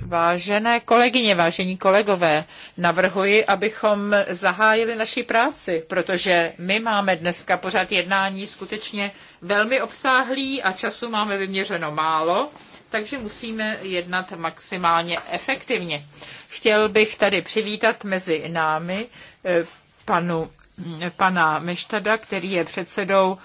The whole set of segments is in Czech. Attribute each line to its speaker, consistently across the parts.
Speaker 1: Vážené kolegyně, vážení kolegové, navrhuji, abychom zahájili naši práci, protože my máme dneska pořád jednání skutečně velmi obsáhlý a času máme vyměřeno málo, takže musíme jednat maximálně efektivně. Chtěl bych tady přivítat mezi námi eh, panu eh, pana Meštada, který je předsedou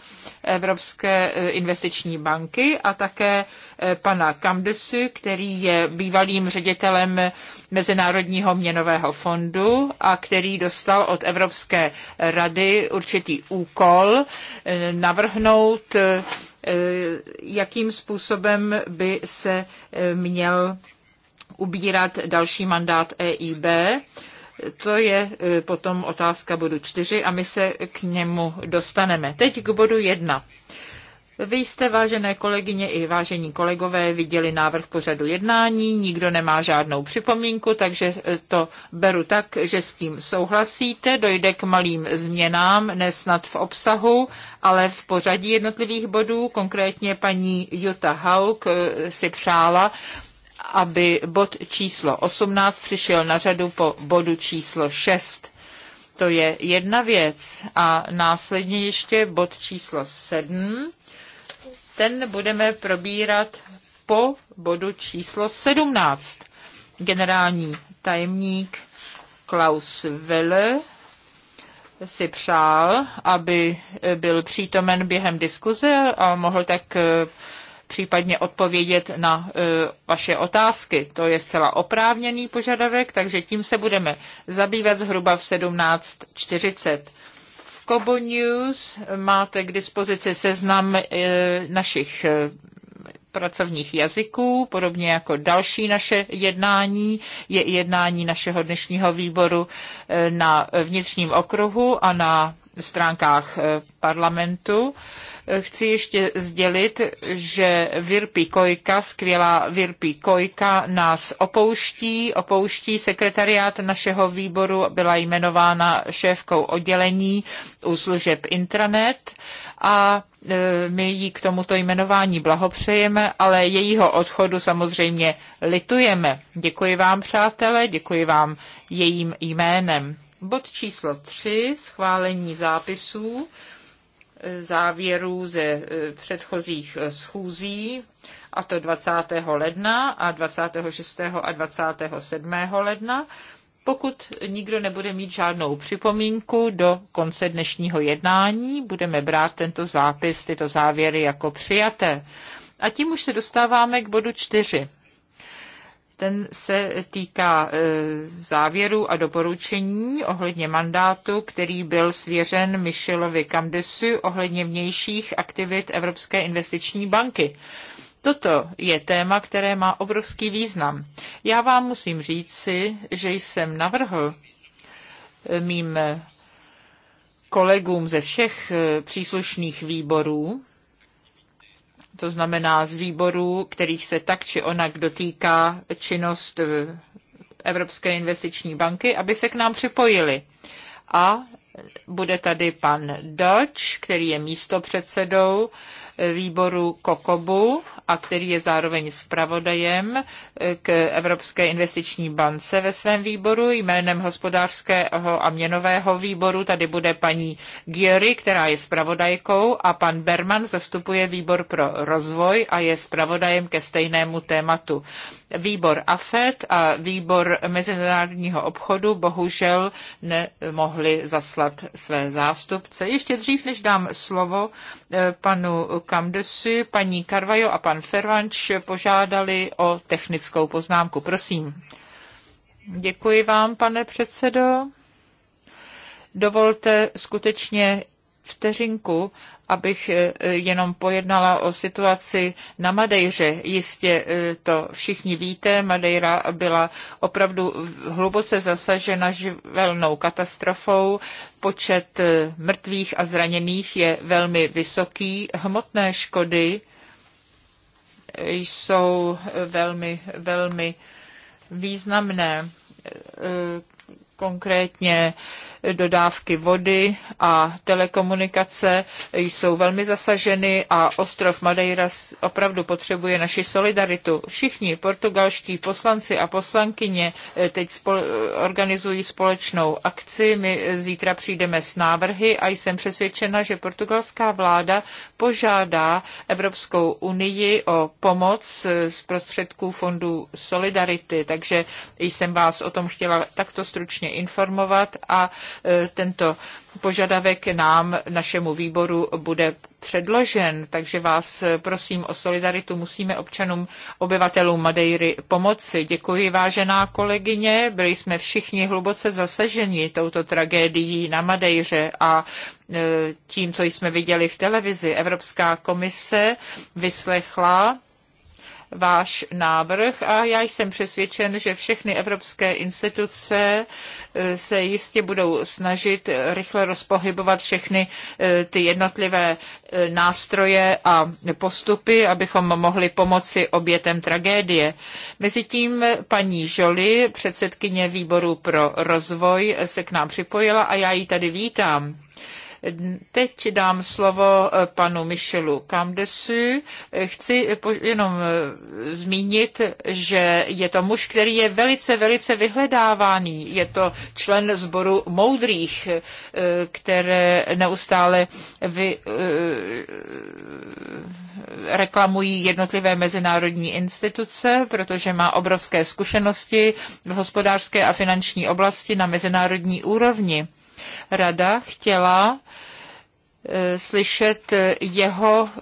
Speaker 1: Evropské eh, investiční banky a také Eh, pana Kamdesu, který je bývalým ředitelem Mezinárodního měnového fondu a který dostal od Evropské rady určitý úkol eh, navrhnout, eh, jakým způsobem by se měl ubírat další mandát EIB. To je potom otázka bodu 4 a my se k němu dostaneme. Teď k bodu 1. Vy jste, vážené kolegyně i vážení kolegové, viděli návrh pořadu jednání, nikdo nemá žádnou připomínku, takže eh, to beru tak, že s tím souhlasíte. Dojde k malým změnám, nesnad v obsahu, ale v pořadí jednotlivých bodů. Konkrétně paní Jutta Haug eh, si přála, aby bod číslo 18 přišel na řadu po bodu číslo 6. To je jedna věc. A následně ještě bod číslo 7 ten budeme probírat po bodu číslo 17. Generální tajemník Klaus Welle si přál, aby byl přítomen během diskuze a mohl tak eh, případně odpovědět na eh, vaše otázky. To je zcela oprávněný požadavek, takže tím se budeme zabývat zhruba v 17.40. Kobo News máte k dispozici seznam e, našich e, pracovních jazyků, podobně jako další naše jednání, je jednání našeho dnešního výboru e, na vnitřním okruhu a na stránkách eh, parlamentu. Eh, chci ještě sdělit, že Virpi Kojka, skvělá Virpi Kojka, nás opouští. Opouští sekretariát našeho výboru, byla jmenována šéfkou oddělení u služeb intranet a eh, my jí k tomuto jmenování blahopřejeme, ale jejího odchodu samozřejmě litujeme. Děkuji vám, přátelé, děkuji vám jejím jménem. Bod číslo 3, schválení zápisů, e, závěrů ze e, předchozích e, schůzí, a to 20. ledna a 26. a 27. ledna pokud nikdo nebude mít žádnou připomínku do konce dnešního jednání, budeme brát tento zápis, tyto závěry jako přijaté. A tím už se dostáváme k bodu čtyři. Ten se týká e, závěru a doporučení ohledně mandátu, který byl svěřen Michelovi Kamdesu ohledně vnějších aktivit Evropské investiční banky. Toto je téma, které má obrovský význam. Já vám musím říci, že jsem navrhl e, mým kolegům ze všech e, příslušných výborů, to znamená z výborů, kterých se tak či onak dotýká činnost eh, Evropské investiční banky, aby se k nám připojili a bude tady pan Dodge, který je místopředsedou výboru Kokobu a který je zároveň zpravodajem eh, k Evropské investiční bance ve svém výboru. Jménem hospodářského a měnového výboru tady bude paní Giri, která je zpravodajkou a pan Berman zastupuje výbor pro rozvoj a je zpravodajem ke stejnému tématu. Výbor AFET a výbor mezinárodního obchodu bohužel nemohli zaslat vyzvat své zástupce. Ještě dřív, než dám slovo eh, panu Kamdesu, paní Carvajo a pan Fervanč požádali o technickou poznámku. Prosím. Děkuji vám, pane předsedo. Dovolte skutečně vteřinku, abych e, jenom pojednala o situaci na Madejře. Jistě e, to všichni víte, Madejra byla opravdu hluboce zasažena živelnou katastrofou. Počet e, mrtvých a zraněných je velmi vysoký. Hmotné škody jsou velmi, velmi významné. Konkrétně dodávky vody a telekomunikace jsou velmi zasaženy a ostrov Madeira opravdu potřebuje naši solidaritu. Všichni portugalští poslanci a poslankyně eh, teď spol- organizují společnou akci. My eh, zítra přijdeme s návrhy a jsem přesvědčena, že portugalská vláda požádá Evropskou unii o pomoc eh, z prostředků fondu Solidarity. Takže jsem vás o tom chtěla takto stručně informovat a E, tento požadavek nám, našemu výboru, bude předložen, takže vás e, prosím o solidaritu. Musíme občanům, obyvatelům Madeiry pomoci. Děkuji, vážená kolegyně. Byli jsme všichni hluboce zasaženi touto tragédií na Madejře a e, tím, co jsme viděli v televizi. Evropská komise vyslechla váš návrh a já jsem přesvědčen, že všechny evropské instituce eh, se jistě budou snažit rychle rozpohybovat všechny eh, ty jednotlivé eh, nástroje a postupy, abychom mohli pomoci obětem tragédie. Mezitím paní Žoli, předsedkyně výboru pro rozvoj, se k nám připojila a já ji tady vítám. Teď dám slovo eh, panu Michelu Kamdesu. Chci jenom eh, zmínit, že je to muž, který je velice, velice vyhledávaný. Je to člen sboru moudrých, eh, které neustále vy, reklamují jednotlivé mezinárodní instituce, protože má obrovské zkušenosti v hospodářské a finanční oblasti na mezinárodní úrovni. Rada chtěla eh, slyšet jeho eh,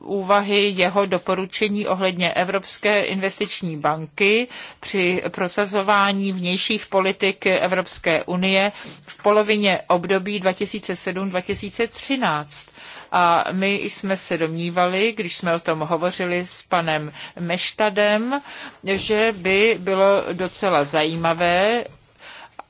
Speaker 1: úvahy, jeho doporučení ohledně Evropské investiční banky při prosazování vnějších politik Evropské unie v polovině období 2007-2013. A my jsme se domnívali, když jsme o tom hovořili s panem Meštadem, že by bylo docela zajímavé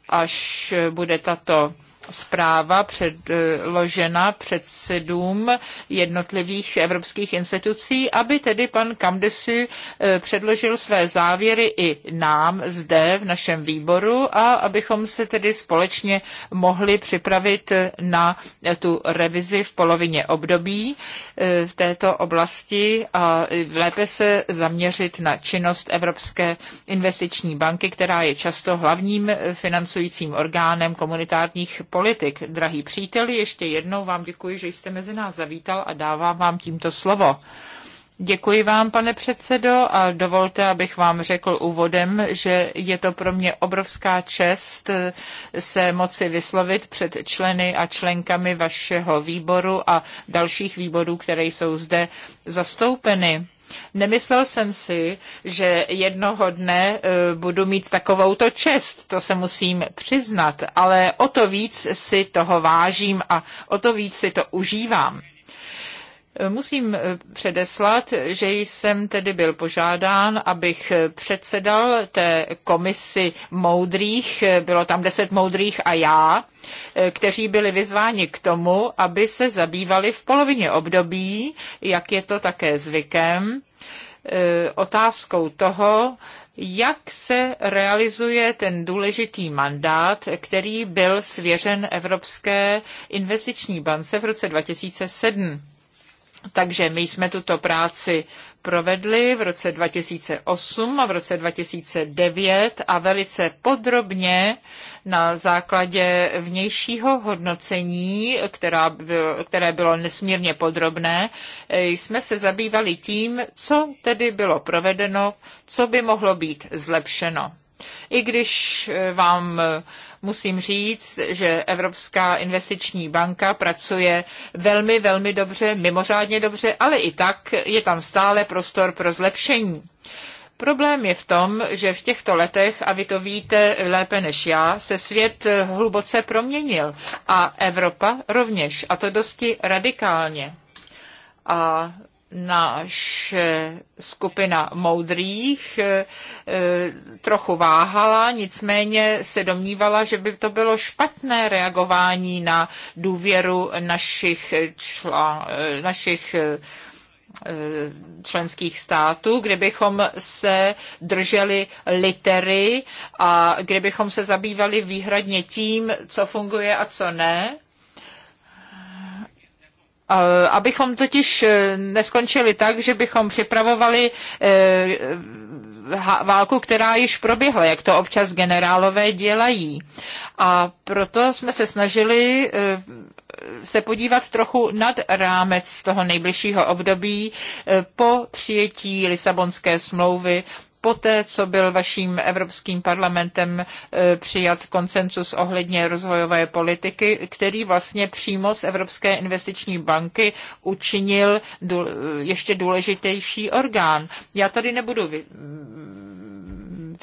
Speaker 1: až bude tato zpráva předložena předsedům jednotlivých evropských institucí, aby tedy pan Kamdesu eh, předložil své závěry i nám zde v našem výboru a abychom se tedy společně mohli připravit na tu revizi v polovině období eh, v této oblasti a lépe se zaměřit na činnost Evropské investiční banky, která je často hlavním financujícím orgánem komunitárních politik. Drahý příteli, ještě jednou vám děkuji, že jste mezi nás zavítal a dávám vám tímto slovo. Děkuji vám, pane předsedo, a dovolte, abych vám řekl úvodem, že je to pro mě obrovská čest eh, se moci vyslovit před členy a členkami vašeho výboru a dalších výborů, které jsou zde zastoupeny. Nemyslel jsem si, že jednoho dne eh, budu mít takovouto čest, to se musím přiznat, ale o to víc si toho vážím a o to víc si to užívám. Musím eh, předeslat, že jsem tedy byl požádán, abych eh, předsedal té komisi moudrých, eh, bylo tam deset moudrých a já, kteří byli vyzváni k tomu, aby se zabývali v polovině období, jak je to také zvykem, otázkou toho, jak se realizuje ten důležitý mandát, který byl svěřen Evropské investiční bance v roce 2007. Takže my jsme tuto práci provedli v roce 2008 a v roce 2009 a velice podrobně na základě vnějšího hodnocení, která byl, které bylo nesmírně podrobné, jsme se zabývali tím, co tedy bylo provedeno, co by mohlo být zlepšeno. I když vám musím říct, že Evropská investiční banka pracuje velmi, velmi dobře, mimořádně dobře, ale i tak je tam stále prostor pro zlepšení. Problém je v tom, že v těchto letech, a vy to víte lépe než já, se svět hluboce proměnil a Evropa rovněž, a to dosti radikálně. A naše skupina moudrých eh, eh, trochu váhala, nicméně se domnívala, že by to bylo špatné reagování na důvěru našich, čla, eh, našich členských států, kdybychom se drželi litery a kdybychom se zabývali výhradně tím, co funguje a co ne Abychom totiž e, neskončili tak, že bychom připravovali e, válku, která již proběhla, jak to občas generálové dělají. A proto jsme se snažili e, se podívat trochu nad rámec toho nejbližšího období po přijetí Lisabonské smlouvy poté, co byl vaším Evropským parlamentem e, přijat koncensus ohledně rozvojové politiky, který vlastně přímo z Evropské investiční banky učinil ještě důležitější orgán. Já tady nebudu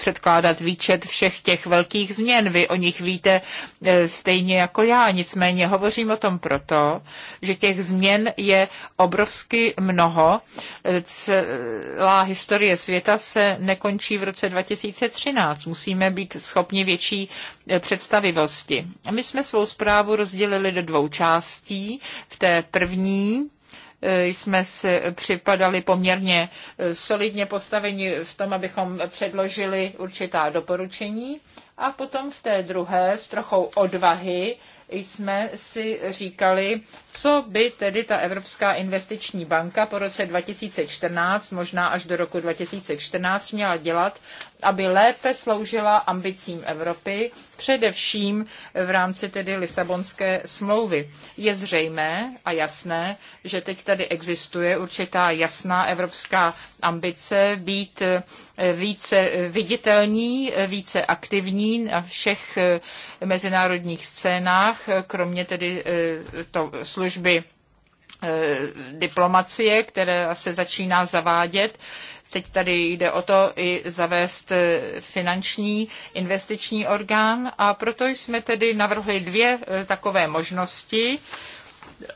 Speaker 1: předkládat výčet všech těch velkých změn. Vy o nich víte e, stejně jako já. Nicméně hovořím o tom proto, že těch změn je obrovsky mnoho. E, Celá historie světa se nekončí v roce 2013. Musíme být schopni větší e, představivosti. My jsme svou zprávu rozdělili do dvou částí. V té první jsme si připadali poměrně eh, solidně postaveni v tom, abychom předložili určitá doporučení a potom v té druhé s trochou odvahy jsme si říkali, co by tedy ta Evropská investiční banka po roce 2014, možná až do roku 2014, měla dělat, aby lépe sloužila ambicím Evropy, především v rámci tedy Lisabonské smlouvy. Je zřejmé a jasné, že teď tady existuje určitá jasná evropská ambice být eh, více viditelní, eh, více aktivní na všech eh, mezinárodních scénách, kromě tedy to služby diplomacie, která se začíná zavádět. Teď tady jde o to i zavést e, finanční investiční orgán a proto jsme tedy navrhli dvě e, takové možnosti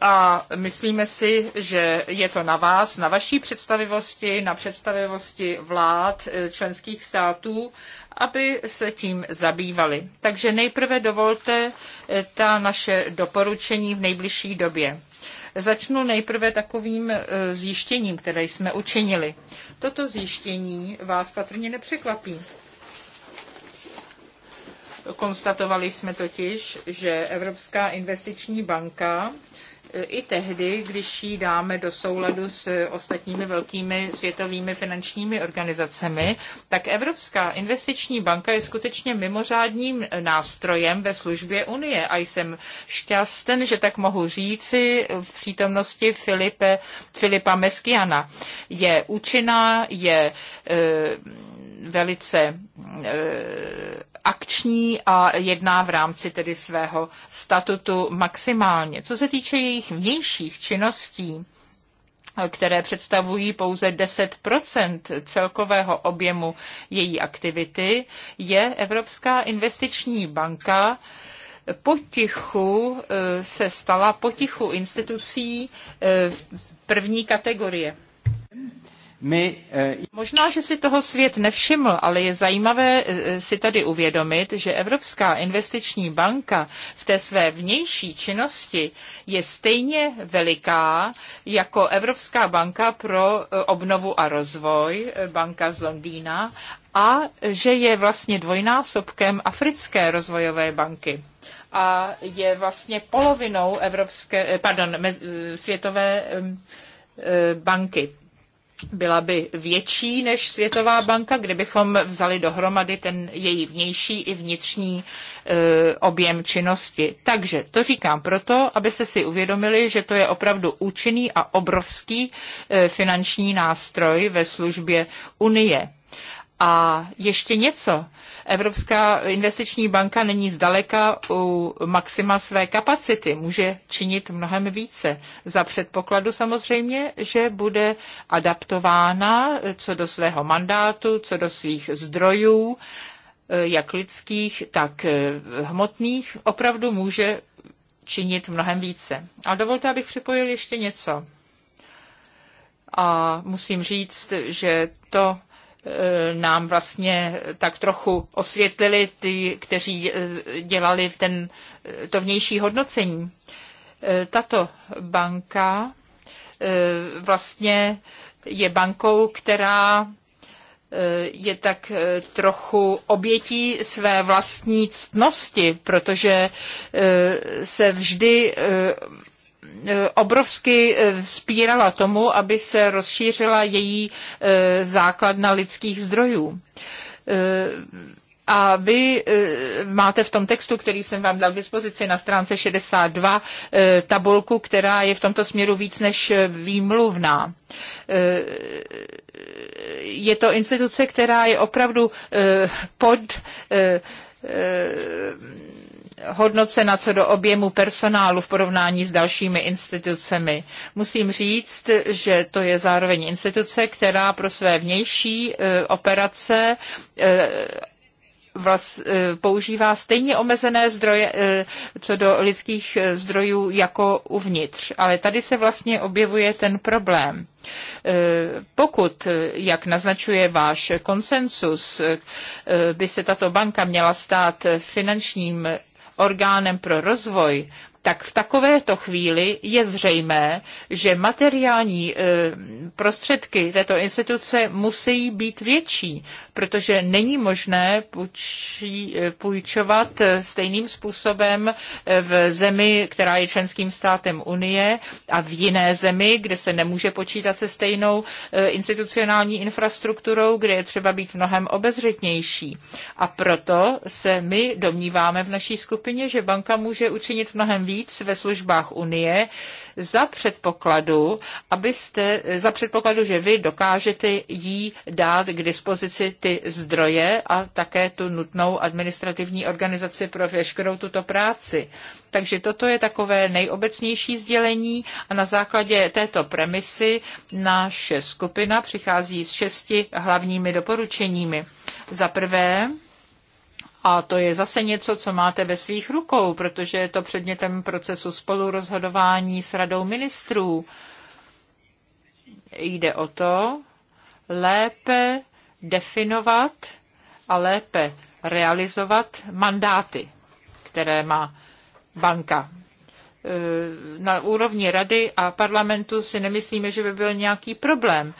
Speaker 1: a myslíme si, že je to na vás, na vaší představivosti, na představivosti vlád e, členských států, aby se tím zabývali. Takže nejprve dovolte ta naše doporučení v nejbližší době. Začnu nejprve takovým e, zjištěním, které jsme učinili. Toto zjištění vás patrně nepřekvapí. Konstatovali jsme totiž, že Evropská investiční banka i tehdy, když ji dáme do souladu s ostatními velkými světovými finančními organizacemi, tak Evropská investiční banka je skutečně mimořádným nástrojem ve službě Unie. A jsem šťastný, že tak mohu říci v přítomnosti Filipe, Filipa Meskiana. Je účinná, je e, velice e, akční a jedná v rámci tedy svého statutu maximálně. Co se týče jejich vnějších činností, které představují pouze 10 celkového objemu její aktivity, je Evropská investiční banka potichu eh, se stala potichu institucí eh, první kategorie. My, e... Možná, že si toho svět nevšiml, ale je zajímavé eh, si tady uvědomit, že Evropská investiční banka v té své vnější činnosti je stejně veliká jako Evropská banka pro eh, obnovu a rozvoj, banka z Londýna, a že je vlastně dvojnásobkem Africké rozvojové banky a je vlastně polovinou Evropské, pardon, světové banky byla by větší než Světová banka, kdybychom vzali dohromady ten její vnější i vnitřní e, objem činnosti. Takže to říkám proto, abyste si uvědomili, že to je opravdu účinný a obrovský e, finanční nástroj ve službě Unie. A ještě něco. E, Evropská investiční banka není zdaleka u maxima své kapacity, může činit mnohem více. Za předpokladu samozřejmě, že bude adaptována co do svého mandátu, co do svých zdrojů, eh, jak lidských, tak eh, hmotných, opravdu může činit mnohem více. A dovolte, abych připojil ještě něco. A musím říct, že to Eh, nám vlastně tak trochu osvětlili ty, kteří eh, dělali ten, eh, to vnější hodnocení. Tato banka vlastně je bankou, která je tak trochu obětí své vlastní ctnosti, protože se vždy E, obrovsky e, vzpírala tomu, aby se rozšířila její e, základna lidských zdrojů. A vy máte v tom textu, který jsem vám dal k dispozici na stránce 62, tabulku, která je v tomto směru víc než výmluvná je to instituce, která je opravdu pod hodnocena co do objemu personálu v porovnání s dalšími institucemi. Musím říct, že to je zároveň instituce, která pro své vnější e, operace e, vlast, e, používá stejně omezené zdroje co do lidských zdrojů jako uvnitř. Ale tady se vlastně objevuje ten problém. Pokud, jak naznačuje váš konsensus, by se tato banka měla stát finančním orgánem pro rozvoj tak v takovéto chvíli je zřejmé, že materiální eh, prostředky této instituce musí být větší, protože není možné eh, půjčovat eh, stejným způsobem v zemi, která je členským státem Unie a v jiné zemi, kde se nemůže počítat se stejnou institucionální infrastrukturou, kde je třeba být mnohem obezřetnější. A proto se my domníváme v naší skupině, že banka může učinit mnohem víc ve službách Unie za předpokladu, abyste, za předpokladu, že vy dokážete jí dát k dispozici ty zdroje a také tu nutnou administrativní organizaci pro veškerou tuto práci. Takže toto je takové nejobecnější sdělení a na základě této premisy naše skupina přichází s šesti hlavními doporučeními. Za prvé, a to je zase něco, co máte ve svých rukou, protože je to předmětem procesu spolurozhodování s radou ministrů. Jde o to lépe definovat a lépe realizovat mandáty, které má banka. Eh, na úrovni rady a parlamentu si nemyslíme, že by byl nějaký problém.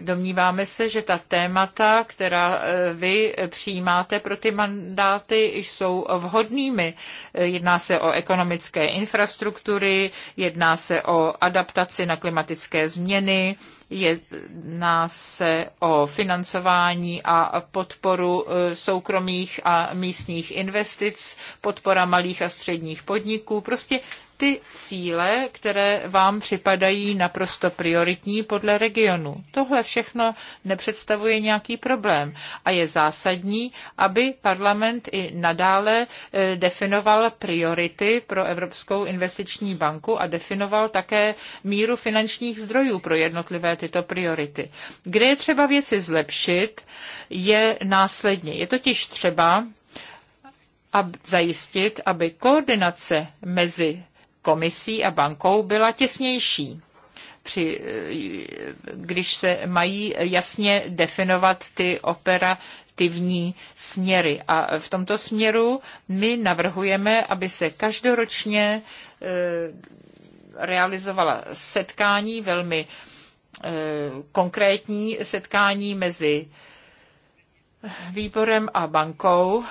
Speaker 1: Domníváme se, že ta témata, která eh, vy přijímáte pro ty mandáty, jsou vhodnými. Eh, jedná se o ekonomické infrastruktury, jedná se o adaptaci na klimatické změny, jedná se o financování a podporu soukromých a místních investic, podpora malých a středních podniků. Prostě ty cíle, které vám připadají naprosto prioritní podle regionu. Tohle všechno nepředstavuje nějaký problém a je zásadní, aby parlament i nadále eh, definoval priority pro Evropskou investiční banku a definoval také míru finančních zdrojů pro jednotlivé tyto priority. Kde je třeba věci zlepšit, je následně. Je totiž třeba, a zajistit, aby koordinace mezi komisí a bankou byla těsnější při, když se mají jasně definovat ty operativní směry. A v tomto směru my navrhujeme, aby se každoročně e, realizovala setkání, velmi e, konkrétní setkání mezi výborem a bankou,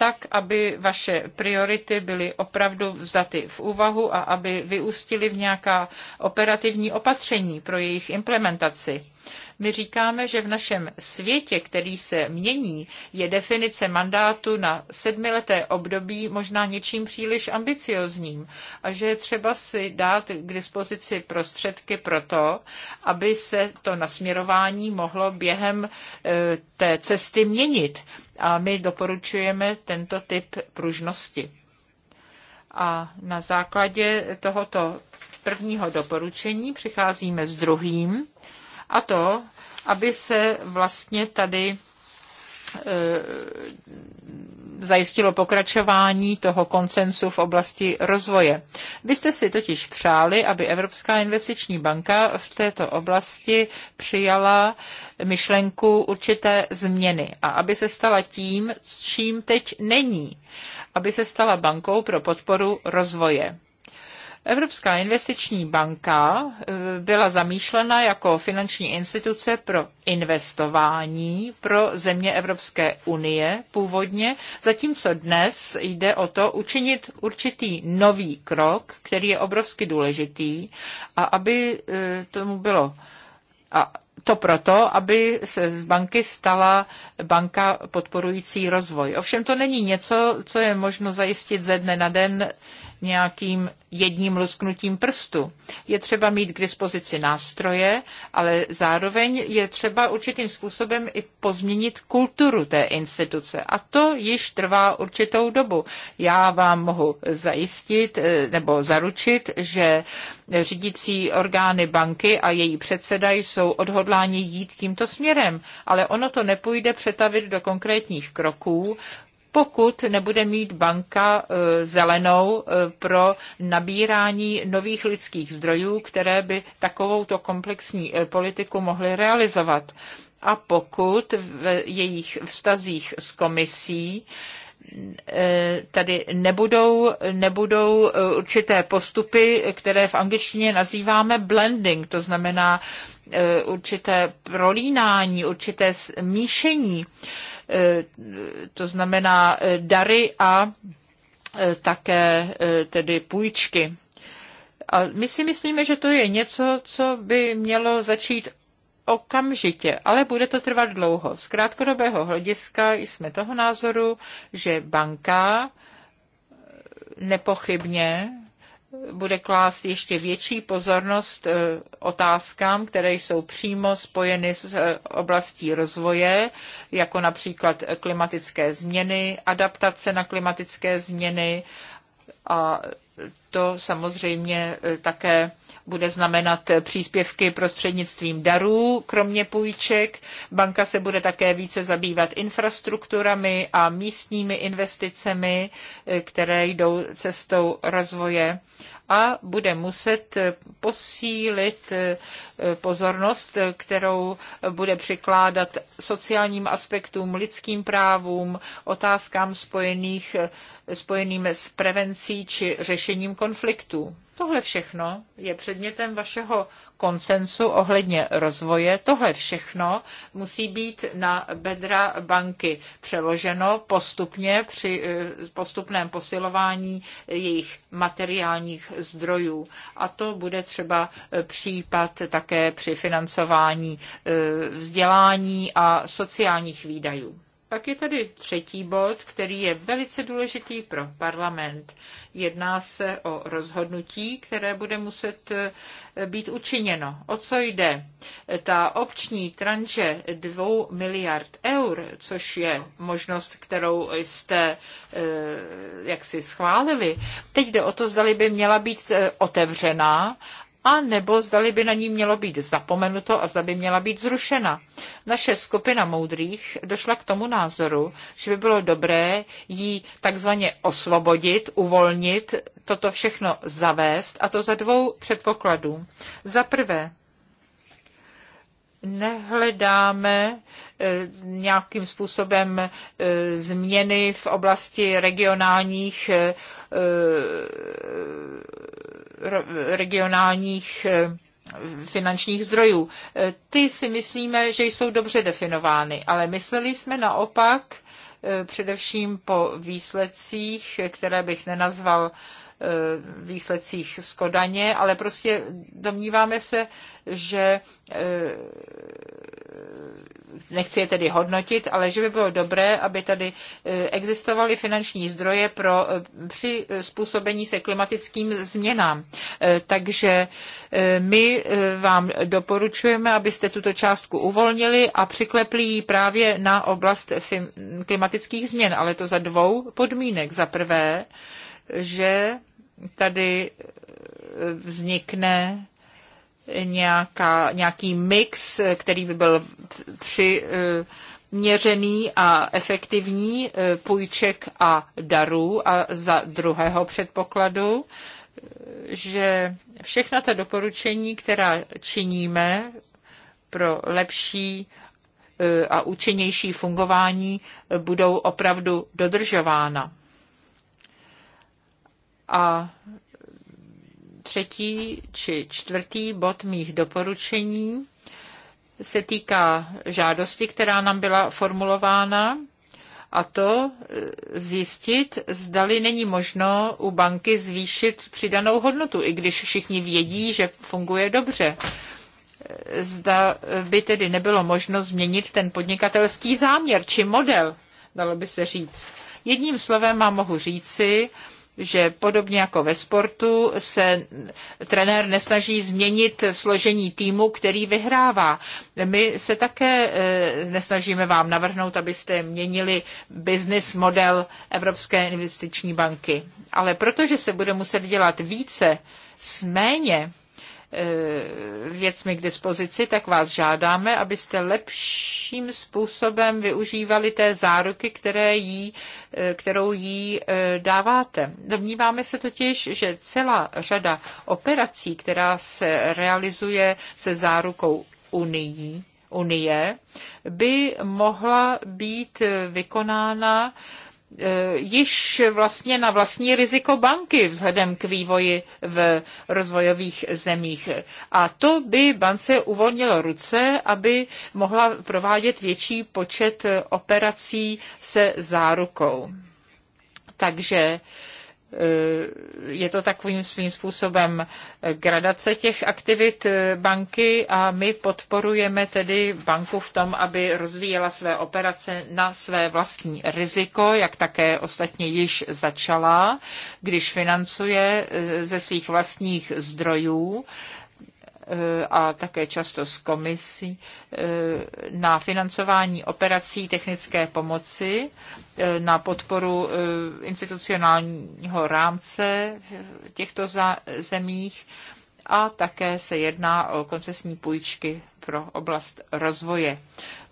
Speaker 1: tak, aby vaše priority byly opravdu vzaty v úvahu a aby vyústily v nějaká operativní opatření pro jejich implementaci. My říkáme, že v našem světě, který se mění, je definice mandátu na sedmileté období možná něčím příliš ambiciozním a že je třeba si dát k dispozici prostředky pro to, aby se to nasměrování mohlo během e, té cesty měnit. A my doporučujeme tento typ pružnosti. A na základě tohoto prvního doporučení přicházíme s druhým a to, aby se vlastně tady e, zajistilo pokračování toho koncensu v oblasti rozvoje. Vy jste si totiž přáli, aby Evropská investiční banka v této oblasti přijala myšlenku určité změny a aby se stala tím, čím teď není. Aby se stala bankou pro podporu rozvoje. Evropská investiční banka eh, byla zamýšlena jako finanční instituce pro investování pro země Evropské unie původně, zatímco dnes jde o to učinit určitý nový krok, který je obrovsky důležitý a aby eh, tomu bylo a to proto, aby se z banky stala banka podporující rozvoj. Ovšem to není něco, co je možno zajistit ze dne na den nějakým jedním lusknutím prstu. Je třeba mít k dispozici nástroje, ale zároveň je třeba určitým způsobem i pozměnit kulturu té instituce. A to již trvá určitou dobu. Já vám mohu zajistit eh, nebo zaručit, že řídící orgány banky a její předseda jsou odhodláni jít tímto směrem, ale ono to nepůjde přetavit do konkrétních kroků, pokud nebude mít banka e, zelenou e, pro nabírání nových lidských zdrojů, které by takovouto komplexní e, politiku mohly realizovat. A pokud v jejich vztazích s komisí tady nebudou, nebudou určité postupy, které v angličtině nazýváme blending, to znamená určité prolínání, určité míšení Eh, to znamená eh, dary a eh, také tedy půjčky. A my si myslíme, že to je něco, co by mělo začít okamžitě, ale bude to trvat dlouho. Z krátkodobého hlediska jsme toho názoru, že banka nepochybně bude klást ještě větší pozornost eh, otázkám, které jsou přímo spojeny s eh, oblastí rozvoje, jako například klimatické změny, adaptace na klimatické změny a to samozřejmě eh, také bude znamenat příspěvky prostřednictvím darů, kromě půjček. Banka se bude také více zabývat infrastrukturami a místními investicemi, eh, které jdou cestou rozvoje a bude muset eh, posílit pozornost, kterou bude přikládat sociálním aspektům, lidským právům, otázkám spojených spojeným s prevencí či řešením konfliktů. Tohle všechno je předmětem vašeho konsensu ohledně rozvoje. Tohle všechno musí být na bedra banky přeloženo postupně při eh, postupném posilování jejich materiálních zdrojů. A to bude třeba eh, případ také při financování eh, vzdělání a sociálních výdajů. Pak je tady třetí bod, který je velice důležitý pro parlament. Jedná se o rozhodnutí, které bude muset eh, být učiněno. O co jde? Ta obční tranže 2 miliard eur, což je možnost, kterou jste eh, jak si schválili. Teď jde o to, zdali by měla být eh, otevřená a nebo zdali by na ní mělo být zapomenuto a zda by měla být zrušena. Naše skupina moudrých došla k tomu názoru, že by bylo dobré jí takzvaně osvobodit, uvolnit, toto všechno zavést, a to za dvou předpokladů. Za prvé, nehledáme e, nějakým způsobem e, změny v oblasti regionálních e, regionálních eh, finančních zdrojů. Eh, ty si myslíme, že jsou dobře definovány, ale mysleli jsme naopak, eh, především po výsledcích, které bych nenazval Eh, výsledcích z Kodaně, ale prostě domníváme se, že eh, nechci je tedy hodnotit, ale že by bylo dobré, aby tady eh, existovaly finanční zdroje pro při způsobení se klimatickým změnám. Takže my vám doporučujeme, abyste tuto částku uvolnili a přiklepli ji právě na oblast klimatických změn, ale to za dvou podmínek. Za prvé, že tady eh, vznikne nějaká, nějaký mix, eh, který by byl při eh, měřený a efektivní půjček a darů a za druhého předpokladu, že všechna ta doporučení, která činíme pro lepší a účinnější fungování, budou opravdu dodržována. A třetí či čtvrtý bod mých doporučení se týká žádosti, která nám byla formulována, a to e, zjistit, zdali není možno u banky zvýšit přidanou hodnotu, i když všichni vědí, že funguje dobře. E, zda by tedy nebylo možno změnit ten podnikatelský záměr či model, dalo by se říct. Jedním slovem mám mohu říci, že podobně jako ve sportu se trenér nesnaží změnit složení týmu, který vyhrává. My se také eh, nesnažíme vám navrhnout, abyste měnili business model Evropské investiční banky. Ale protože se bude muset dělat více s méně, Eh, věcmi k dispozici, tak vás žádáme, abyste lepším způsobem využívali té záruky, které jí, eh, kterou jí eh, dáváte. Domníváme se totiž, že celá řada operací, která se realizuje se zárukou unii, Unie, by mohla být vykonána Eh, již vlastně na vlastní riziko banky vzhledem k vývoji v rozvojových zemích. A to by bance uvolnilo ruce, aby mohla provádět větší počet operací se zárukou. Takže Eh, je to takovým svým způsobem eh, gradace těch aktivit eh, banky a my podporujeme tedy banku v tom, aby rozvíjela své operace na své vlastní riziko, jak také ostatně již začala, když financuje ze svých vlastních zdrojů Eh, a také často z komisí eh, na financování operací technické pomoci, eh, na podporu institucionálního rámce v těchto zemích a také se jedná o koncesní půjčky pro oblast rozvoje.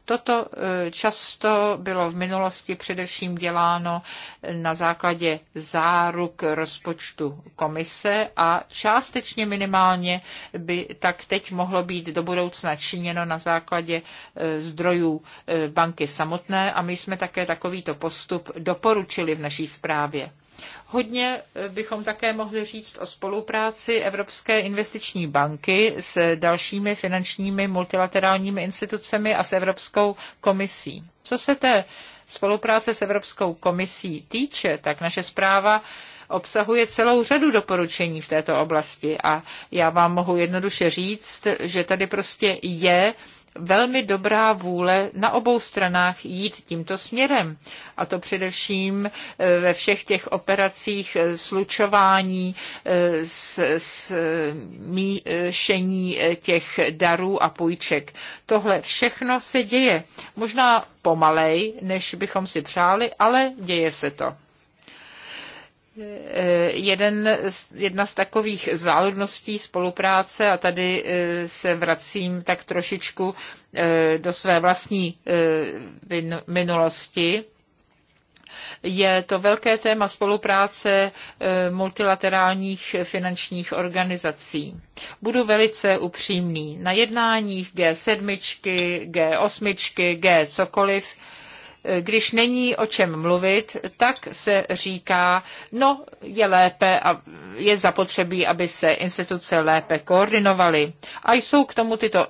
Speaker 1: Toto eh, často bylo v minulosti především děláno na základě záruk rozpočtu komise a částečně minimálně by tak teď mohlo být do budoucna činěno na základě eh, zdrojů eh, banky samotné a my jsme také takovýto postup doporučili v naší zprávě. Hodně eh, bychom také mohli říct o spolupráci Evropské investiční banky s dalšími finančními multilaterálními institucemi a s Evropskou komisí. Co se té spolupráce s Evropskou komisí týče, tak naše zpráva obsahuje celou řadu doporučení v této oblasti a já vám mohu jednoduše říct, že tady prostě je velmi dobrá vůle na obou stranách jít tímto směrem. A to především eh, ve všech těch operacích eh, slučování, eh, smíšení těch darů a půjček. Tohle všechno se děje. Možná pomalej, než bychom si přáli, ale děje se to. Eh, jeden, jedna z takových záludností spolupráce, a tady eh, se vracím tak trošičku eh, do své vlastní minulosti, je to velké téma spolupráce multilaterálních finančních organizací. Budu velice upřímný. Na jednáních G7, G8, G cokoliv, když není o čem mluvit, tak se říká, no je lépe a je zapotřebí, aby se instituce lépe koordinovaly. A jsou k tomu tyto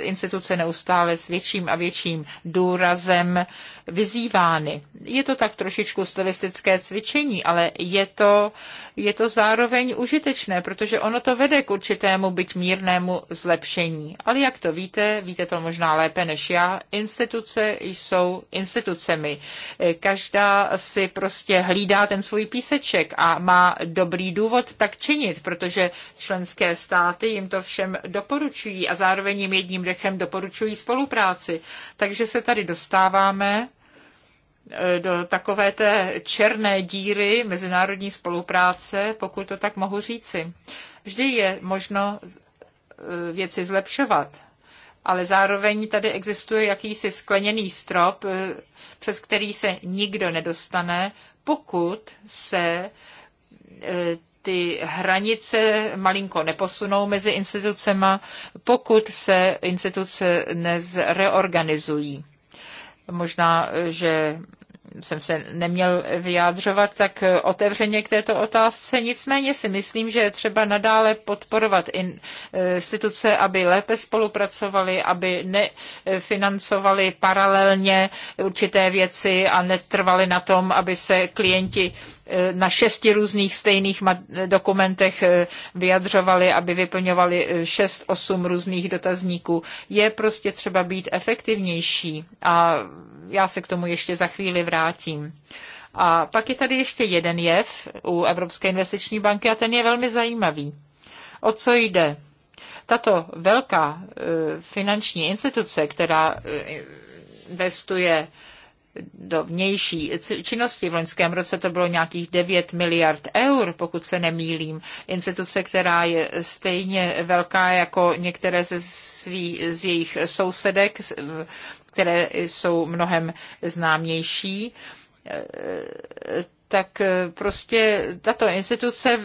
Speaker 1: instituce neustále s větším a větším důrazem vyzývány. Je to tak trošičku stylistické cvičení, ale je to, je to zároveň užitečné, protože ono to vede k určitému byť mírnému zlepšení. Ale jak to víte, víte to možná lépe než já, instituce jsou instituce institucemi. Každá si prostě hlídá ten svůj píseček a má dobrý důvod tak činit, protože členské státy jim to všem doporučují a zároveň jim jedním dechem doporučují spolupráci. Takže se tady dostáváme eh, do takové té černé díry mezinárodní spolupráce, pokud to tak mohu říci. Vždy je možno eh, věci zlepšovat ale zároveň tady existuje jakýsi skleněný strop, eh, přes který se nikdo nedostane, pokud se eh, ty hranice malinko neposunou mezi institucema, pokud se instituce nezreorganizují. Možná, že jsem se neměl vyjádřovat tak otevřeně k této otázce. Nicméně si myslím, že je třeba nadále podporovat instituce, aby lépe spolupracovali, aby nefinancovali paralelně určité věci a netrvali na tom, aby se klienti E, na šesti různých stejných dokumentech e, vyjadřovali, aby vyplňovali e, šest, osm různých dotazníků. Je prostě třeba být efektivnější a já se k tomu ještě za chvíli vrátím. A pak je tady ještě jeden jev u Evropské investiční banky a ten je velmi zajímavý. O co jde? Tato velká finanční instituce, která investuje do vnější činnosti. V loňském roce to bylo nějakých 9 miliard eur, pokud se nemýlím. Instituce, která je stejně velká jako některé ze svý, z jejich sousedek, které jsou mnohem známější, tak prostě tato instituce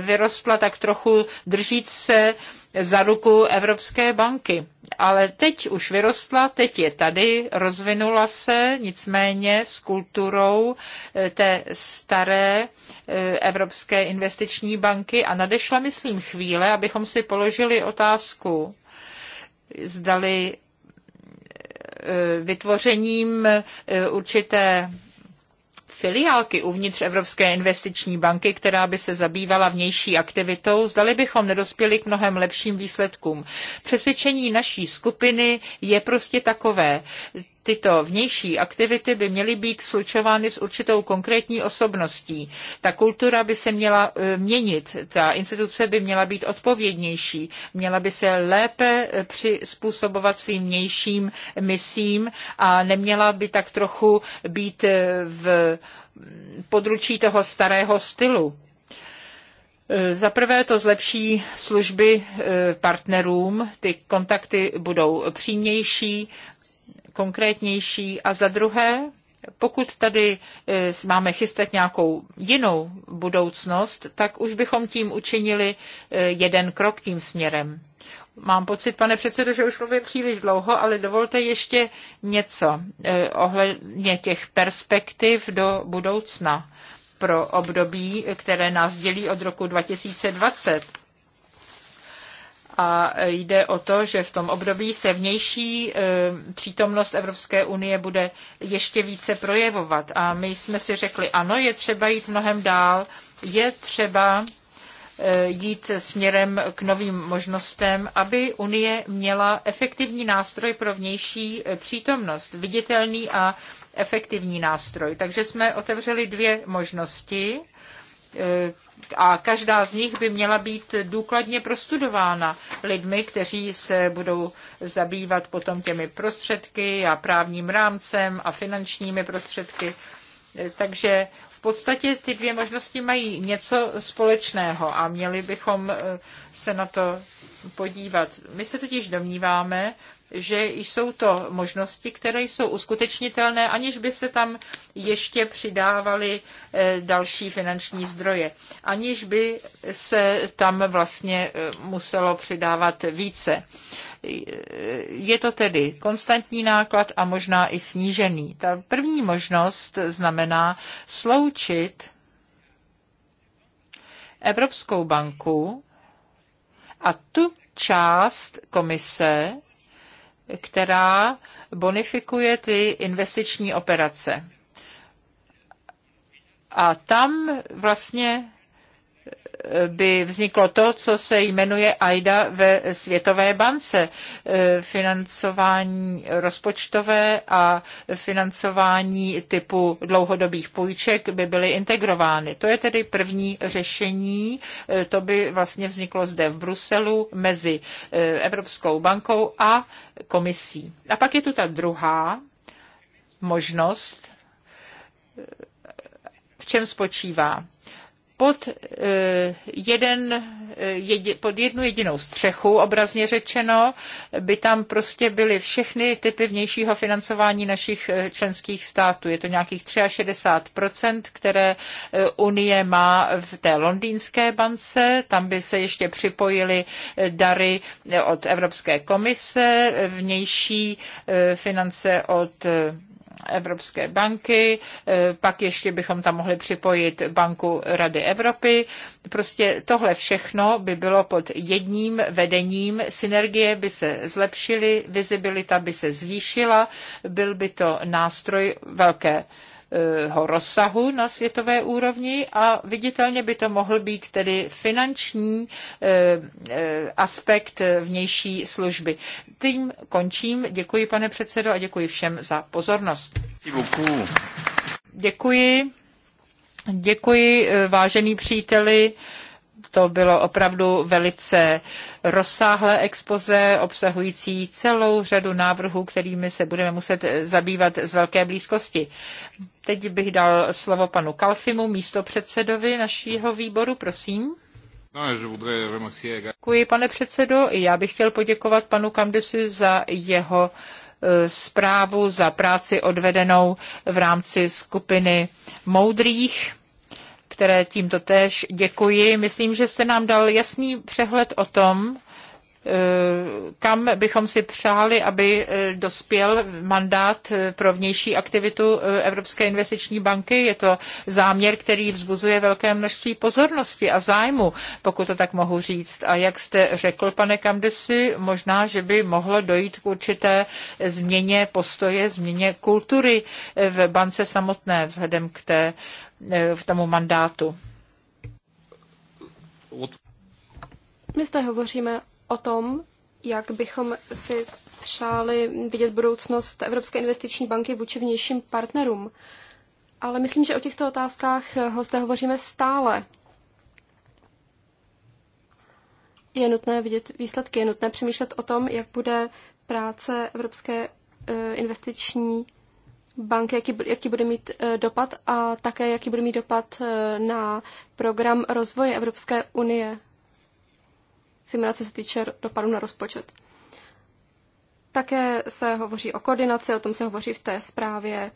Speaker 1: vyrostla tak trochu držíc se za ruku Evropské banky ale teď už vyrostla, teď je tady, rozvinula se, nicméně s kulturou eh, té staré eh, Evropské investiční banky a nadešla, myslím, chvíle, abychom si položili otázku, zdali eh, vytvořením určité filiálky uvnitř Evropské investiční banky, která by se zabývala vnější aktivitou, zdali bychom nedospěli k mnohem lepším výsledkům. Přesvědčení naší skupiny je prostě takové tyto vnější aktivity by měly být slučovány s určitou konkrétní osobností. Ta kultura by se měla e, měnit, ta instituce by měla být odpovědnější, měla by se lépe e, přizpůsobovat svým vnějším misím a neměla by tak trochu být e, v područí toho starého stylu. Za prvé to zlepší služby partnerům, ty kontakty budou přímější, konkrétnější. A za druhé, pokud tady eh, máme chystat nějakou jinou budoucnost, tak už bychom tím učinili eh, jeden krok tím směrem. Mám pocit, pane předsedo, že už mluvím příliš dlouho, ale dovolte ještě něco eh, ohledně těch perspektiv do budoucna pro období, které nás dělí od roku 2020 a jde o to, že v tom období se vnější eh, přítomnost Evropské unie bude ještě více projevovat. A my jsme si řekli, ano, je třeba jít mnohem dál, je třeba eh, jít směrem k novým možnostem, aby Unie měla efektivní nástroj pro vnější eh, přítomnost, viditelný a efektivní nástroj. Takže jsme otevřeli dvě možnosti a každá z nich by měla být důkladně prostudována lidmi, kteří se budou zabývat potom těmi prostředky a právním rámcem a finančními prostředky. Takže podstatě ty dvě možnosti mají něco společného a měli bychom eh, se na to podívat. My se totiž domníváme, že jsou to možnosti, které jsou uskutečnitelné, aniž by se tam ještě přidávaly eh, další finanční zdroje, aniž by se tam vlastně eh, muselo přidávat více. Je to tedy konstantní náklad a možná i snížený. Ta první možnost znamená sloučit Evropskou banku a tu část komise, která bonifikuje ty investiční operace. A tam vlastně by vzniklo to, co se jmenuje AIDA ve Světové bance. E, financování rozpočtové a financování typu dlouhodobých půjček by byly integrovány. To je tedy první řešení. E, to by vlastně vzniklo zde v Bruselu mezi e, Evropskou bankou a komisí. A pak je tu ta druhá možnost, v čem spočívá pod, eh, jeden, eh, pod jednu jedinou střechu, obrazně řečeno, by tam prostě byly všechny typy vnějšího financování našich eh, členských států. Je to nějakých 63%, které Unie má v té londýnské bance. Tam by se ještě připojily dary od Evropské komise, vnější finance od Evropské banky, eh, pak ještě bychom tam mohli připojit Banku Rady Evropy. Prostě tohle všechno by bylo pod jedním vedením, synergie by se zlepšily, vizibilita by se zvýšila, byl by to nástroj velké Eh, rozsahu na světové úrovni a viditelně by to mohl být tedy finanční eh, eh, aspekt vnější služby. Tím končím. Děkuji, pane předsedo, a děkuji všem za pozornost. Děkuji. Děkuji, vážený příteli. To bylo opravdu velice rozsáhlé expoze, obsahující celou řadu návrhů, kterými se budeme muset zabývat z velké blízkosti. Teď bych dal slovo panu Kalfimu, místo předsedovi našího výboru, prosím. Děkuji, pane předsedo. Já bych chtěl poděkovat panu Kamdesu za jeho e, zprávu, za práci odvedenou v rámci skupiny moudrých které tímto též děkuji. Myslím, že jste nám dal jasný přehled o tom, eh, kam bychom si přáli, aby eh, dospěl mandát eh, pro vnější aktivitu Evropské investiční banky. Je to záměr, který vzbuzuje velké množství pozornosti a zájmu, pokud to tak mohu říct. A jak jste řekl, pane Kamdesi, možná, že by mohlo dojít k určité změně postoje, změně kultury v bance samotné vzhledem k té Eh, v tomu mandátu.
Speaker 2: My zde hovoříme o tom, jak bychom si přáli vidět budoucnost Evropské investiční banky vůči vnějším partnerům. Ale myslím, že o těchto otázkách eh, ho zde hovoříme stále. Je nutné vidět výsledky, je nutné přemýšlet o tom, jak bude práce Evropské eh, investiční bank, jaký, jaký bude mít eh, dopad a také jaký bude mít dopad eh, na program rozvoje Evropské unie, zejména co se týče dopadu na rozpočet. Také se hovoří o koordinaci, o tom se hovoří v té zprávě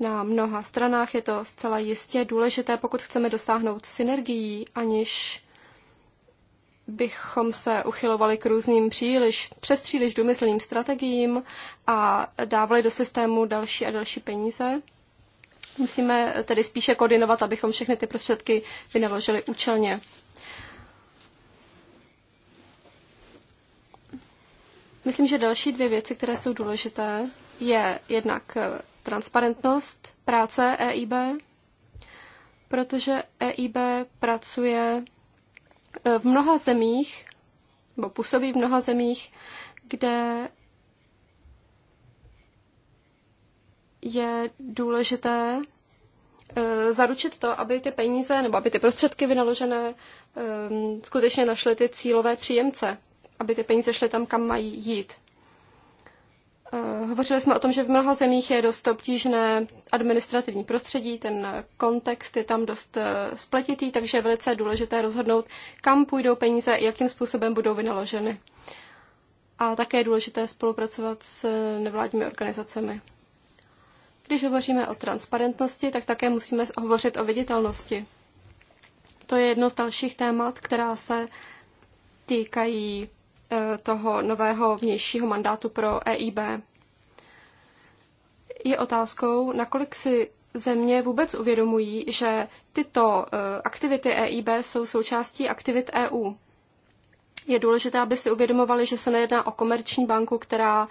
Speaker 2: na mnoha stranách. Je to zcela jistě důležité, pokud chceme dosáhnout synergií, aniž bychom se uchylovali k různým příliš, přes příliš důmyslným strategiím a dávali do systému další a další peníze. Musíme tedy spíše koordinovat, abychom všechny ty prostředky vynaložili účelně. Myslím, že další dvě věci, které jsou důležité, je jednak transparentnost práce EIB, protože EIB pracuje Eh, v mnoha zemích, nebo působí v mnoha zemích, kde je důležité eh, zaručit to, aby ty peníze nebo aby ty prostředky vynaložené eh, skutečně našly ty cílové příjemce, aby ty peníze šly tam, kam mají jít. Eh, hovořili jsme o tom, že v mnoha zemích je dost obtížné administrativní prostředí, ten kontext je tam dost eh, spletitý, takže je velice důležité rozhodnout, kam půjdou peníze, jakým způsobem budou vynaloženy. A také je důležité spolupracovat s nevládními organizacemi. Když hovoříme o transparentnosti, tak také musíme hovořit o viditelnosti. To je jedno z dalších témat, která se týkají Eh, toho nového vnějšího mandátu pro EIB. Je otázkou, nakolik si země vůbec uvědomují, že tyto eh, aktivity EIB jsou součástí aktivit EU. Je důležité, aby si uvědomovali, že se nejedná o komerční banku, která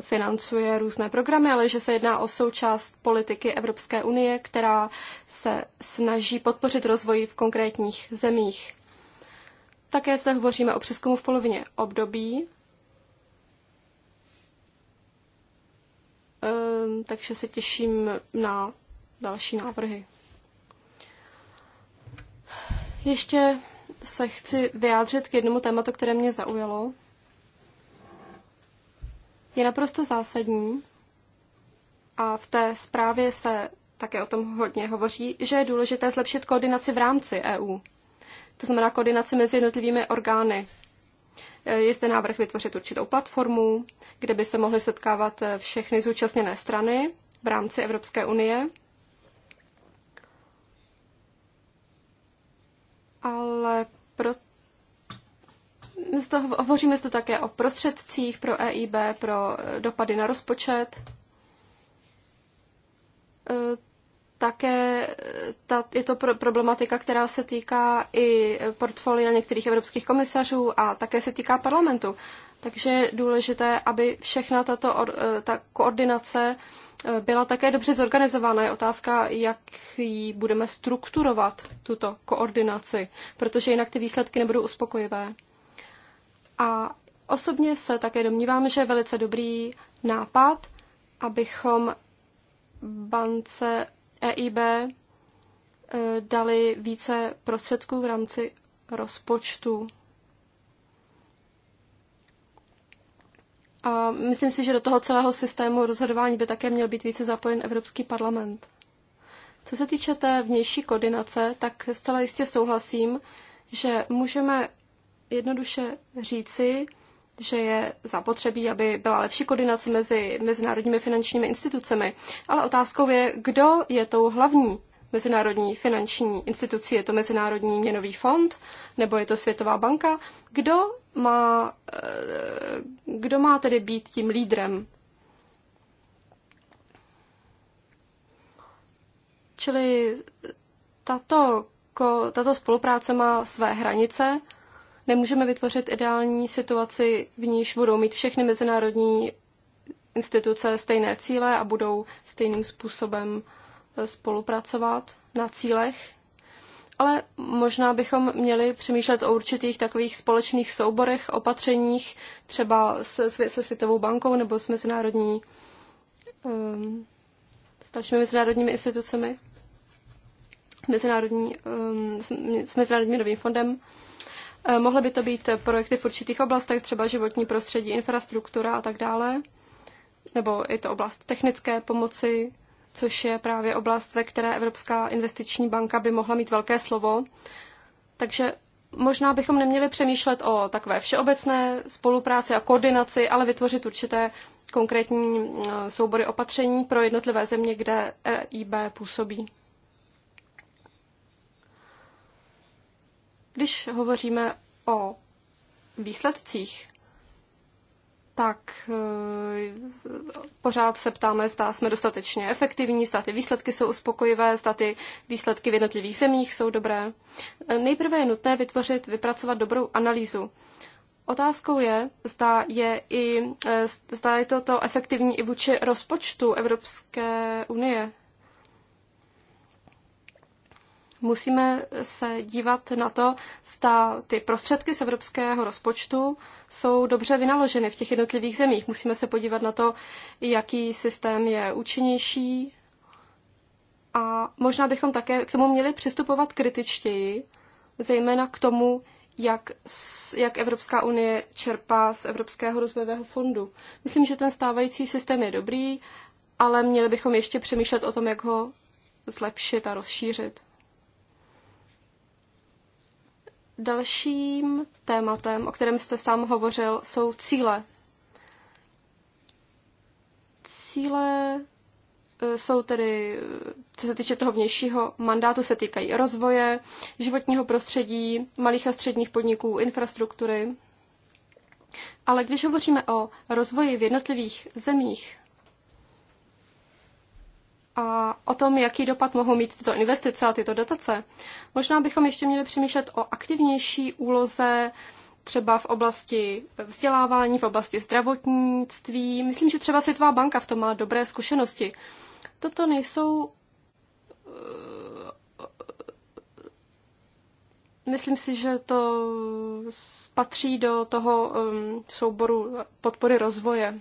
Speaker 2: financuje různé programy, ale že se jedná o součást politiky Evropské unie, která se snaží podpořit rozvoj v konkrétních zemích. Také se hovoříme o přeskumu v polovině období, ehm, takže se těším na další návrhy. Ještě se chci vyjádřit k jednomu tématu, které mě zaujalo. Je naprosto zásadní, a v té zprávě se také o tom hodně hovoří, že je důležité zlepšit koordinaci v rámci EU to znamená koordinace mezi jednotlivými orgány. E, je zde návrh vytvořit určitou platformu, kde by se mohly setkávat e, všechny zúčastněné strany v rámci Evropské unie. Ale pro... Zde hovoříme zde také o prostředcích pro EIB, pro e, dopady na rozpočet také eh, ta, je to pro, problematika, která se týká i portfolia některých evropských komisařů a také se týká parlamentu. Takže je důležité, aby všechna tato eh, ta koordinace eh, byla také dobře zorganizována. Je otázka, jak ji budeme strukturovat, tuto koordinaci, protože jinak ty výsledky nebudou uspokojivé. A osobně se také domnívám, že je velice dobrý nápad, abychom bance EIB eh, dali více prostředků v rámci rozpočtu. A myslím si, že do toho celého systému rozhodování by také měl být více zapojen Evropský parlament. Co se týče té vnější koordinace, tak zcela jistě souhlasím, že můžeme jednoduše říci, že je zapotřebí, aby byla lepší koordinace mezi mezinárodními finančními institucemi. Ale otázkou je, kdo je tou hlavní mezinárodní finanční institucí. Je to Mezinárodní měnový fond nebo je to Světová banka? Kdo má, eh, kdo má tedy být tím lídrem? Čili tato, tato spolupráce má své hranice Nemůžeme vytvořit ideální situaci, v níž budou mít všechny mezinárodní instituce stejné cíle a budou stejným způsobem eh, spolupracovat na cílech. Ale možná bychom měli přemýšlet o určitých takových společných souborech, opatřeních, třeba se, se Světovou bankou nebo s mezinárodní, um, s dalšími mezinárodními institucemi, mezinárodní, um, s, s Mezinárodním novým fondem. Eh, mohly by to být eh, projekty v určitých oblastech, třeba životní prostředí, infrastruktura a tak dále, nebo je to oblast technické pomoci, což je právě oblast, ve které Evropská investiční banka by mohla mít velké slovo. Takže možná bychom neměli přemýšlet o takové všeobecné spolupráci a koordinaci, ale vytvořit určité konkrétní eh, soubory opatření pro jednotlivé země, kde EIB působí. Když hovoříme o výsledcích, tak e, pořád se ptáme, zda jsme dostatečně efektivní, zda ty výsledky jsou uspokojivé, zda ty výsledky v jednotlivých zemích jsou dobré. E, nejprve je nutné vytvořit, vypracovat dobrou analýzu. Otázkou je, zda je, i, e, zda je toto efektivní i vůči rozpočtu Evropské unie musíme se dívat na to, zda ty prostředky z evropského rozpočtu jsou dobře vynaloženy v těch jednotlivých zemích. Musíme se podívat na to, jaký systém je účinnější. A možná bychom také k tomu měli přistupovat kritičtěji, zejména k tomu, jak, jak Evropská unie čerpá z Evropského rozvojového fondu. Myslím, že ten stávající systém je dobrý, ale měli bychom ještě přemýšlet o tom, jak ho zlepšit a rozšířit. Dalším tématem, o kterém jste sám hovořil, jsou cíle. Cíle e, jsou tedy, e, co se týče toho vnějšího mandátu, se týkají rozvoje, životního prostředí, malých a středních podniků, infrastruktury. Ale když hovoříme o rozvoji v jednotlivých zemích, a o tom, jaký dopad mohou mít tyto investice a tyto dotace. Možná bychom ještě měli přemýšlet o aktivnější úloze třeba v oblasti vzdělávání, v oblasti zdravotnictví. Myslím, že třeba Světová banka v tom má dobré zkušenosti. Toto nejsou. Eh, myslím si, že to patří do toho eh, souboru podpory rozvoje.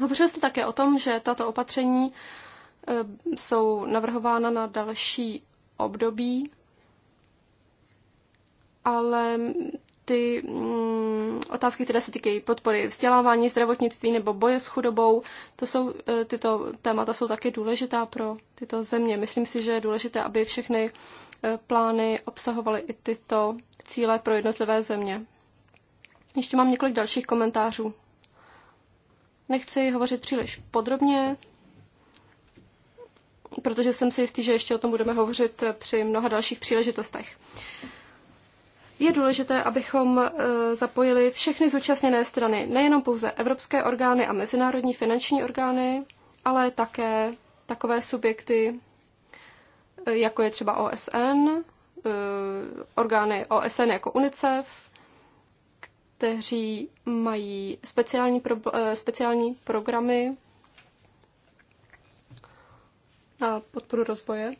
Speaker 2: Hovořil jste také o tom, že tato opatření Eh, jsou navrhována na další období, ale ty mm, otázky, které se týkají podpory vzdělávání, zdravotnictví nebo boje s chudobou, to jsou, eh, tyto témata jsou také důležitá pro tyto země. Myslím si, že je důležité, aby všechny eh, plány obsahovaly i tyto cíle pro jednotlivé země. Ještě mám několik dalších komentářů. Nechci hovořit příliš podrobně, protože jsem si jistý, že ještě o tom budeme hovořit při mnoha dalších příležitostech. Je důležité, abychom e, zapojili všechny zúčastněné strany, nejenom pouze evropské orgány a mezinárodní finanční orgány, ale také takové subjekty, e, jako je třeba OSN, e, orgány OSN jako UNICEF, kteří mají speciální, pro, speciální programy na podporu rozvoje,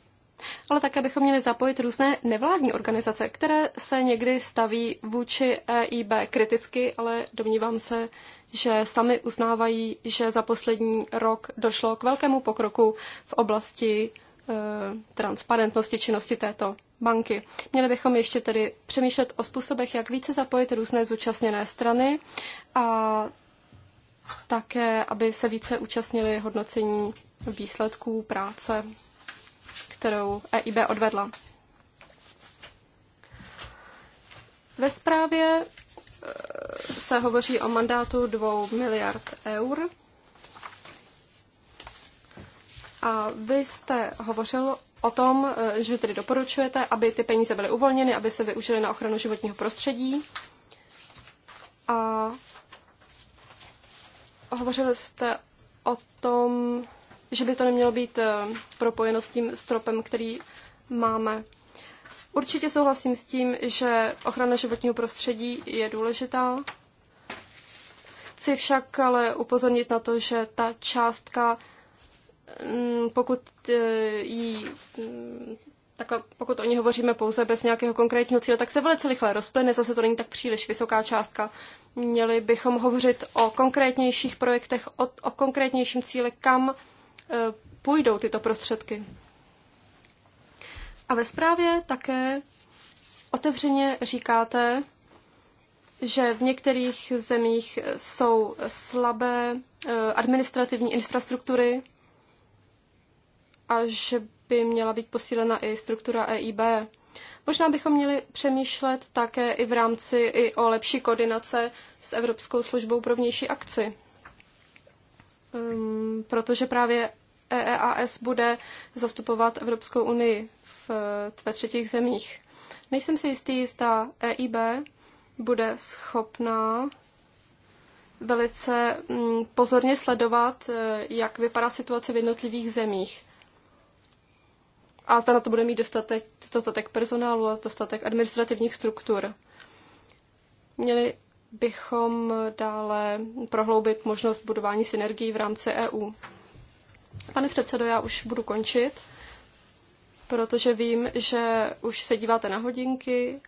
Speaker 2: ale také bychom měli zapojit různé nevládní organizace, které se někdy staví vůči EIB kriticky, ale domnívám se, že sami uznávají, že za poslední rok došlo k velkému pokroku v oblasti e, transparentnosti činnosti této banky. Měli bychom ještě tedy přemýšlet o způsobech, jak více zapojit různé zúčastněné strany a také, aby se více účastnili hodnocení výsledků práce, kterou EIB odvedla. Ve zprávě eh, se hovoří o mandátu 2 miliard eur. A vy jste hovořil o tom, eh, že tedy doporučujete, aby ty peníze byly uvolněny, aby se využily na ochranu životního prostředí. A hovořili jste o tom, že by to nemělo být eh, propojeno s tím stropem, který máme. Určitě souhlasím s tím, že ochrana životního prostředí je důležitá. Chci však ale upozornit na to, že ta částka, mm, pokud eh, jí mm, takhle, pokud o ní hovoříme pouze bez nějakého konkrétního cíle, tak se velice rychle rozplyne, zase to není tak příliš vysoká částka. Měli bychom hovořit o konkrétnějších projektech, o, o konkrétnějším cíle, kam Eh, půjdou tyto prostředky. A ve zprávě také otevřeně říkáte, že v některých zemích jsou slabé eh, administrativní infrastruktury a že by měla být posílena i struktura EIB. Možná bychom měli přemýšlet také i v rámci i o lepší koordinace s Evropskou službou pro vnější akci. Um, protože právě EEAS bude zastupovat Evropskou unii v, ve třetích zemích. Nejsem si jistý, zda EIB bude schopná velice mm, pozorně sledovat, e, jak vypadá situace v jednotlivých zemích. A zda na to bude mít dostatek, dostatek personálu a dostatek administrativních struktur. Měli bychom dále prohloubit možnost budování synergií v rámci EU. Pane předsedo, já už budu končit, protože vím, že už se díváte na hodinky,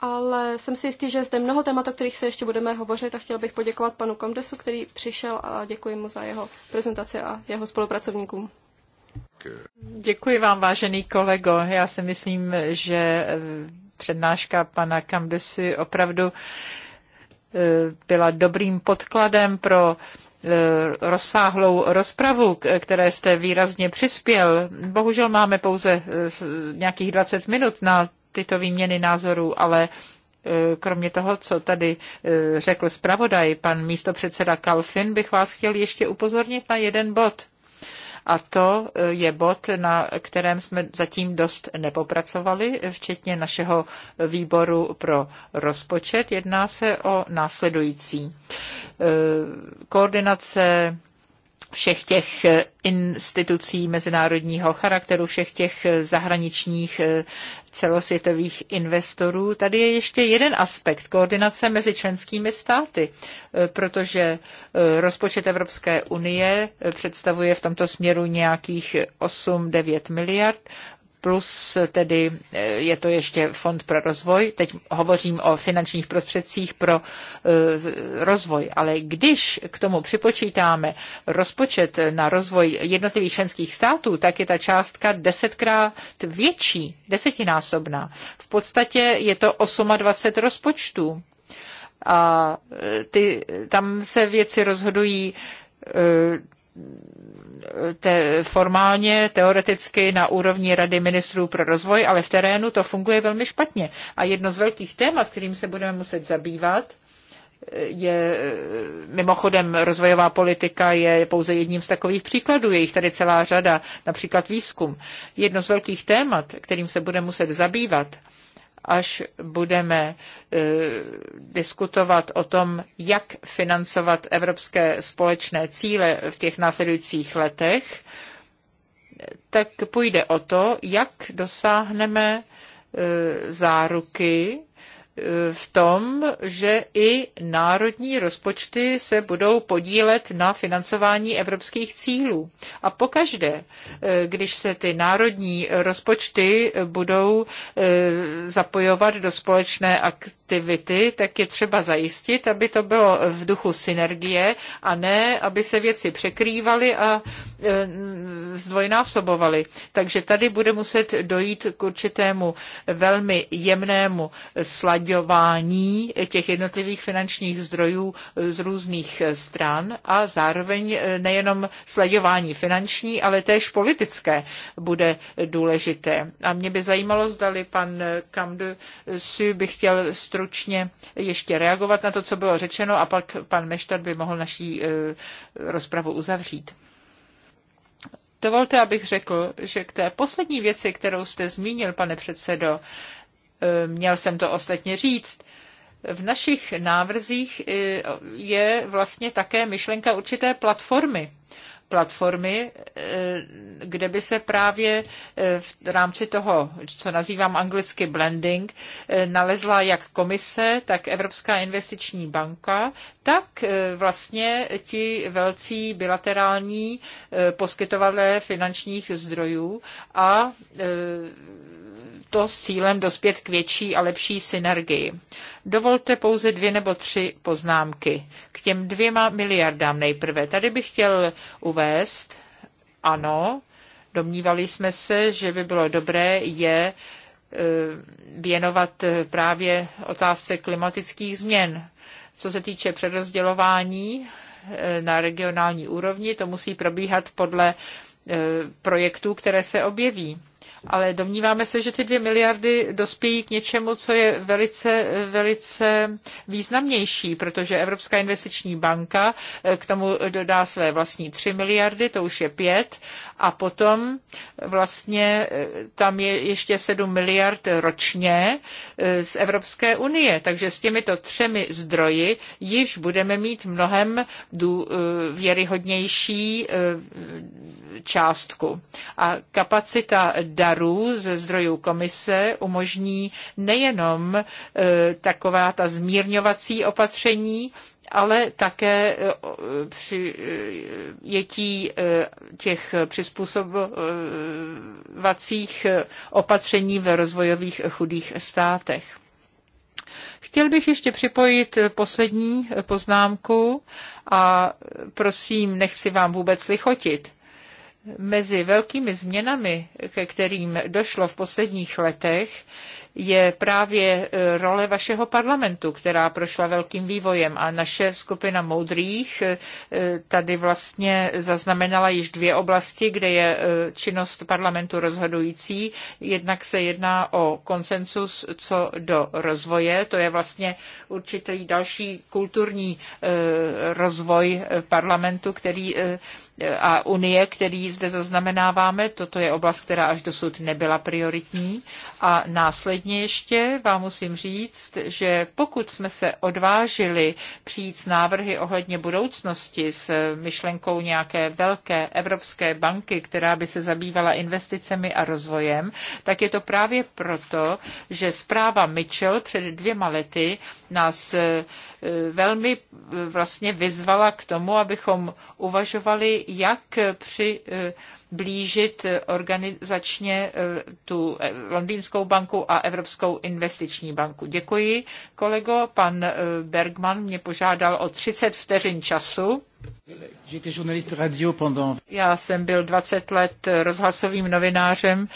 Speaker 2: ale jsem si jistý, že je zde mnoho témat, o kterých se ještě budeme hovořit a chtěl bych poděkovat panu Komdesu, který přišel a děkuji mu za jeho prezentaci a jeho spolupracovníkům.
Speaker 1: Děkuji vám, vážený kolego. Já si myslím, že eh, přednáška pana Kamdesy opravdu eh, byla dobrým podkladem pro Eh, rozsáhlou rozpravu, které jste výrazně přispěl. Bohužel máme pouze eh, nějakých 20 minut na tyto výměny názorů, ale eh, kromě toho, co tady řekl zpravodaj, pan místopředseda Kalfin, bych vás chtěl ještě upozornit na jeden bod. A to eh, je bod, na kterém jsme zatím dost nepopracovali, včetně našeho výboru pro rozpočet. Jedná se o následující eh, koordinace všech těch eh, institucí mezinárodního charakteru, všech těch eh, zahraničních eh, celosvětových investorů. Tady je ještě jeden aspekt koordinace mezi členskými státy, protože rozpočet Evropské unie představuje v tomto směru nějakých 8-9 miliard plus tedy eh, je to ještě fond pro rozvoj. Teď hovořím o finančních prostředcích pro eh, rozvoj, ale když k tomu připočítáme rozpočet na rozvoj jednotlivých členských států, tak je ta částka desetkrát větší, desetinásobná. V podstatě je to 28 rozpočtů. A eh, ty, tam se věci rozhodují te, formálně, teoreticky na úrovni Rady ministrů pro rozvoj, ale v terénu to funguje velmi špatně. A jedno z velkých témat, kterým se budeme muset zabývat, je mimochodem rozvojová politika je pouze jedním z takových příkladů, je jich tady celá řada, například výzkum. Jedno z velkých témat, kterým se bude muset zabývat, až budeme e, diskutovat o tom, jak financovat evropské společné cíle v těch následujících letech, tak půjde o to, jak dosáhneme e, záruky v tom, že i národní rozpočty se budou podílet na financování evropských cílů. A pokaždé, eh, když se ty národní rozpočty budou eh, zapojovat do společné aktivity, tak je třeba zajistit, aby to bylo v duchu synergie a ne, aby se věci překrývaly a eh, zdvojnásobovaly. Takže tady bude muset dojít k určitému velmi jemnému sladění propojování těch jednotlivých finančních zdrojů z různých stran a zároveň nejenom sledování finanční, ale též politické bude důležité. A mě by zajímalo, zdali pan Kamdu si by chtěl stručně ještě reagovat na to, co bylo řečeno a pak pan Meštad by mohl naší eh, rozpravu uzavřít. Dovolte, abych řekl, že k té poslední věci, kterou jste zmínil, pane předsedo, E, měl jsem to ostatně říct. V našich návrzích e, je vlastně také myšlenka určité platformy platformy, eh, kde by se právě eh, v rámci toho, co nazývám anglicky blending, eh, nalezla jak komise, tak Evropská investiční banka, tak vlastně ti velcí bilaterální poskytovatelé finančních zdrojů a to s cílem dospět k větší a lepší synergii. Dovolte pouze dvě nebo tři poznámky. K těm dvěma miliardám nejprve. Tady bych chtěl uvést, ano, domnívali jsme se, že by bylo dobré je e, věnovat právě otázce klimatických změn. Co se týče přerozdělování e, na regionální úrovni, to musí probíhat podle e, projektů, které se objeví ale domníváme se, že ty dvě miliardy dospějí k něčemu, co je velice, velice významnější, protože Evropská investiční banka eh, k tomu dodá své vlastní tři miliardy, to už je pět. A potom eh, vlastně eh, tam je ještě 7 miliard ročně eh, z Evropské unie. Takže s těmito třemi zdroji již budeme mít mnohem věryhodnější částku. A kapacita darů ze zdrojů komise umožní nejenom taková ta zmírňovací opatření, ale také eh, přijetí eh, eh, těch přizpůsobovacích opatření ve rozvojových chudých státech. Chtěl bych ještě připojit poslední poznámku a prosím, nechci vám vůbec lichotit. Mezi velkými změnami, ke kterým došlo v posledních letech, je právě e, role vašeho parlamentu, která prošla velkým vývojem a naše skupina moudrých e, tady vlastně zaznamenala již dvě oblasti, kde je e, činnost parlamentu rozhodující. Jednak se jedná o konsensus co do rozvoje, to je vlastně určitý další kulturní rozvoj parlamentu, který a Unie, který zde zaznamenáváme, toto je oblast, která až dosud nebyla prioritní a následně Konkrétně ještě vám musím říct, že pokud jsme se odvážili přijít s návrhy ohledně budoucnosti s myšlenkou nějaké velké evropské banky, která by se zabývala investicemi a rozvojem, tak je to právě proto, že zpráva Mitchell před dvěma lety nás e, velmi e, vlastně vyzvala k tomu, abychom uvažovali, jak přiblížit e, organizačně tu Londýnskou banku a Evropskou Evropskou investiční banku. Děkuji, kolego. Pan eh, Bergman mě požádal o 30 vteřin času. Já jsem byl 20 let rozhlasovým novinářem.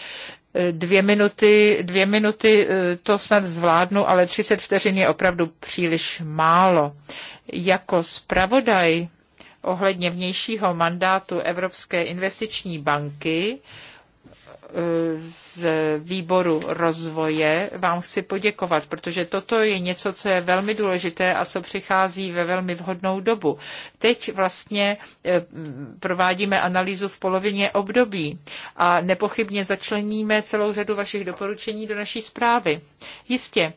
Speaker 1: Eh, dvě minuty, dvě minuty eh, to snad zvládnu, ale 30 vteřin je opravdu příliš málo. Jako zpravodaj ohledně vnějšího mandátu Evropské investiční banky z výboru rozvoje vám chci poděkovat, protože toto je něco, co je velmi důležité a co přichází ve velmi vhodnou dobu. Teď vlastně eh, provádíme analýzu v polovině období a nepochybně začleníme celou řadu vašich doporučení do naší zprávy. Jistě,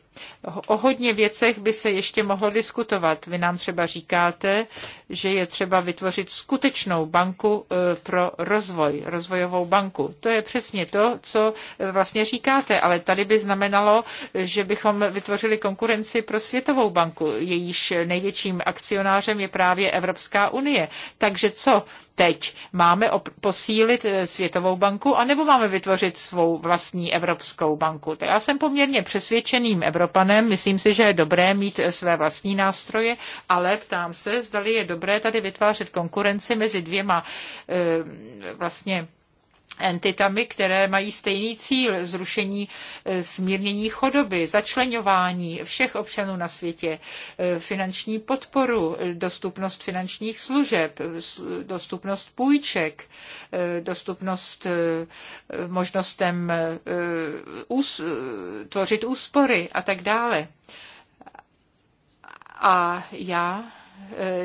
Speaker 1: o hodně věcech by se ještě mohlo diskutovat. Vy nám třeba říkáte, že je třeba vytvořit skutečnou banku eh, pro rozvoj, rozvojovou banku. To je přesně přesně vlastně to, co e, vlastně říkáte, ale tady by znamenalo, že bychom vytvořili konkurenci pro Světovou banku. Jejíž největším akcionářem je právě Evropská unie. Takže co teď? Máme posílit e, Světovou banku, anebo máme vytvořit svou vlastní Evropskou banku? Tak já jsem poměrně přesvědčeným Evropanem. Myslím si, že je dobré mít e, své vlastní nástroje, ale ptám se, zdali je dobré tady vytvářet konkurenci mezi dvěma vlastně entitami, které mají stejný cíl, zrušení smírnění eh, chodoby, začlenování všech občanů na světě, eh, finanční podporu, eh, dostupnost finančních služeb, dostupnost půjček, dostupnost možnostem tvořit úspory a tak dále. A já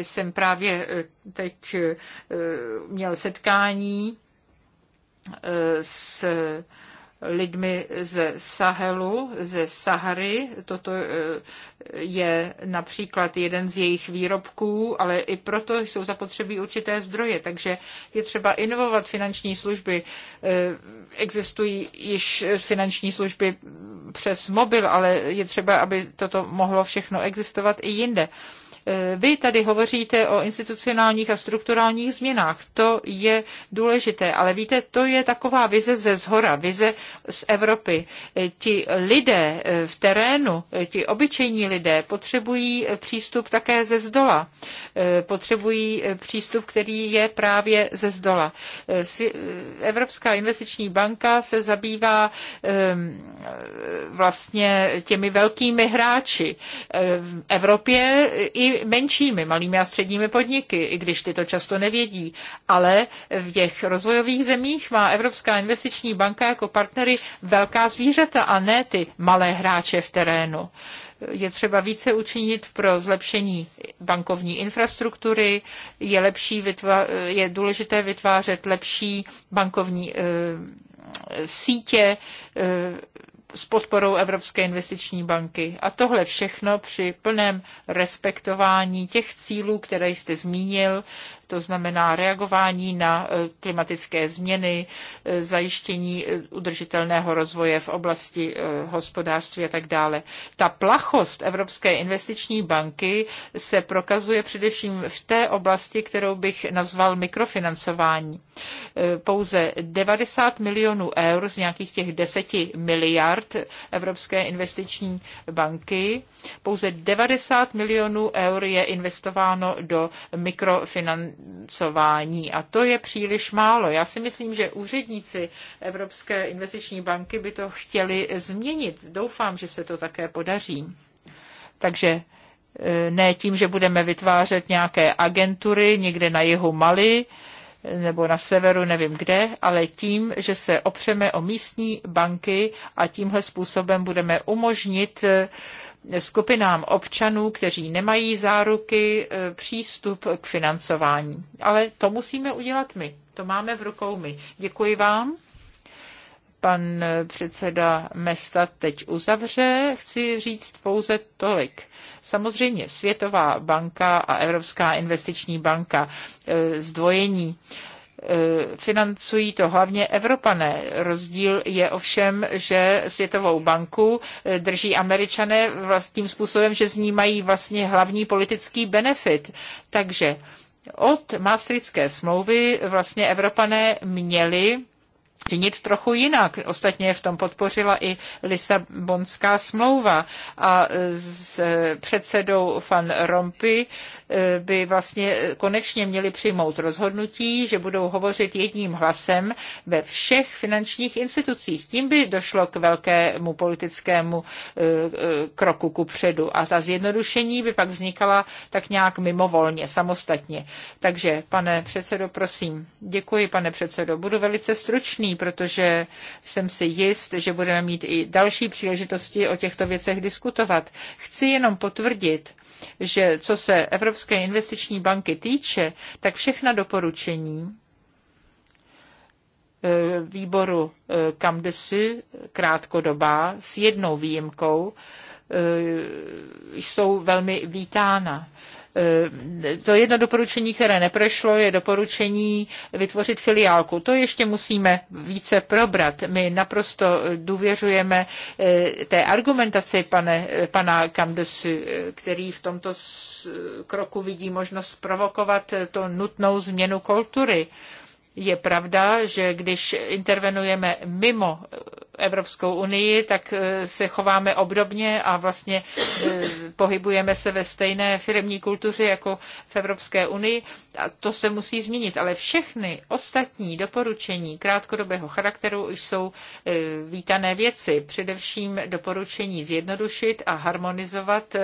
Speaker 1: jsem právě teď měl setkání s lidmi ze Sahelu, ze Sahary. Toto eh, je například jeden z jejich výrobků, ale i proto jsou zapotřebí určité zdroje. Takže je třeba inovovat finanční služby. Eh, existují již finanční služby přes mobil, ale je třeba, aby toto mohlo všechno existovat i jinde. Vy tady hovoříte o institucionálních a strukturálních změnách. To je důležité, ale víte, to je taková vize ze zhora, vize z Evropy. Eh, ti lidé eh, v terénu, eh, ti obyčejní lidé potřebují přístup také ze zdola. Potřebují přístup, který je právě ze zdola. Evropská investiční banka se zabývá ehm, vlastně těmi velkými hráči v Evropě i menšími, malými a středními podniky, i když ty to často nevědí. Ale v těch rozvojových zemích má Evropská investiční banka jako partnery velká zvířata a ne ty malé hráče v terénu je třeba více učinit pro zlepšení bankovní infrastruktury, je, lepší vytva- je důležité vytvářet lepší bankovní e, sítě, e, s podporou Evropské investiční banky. A tohle všechno při plném respektování těch cílů, které jste zmínil, to znamená reagování na e, klimatické změny, e, zajištění e, udržitelného rozvoje v oblasti hospodářství a tak dále. Ta plachost Evropské investiční banky se prokazuje především v té oblasti, kterou bych nazval mikrofinancování. Pouze 90 milionů eur z nějakých těch 10 miliard Evropské investiční banky, pouze 90 milionů eur je investováno do mikrofinancování financování a to je příliš málo. Já si myslím, že úředníci Evropské investiční banky by to chtěli změnit. Doufám, že se to také podaří. Takže e, ne tím, že budeme vytvářet nějaké agentury někde na jihu Mali nebo na severu, nevím kde, ale tím, že se opřeme o místní banky a tímhle způsobem budeme umožnit e, skupinám občanů, kteří nemají záruky, e, přístup k financování. Ale to musíme udělat my. To máme v rukou my. Děkuji vám pan předseda Mesta teď uzavře, chci říct pouze tolik. Samozřejmě Světová banka a Evropská investiční banka e, zdvojení Eh, financují to hlavně Evropané. Rozdíl je ovšem, že Světovou banku eh, drží Američané vlastním způsobem, že z ní mají vlastně hlavní politický benefit. Takže od Maastrichtské smlouvy vlastně Evropané měli činit trochu jinak. Ostatně v tom podpořila i Lisabonská smlouva a s eh, předsedou Van Rompuy Eh, by vlastně konečně měli přijmout rozhodnutí, že budou hovořit jedním hlasem ve všech finančních institucích. Tím by došlo k velkému politickému eh, eh, kroku ku předu. A ta zjednodušení by pak vznikala tak nějak mimovolně, samostatně. Takže, pane předsedo, prosím. Děkuji, pane předsedo. Budu velice stručný, protože jsem si jist, že budeme mít i další příležitosti o těchto věcech diskutovat. Chci jenom potvrdit, že co se Evropské investiční banky týče, tak všechna doporučení e, výboru Kamdesy e, krátkodobá s jednou výjimkou e, jsou velmi vítána. To jedno doporučení, které neprošlo, je doporučení vytvořit filiálku. To ještě musíme více probrat. My naprosto důvěřujeme eh, té argumentaci pane, eh, pana Kandesu, eh, který v tomto kroku vidí možnost provokovat to nutnou změnu kultury. Je pravda, že když intervenujeme mimo Evropskou unii, tak eh, se chováme obdobně a vlastně eh, pohybujeme se ve stejné firmní kultuře jako v Evropské unii. A to se musí změnit, ale všechny ostatní doporučení krátkodobého charakteru jsou eh, vítané věci. Především doporučení zjednodušit a harmonizovat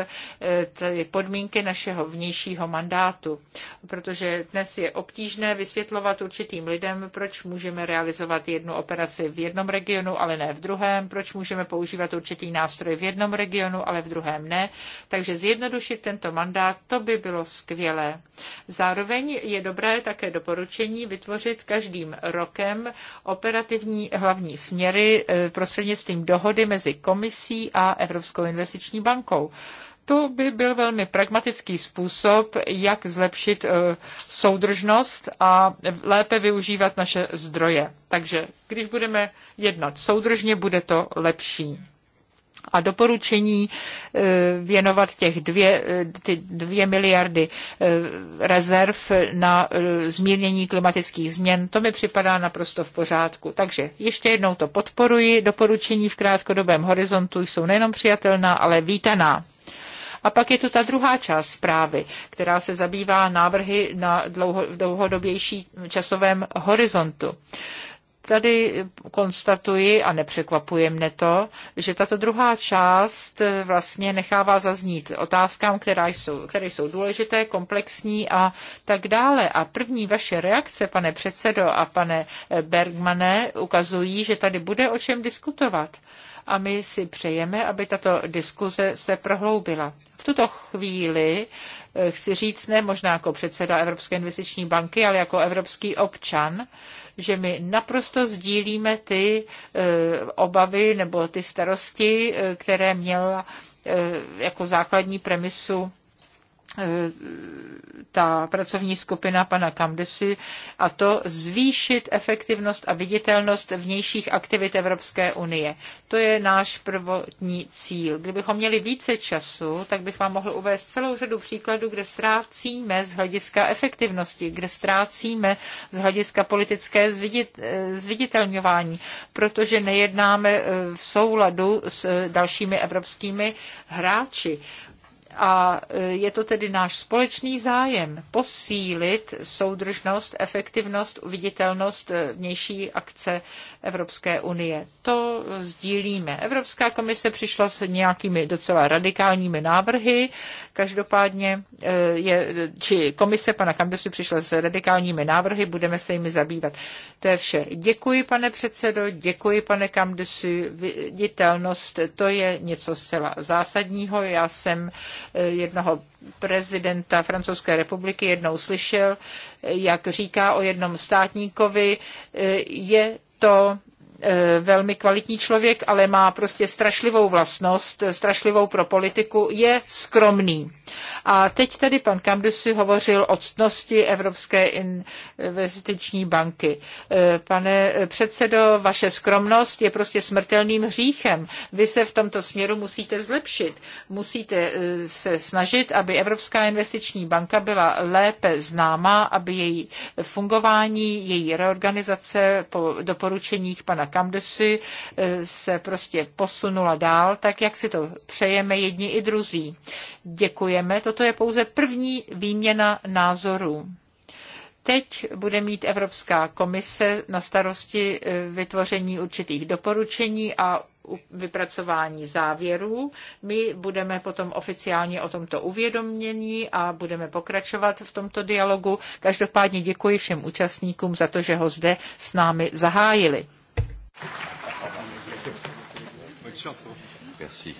Speaker 1: podmínky našeho vnějšího mandátu, protože dnes je obtížné vysvětlovat určitým lidem, proč můžeme realizovat jednu operaci v jednom regionu, ale ne ne v druhém, proč můžeme používat určitý nástroj v jednom regionu, ale v druhém ne. Takže zjednodušit tento mandát, to by bylo skvělé. Zároveň je dobré také doporučení vytvořit každým rokem operativní hlavní směry eh, prostřednictvím dohody mezi komisí a Evropskou investiční bankou. To by byl velmi pragmatický způsob, jak zlepšit eh, soudržnost a lépe využívat naše zdroje. Takže když budeme jednat soudržně, bude to lepší a doporučení eh, věnovat těch dvě, eh, ty dvě miliardy rezerv na zmírnění klimatických změn, to mi připadá naprosto v pořádku. Takže ještě jednou to podporuji. Doporučení v krátkodobém horizontu jsou nejenom přijatelná, ale vítaná. A pak je tu ta druhá část zprávy, která se zabývá návrhy na dlouho, dlouhodobější časovém horizontu tady konstatuji, a nepřekvapuje mne to, že tato druhá část vlastně nechává zaznít otázkám, které jsou, které jsou důležité, komplexní a tak dále. A první vaše reakce, pane předsedo a pane Bergmane, ukazují, že tady bude o čem diskutovat a my si přejeme, aby tato diskuze se prohloubila. V tuto chvíli eh, chci říct, ne možná jako předseda Evropské investiční banky, ale jako evropský občan, že my naprosto sdílíme ty eh, obavy nebo ty starosti, eh, které měla jako základní premisu Eh, ta pracovní skupina pana Kamdesy a to zvýšit efektivnost a viditelnost vnějších aktivit Evropské unie. To je náš prvotní cíl. Kdybychom měli více času, tak bych vám mohl uvést celou řadu příkladů, kde ztrácíme z hlediska efektivnosti, kde ztrácíme z hlediska politické eh, zviditelňování, protože nejednáme eh, v souladu s dalšími evropskými hráči. A e, je to tedy náš společný zájem posílit soudržnost, efektivnost, uviditelnost e, vnější akce Evropské unie. To sdílíme. Evropská komise přišla s nějakými docela radikálními návrhy. Každopádně e, je, či komise pana Kambesu přišla s radikálními návrhy, budeme se jimi zabývat. To je vše. Děkuji, pane předsedo, děkuji, pane Kambesu, Viditelnost, to je něco zcela zásadního. Já jsem Eh, jednoho prezidenta Francouzské republiky jednou slyšel, eh, jak říká o jednom státníkovi, eh, je to velmi kvalitní člověk, ale má prostě strašlivou vlastnost, strašlivou pro politiku, je skromný. A teď tady pan Kamdusi hovořil o ctnosti Evropské investiční banky. E, pane předsedo, vaše skromnost je prostě smrtelným hříchem. Vy se v tomto směru musíte zlepšit. Musíte e, se snažit, aby Evropská investiční banka byla lépe známá, aby její fungování, její reorganizace po doporučeních pana Kamdesy se prostě posunula dál, tak jak si to přejeme jedni i druzí. Děkuji diskutujeme. Toto je pouze první výměna názorů. Teď bude mít Evropská komise na starosti e, vytvoření určitých doporučení a vypracování závěrů. My budeme potom oficiálně o tomto uvědomění a budeme pokračovat v tomto dialogu. Každopádně děkuji všem účastníkům za to, že ho zde s námi zahájili. Merci.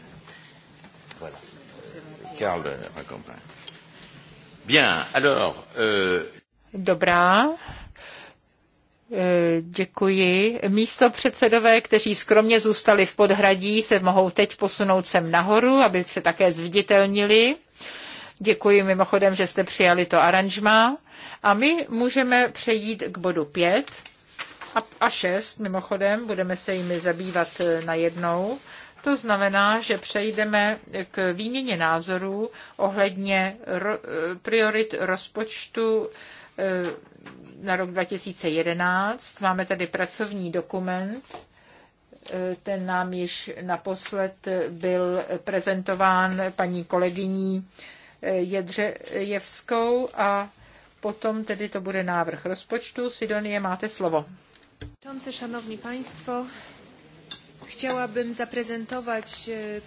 Speaker 1: Euh, Dobrá. Eh, děkuji. Místo předsedové, kteří skromně zůstali v podhradí, se mohou teď posunout sem nahoru, aby se také zviditelnili. Děkuji mimochodem, že jste přijali to aranžma. A my můžeme přejít k bodu 5 a 6, mimochodem, budeme se jimi zabývat eh, najednou. To znamená, že přejdeme k výměně názorů ohledně eh, priorit rozpočtu eh, na rok 2011. Máme tady pracovní dokument, eh, ten nám již naposled byl prezentován paní kolegyní Jedřejevskou a potom tedy to bude návrh rozpočtu. Sidonie, máte slovo.
Speaker 3: Szanowni Państwo, Chciałabym zaprezentować e,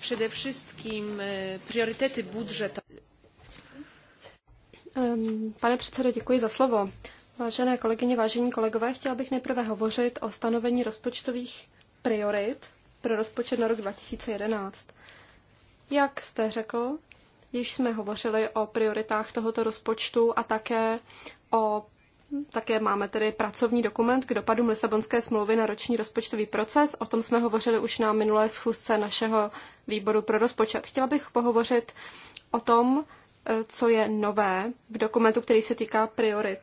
Speaker 3: przede
Speaker 2: wszystkim e, priorytety budżetu. Pane předsedo, děkuji za slovo. Vážené kolegyně, vážení kolegové, chtěla bych nejprve hovořit o stanovení rozpočtových priorit pro rozpočet na rok 2011. Jak jste řekl, již jsme hovořili o prioritách tohoto rozpočtu a také o také máme tedy pracovní dokument k dopadům Lisabonské smlouvy na roční rozpočtový proces. O tom jsme hovořili už na minulé schůzce našeho výboru pro rozpočet. Chtěla bych pohovořit o tom, e, co je nové v dokumentu, který se týká priorit.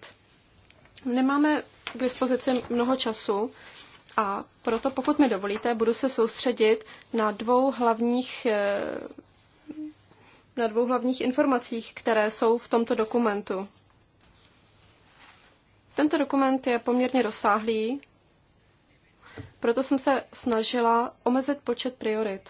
Speaker 2: Nemáme k dispozici mnoho času a proto, pokud mi dovolíte, budu se soustředit na dvou hlavních e, na dvou hlavních informacích, které jsou v tomto dokumentu. Tento dokument je poměrně rozsáhlý, proto jsem se snažila omezit počet priorit.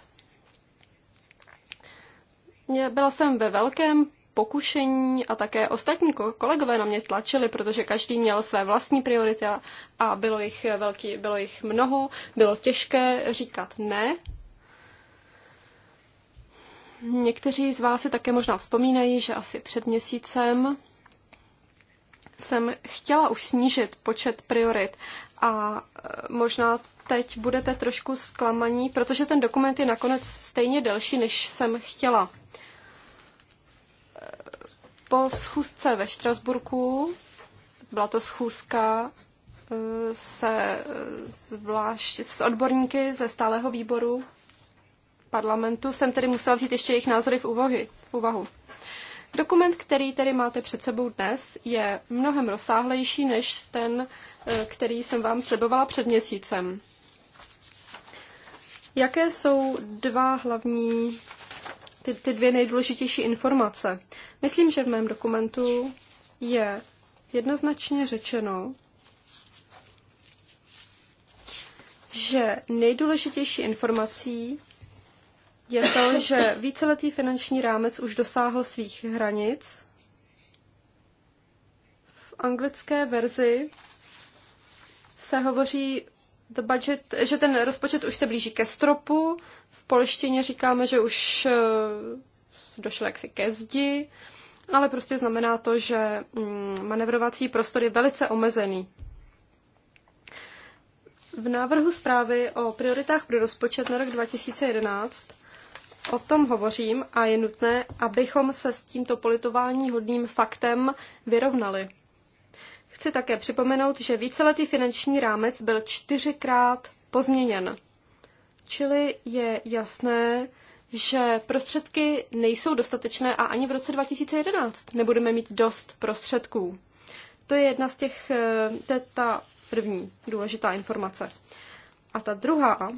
Speaker 2: Byla jsem ve velkém pokušení a také ostatní kolegové na mě tlačili, protože každý měl své vlastní priority a, a bylo, jich velký, bylo jich mnoho, bylo těžké říkat ne. Někteří z vás si také možná vzpomínají, že asi před měsícem jsem chtěla už snížit počet priorit a e, možná teď budete trošku zklamaní, protože ten dokument je nakonec stejně delší, než jsem chtěla. E, po schůzce ve Štrasburku, byla to schůzka e, se zvlášť s odborníky ze stálého výboru parlamentu, jsem tedy musela vzít ještě jejich názory v, v úvahu. Dokument, který tedy máte před sebou dnes, je mnohem rozsáhlejší než ten, eh, který jsem vám slibovala před měsícem. Jaké jsou dva hlavní, ty, ty dvě nejdůležitější informace? Myslím, že v mém dokumentu je jednoznačně řečeno, že nejdůležitější informací je to, že víceletý finanční rámec už dosáhl svých hranic. V anglické verzi se hovoří the budget, že ten rozpočet už se blíží ke stropu, v polštině říkáme, že už eh, došlo jaksi ke zdi, ale prostě znamená to, že mm, manevrovací prostor je velice omezený. V návrhu zprávy o prioritách pro rozpočet na rok 2011 O tom hovořím a je nutné, abychom se s tímto politování hodným faktem vyrovnali. Chci také připomenout, že víceletý finanční rámec byl čtyřikrát pozměněn. Čili je jasné, že prostředky nejsou dostatečné a ani v roce 2011 nebudeme mít dost prostředků. To je jedna z těch, eh, to je ta první důležitá informace. A ta druhá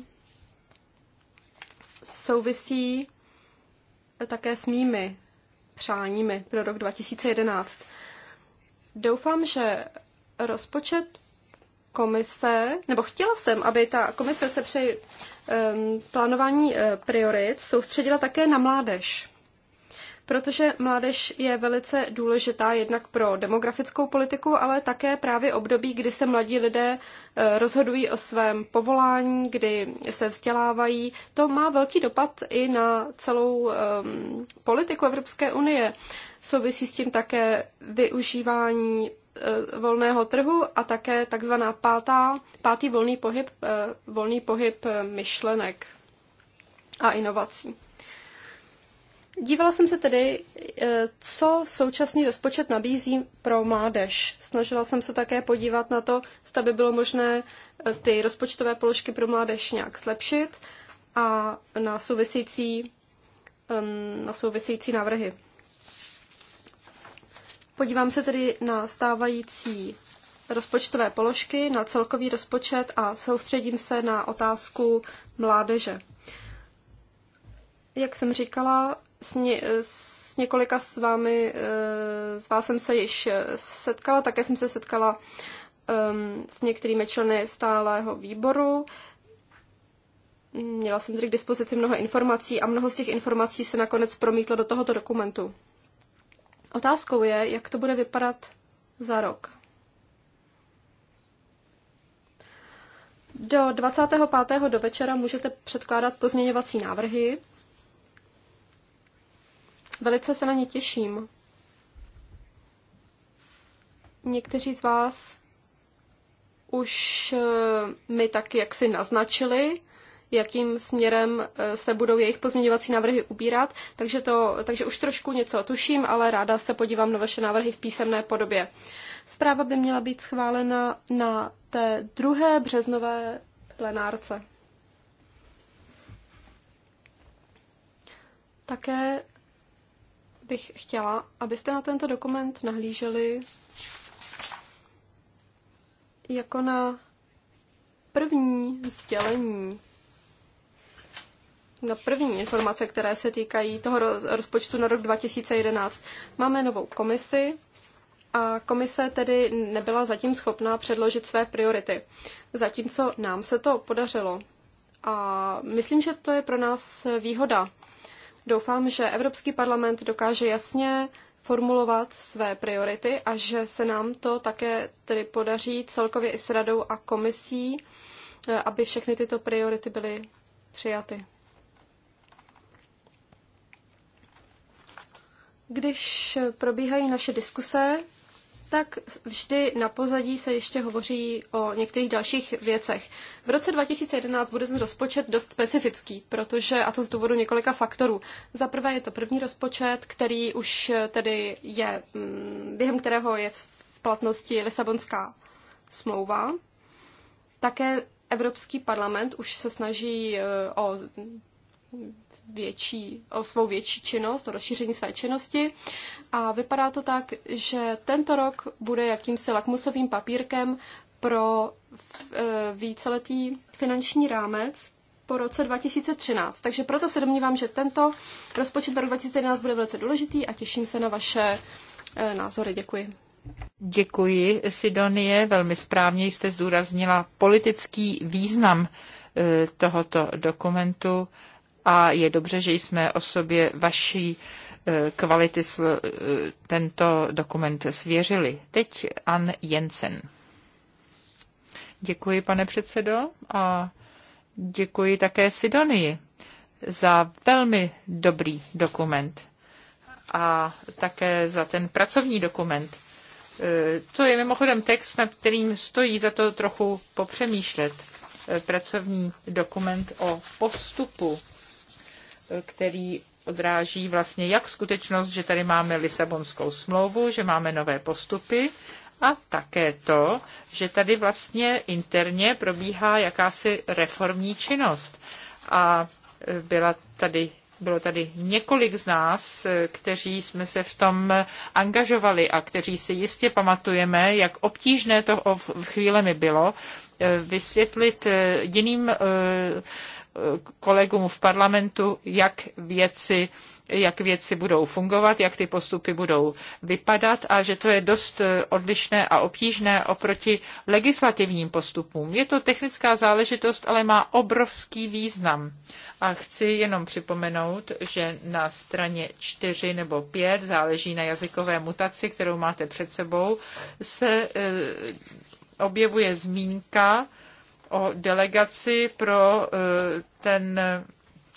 Speaker 2: souvisí také s mými přáními pro rok 2011. Doufám, že rozpočet komise, nebo chtěla jsem, aby ta komise se při um, plánování uh, priorit soustředila také na mládež protože mládež je velice důležitá jednak pro demografickou politiku, ale také právě období, kdy se mladí lidé eh, rozhodují o svém povolání, kdy se vzdělávají. To má velký dopad i na celou um, politiku Evropské unie. Souvisí s tím také využívání eh, volného trhu a také takzvaná pátá, pátý volný pohyb, eh, volný pohyb myšlenek a inovací. Dívala jsem se tedy, eh, co současný rozpočet nabízí pro mládež. Snažila jsem se také podívat na to, zda by bylo možné eh, ty rozpočtové položky pro mládež nějak zlepšit a na související, na související návrhy. Podívám se tedy na stávající rozpočtové položky, na celkový rozpočet a soustředím se na otázku mládeže. Jak jsem říkala, s, ně, s několika s vámi, eh, s vás jsem se již eh, setkala, také jsem se setkala um, s některými členy stálého výboru. Měla jsem tedy k dispozici mnoho informací a mnoho z těch informací se nakonec promítlo do tohoto dokumentu. Otázkou je, jak to bude vypadat za rok. Do 25. do večera můžete předkládat pozměňovací návrhy. Velice se na ně těším. Někteří z vás už eh, mi tak jaksi naznačili, jakým směrem eh, se budou jejich pozměňovací návrhy ubírat, takže, to, takže už trošku něco tuším, ale ráda se podívám na vaše návrhy v písemné podobě. Zpráva by měla být schválena na té druhé březnové plenárce. Také bych chtěla, abyste na tento dokument nahlíželi jako na první sdělení, na první informace, které se týkají toho rozpočtu na rok 2011. Máme novou komisi a komise tedy nebyla zatím schopná předložit své priority, zatímco nám se to podařilo. A myslím, že to je pro nás výhoda, Doufám, že Evropský parlament dokáže jasně formulovat své priority a že se nám to také tedy podaří celkově i s radou a komisí, e, aby všechny tyto priority byly přijaty. Když probíhají naše diskuse, tak vždy na pozadí se ještě hovoří o některých dalších věcech. V roce 2011 bude ten rozpočet dost specifický, protože, a to z důvodu několika faktorů. Za prvé je to první rozpočet, který už tedy je, mm, během kterého je v platnosti Lisabonská smlouva. Také Evropský parlament už se snaží e, o větší, o svou větší činnost, o rozšíření své činnosti. A vypadá to tak, že tento rok bude jakýmsi lakmusovým papírkem pro eh, víceletý finanční rámec po roce 2013. Takže proto se domnívám, že tento rozpočet pro 2011 bude velice důležitý a těším se na vaše eh, názory. Děkuji.
Speaker 1: Děkuji, Sidonie. Velmi správně jste zdůraznila politický význam eh, tohoto dokumentu a je dobře, že jsme o sobě vaší eh, kvality eh, tento dokument svěřili. Teď Ann Jensen. Děkuji, pane předsedo, a děkuji také Sidonii za velmi dobrý dokument a také za ten pracovní dokument. Eh, to je mimochodem text, nad kterým stojí za to trochu popřemýšlet. Pracovní dokument o postupu který odráží vlastně jak skutečnost, že tady máme Lisabonskou smlouvu, že máme nové postupy a také to, že tady vlastně interně probíhá jakási reformní činnost. A e, byla tady bylo tady několik z nás, e, kteří jsme se v tom angažovali a kteří si jistě pamatujeme, jak obtížné to v mi bylo e, vysvětlit jiným kolegům v parlamentu, jak věci, jak věci budou fungovat, jak ty postupy budou vypadat a že to je dost odlišné a obtížné oproti legislativním postupům. Je to technická záležitost, ale má obrovský význam. A chci jenom připomenout, že na straně 4 nebo 5, záleží na jazykové mutaci, kterou máte před sebou, se eh, objevuje zmínka o delegaci pro eh, ten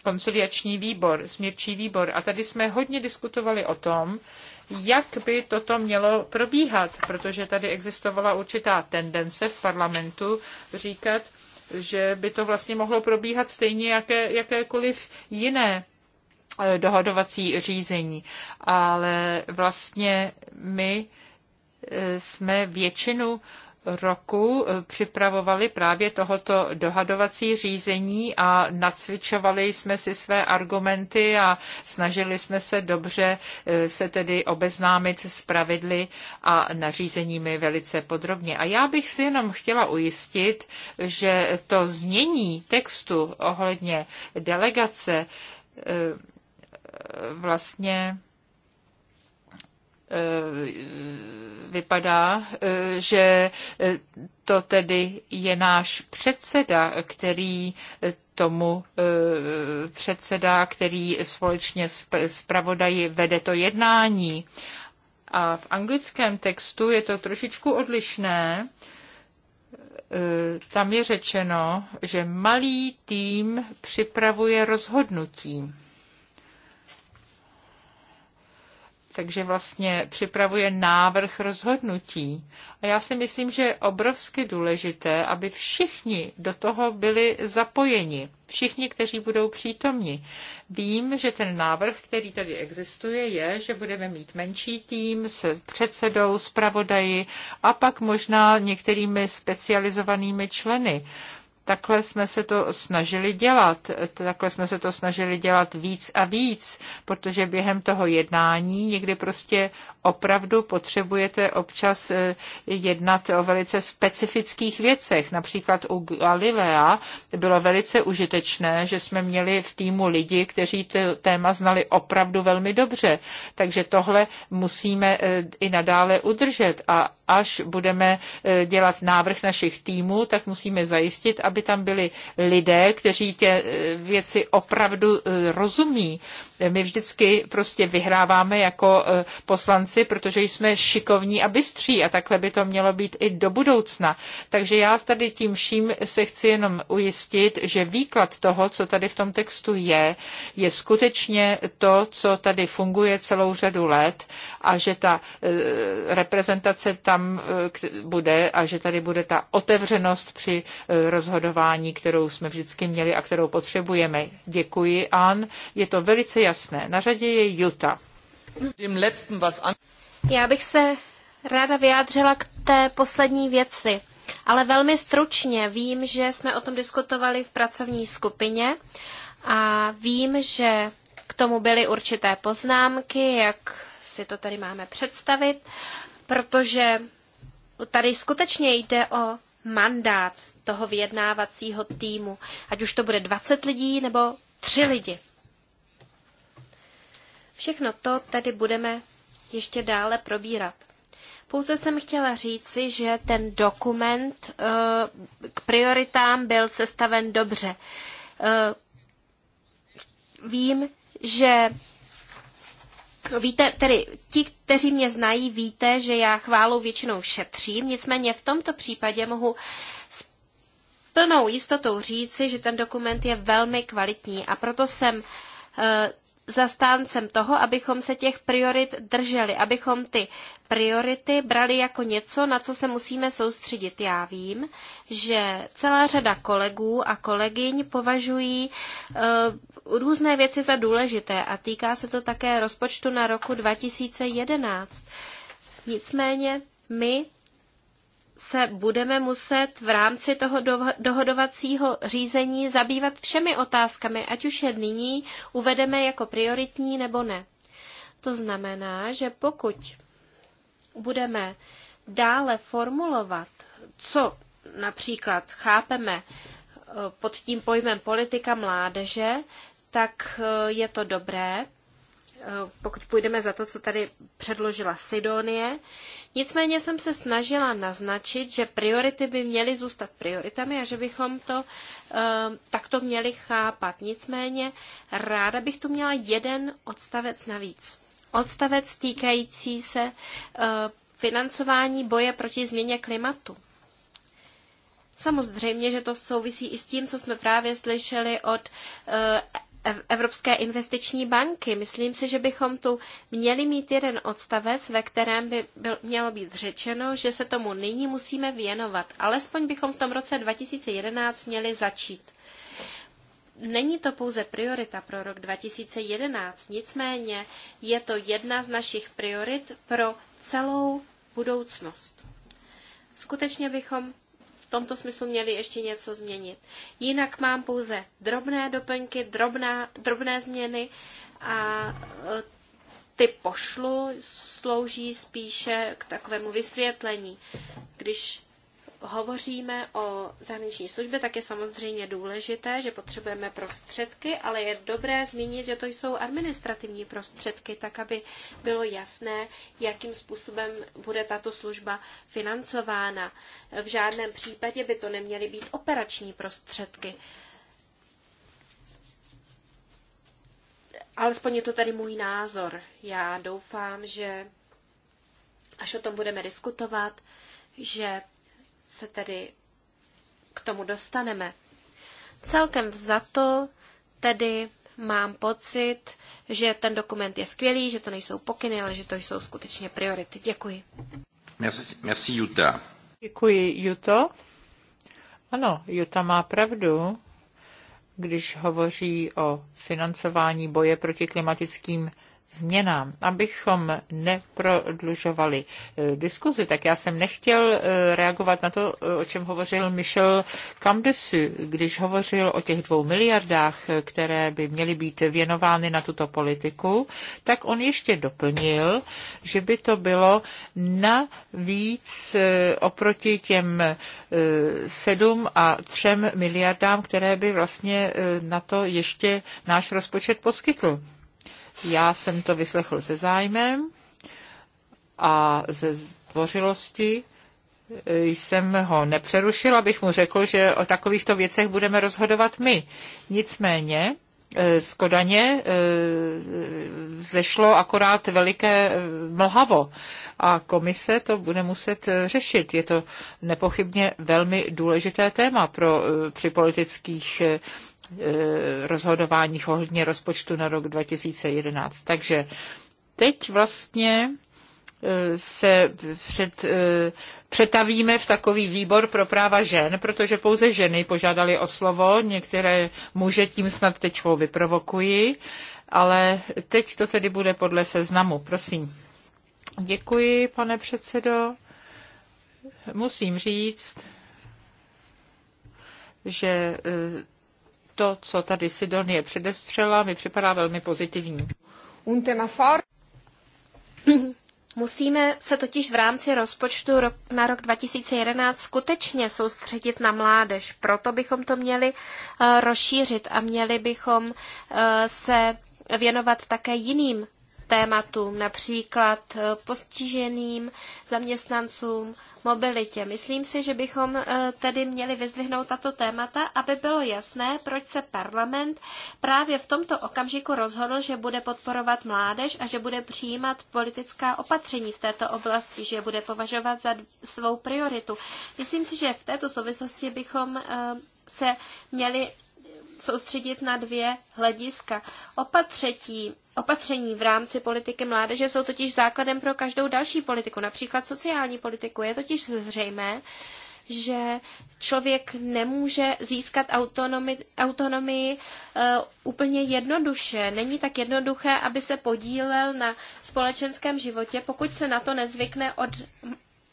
Speaker 1: konciliační výbor, smírčí výbor. A tady jsme hodně diskutovali o tom, jak by toto mělo probíhat, protože tady existovala určitá tendence v parlamentu říkat, že by to vlastně mohlo probíhat stejně jaké, jakékoliv jiné eh, dohodovací řízení. Ale vlastně my eh, jsme většinu roku eh, připravovali právě tohoto dohadovací řízení a nacvičovali jsme si své argumenty a snažili jsme se dobře eh, se tedy obeznámit s pravidly a nařízeními velice podrobně. A já bych si jenom chtěla ujistit, že to znění textu ohledně delegace eh, vlastně Eh, vypadá, eh, že eh, to tedy je náš předseda, který tomu předseda, který společně s pravodají vede to jednání. A v anglickém textu je to trošičku odlišné. Tam je řečeno, že malý tým připravuje rozhodnutí. takže vlastně připravuje návrh rozhodnutí. A já si myslím, že je obrovsky důležité, aby všichni do toho byli zapojeni, všichni, kteří budou přítomni. Vím, že ten návrh, který tady existuje, je, že budeme mít menší tým s předsedou, zpravodaji a pak možná některými specializovanými členy. Takhle jsme se to snažili dělat. Takhle jsme se to snažili dělat víc a víc, protože během toho jednání někdy prostě opravdu potřebujete občas eh, jednat o velice specifických věcech. Například u Galilea bylo velice užitečné, že jsme měli v týmu lidi, kteří to téma znali opravdu velmi dobře. Takže tohle musíme eh, i nadále udržet a až budeme eh, dělat návrh našich týmů, tak musíme zajistit, aby tam byli lidé, kteří tě věci opravdu rozumí. My vždycky prostě vyhráváme jako poslanci šanci, protože jsme šikovní a bystří a takhle by to mělo být i do budoucna. Takže já tady tím vším se chci jenom ujistit, že výklad toho, co tady v tom textu je, je skutečně to, co tady funguje celou řadu let a že ta eh, reprezentace tam eh, bude a že tady bude ta otevřenost při eh, rozhodování, kterou jsme vždycky měli a kterou potřebujeme. Děkuji, An. Je to velice jasné. Na řadě je Juta.
Speaker 3: Já bych se ráda vyjádřila k té poslední věci, ale velmi stručně vím, že jsme o tom diskutovali v pracovní skupině a vím, že k tomu byly určité poznámky, jak si to tady máme představit, protože tady skutečně jde o mandát toho vyjednávacího týmu, ať už to bude 20 lidí nebo 3 lidi. Všechno to tady budeme ještě dále probírat. Pouze jsem chtěla říci, že ten dokument eh, k prioritám byl sestaven dobře. Eh, vím, že Víte, tedy ti, kteří mě znají, víte, že já chválu většinou šetřím, nicméně v tomto případě mohu s plnou jistotou říci, že ten dokument je velmi kvalitní a proto jsem eh, zastáncem toho, abychom se těch priorit drželi, abychom ty priority brali jako něco, na co se musíme soustředit. Já vím, že celá řada kolegů a kolegyň považují uh, různé věci za důležité a týká se to také rozpočtu na roku 2011. Nicméně my se budeme muset v rámci toho dohodovacího řízení zabývat všemi otázkami, ať už je nyní uvedeme jako prioritní nebo ne. To znamená, že pokud budeme dále formulovat, co například chápeme eh, pod tím pojmem politika mládeže, tak eh, je to dobré, eh, pokud půjdeme za to, co tady předložila Sidonie, Nicméně jsem se snažila naznačit, že priority by měly zůstat prioritami a že bychom to um, ehm, takto měli chápat. Nicméně ráda bych tu měla jeden odstavec navíc. Odstavec týkající se ehm, financování boje proti změně klimatu. Samozřejmě, že to souvisí i s tím, co jsme právě slyšeli od ehm, Evropské investiční banky. Myslím si, že bychom tu měli mít jeden odstavec, ve kterém by byl, mělo být řečeno, že se tomu nyní musíme věnovat. Alespoň bychom v tom roce 2011 měli začít. Není to pouze priorita pro rok 2011, nicméně je to jedna z našich priorit pro celou budoucnost. Skutečně bychom tomto smyslu měli ještě něco změnit. Jinak mám pouze drobné doplňky, drobná, drobné změny a e, ty pošlu slouží spíše k takovému vysvětlení. Když hovoříme o zahraniční službě, tak je samozřejmě důležité, že potřebujeme prostředky, ale je dobré zmínit, že to jsou administrativní prostředky, tak aby bylo jasné, jakým způsobem bude tato služba financována. V žádném případě by to neměly být operační prostředky. Alespoň je to tady můj názor. Já doufám, že až o tom budeme diskutovat, že se tedy k tomu dostaneme. Celkem za to tedy mám pocit, že ten dokument je skvělý, že to nejsou pokyny, ale že to jsou skutečně priority. Děkuji.
Speaker 1: Merci, merci Juta. Děkuji, Juto. Ano, Juta má pravdu, když hovoří o financování boje proti klimatickým změnám. Abychom neprodlužovali eh, diskuzi, tak já jsem nechtěl eh, reagovat na to, eh, o čem hovořil Michel Camdesu, když hovořil o těch dvou miliardách, které by měly být věnovány na tuto politiku, tak on ještě doplnil, že by to bylo navíc oproti těm sedm a třem miliardám, které by vlastně na to ještě náš rozpočet poskytl. Já jsem to vyslechl se zájmem a ze zdvořilosti eh, jsem ho nepřerušil, abych mu řekl, že o takovýchto věcech budeme rozhodovat my. Nicméně eh, z Kodaně eh, zešlo akorát veliké mlhavo a komise to bude muset řešit. Je to nepochybně velmi důležité téma pro, při politických Eh, rozhodování ohledně rozpočtu na rok 2011. Takže teď vlastně eh, se před, eh, přetavíme v takový výbor pro práva žen, protože pouze ženy požádali o slovo, některé muže tím snad tečkou vyprovokují, ale teď to tedy bude podle seznamu. Prosím. Děkuji, pane předsedo. Musím říct, že to, co tady Sidonie předestřela, mi připadá velmi pozitivní.
Speaker 3: Un tema for... Musíme se totiž v rámci rozpočtu na rok 2011 skutečně soustředit na mládež. Proto bychom to měli eh, rozšířit a měli bychom eh, se věnovat také jiným tématům, například eh, postiženým zaměstnancům, mobilitě. Myslím si, že bychom eh, tedy měli vyzdvihnout tato témata, aby bylo jasné, proč se parlament právě v tomto okamžiku rozhodl, že bude podporovat mládež a že bude přijímat politická opatření v této oblasti, že je bude považovat za svou prioritu. Myslím si, že v této souvislosti bychom eh, se měli soustředit na dvě hlediska. opatření v rámci politiky mládeže jsou totiž základem pro každou další politiku, například sociální politiku. Je totiž zřejmé, že člověk nemůže získat autonomii, autonomii uh, eh, úplně jednoduše. Není tak jednoduché, aby se podílel na společenském životě, pokud se na to nezvykne od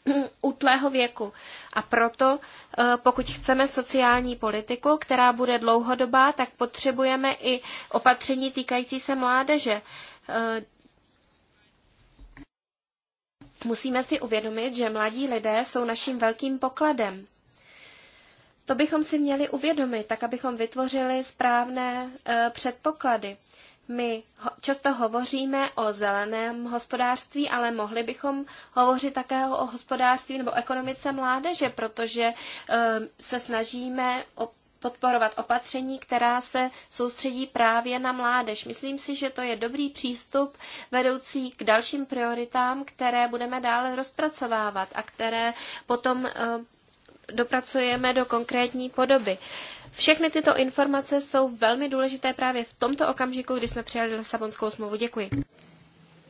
Speaker 3: útlého věku. A proto, eh, pokud chceme sociální politiku, která bude dlouhodobá, tak potřebujeme i opatření týkající se mládeže. Eh, musíme si uvědomit, že mladí lidé jsou naším velkým pokladem. To bychom si měli uvědomit, tak abychom vytvořili správné eh, předpoklady. My často hovoříme o zeleném hospodářství, ale mohli bychom hovořit také o hospodářství nebo ekonomice mládeže, protože ehm, se snažíme o podporovat opatření, která se soustředí právě na mládež. Myslím si, že to je dobrý přístup vedoucí k dalším prioritám, které budeme dále rozpracovávat a které potom ehm, dopracujeme do konkrétní podoby. Všechny tyto informace jsou velmi důležité právě v tomto okamžiku, kdy jsme přijali Lisabonskou smlouvu. Děkuji.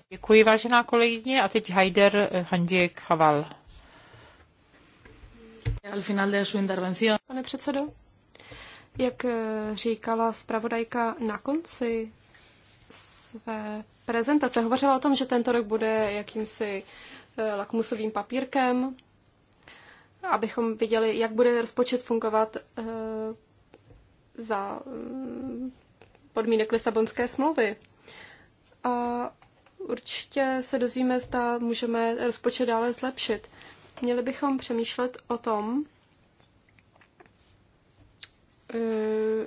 Speaker 1: Děkuji, vážená kolegyně. A teď Hajder eh, Handěk Haval.
Speaker 2: Pane předsedo, jak eh, říkala zpravodajka na konci své prezentace, hovořila o tom, že tento rok bude jakýmsi eh, lakmusovým papírkem, abychom viděli, jak bude rozpočet fungovat za mm, podmínek Lisabonské smlouvy. A určitě se dozvíme, zda můžeme rozpočet dále zlepšit. Měli bychom přemýšlet o tom, eh,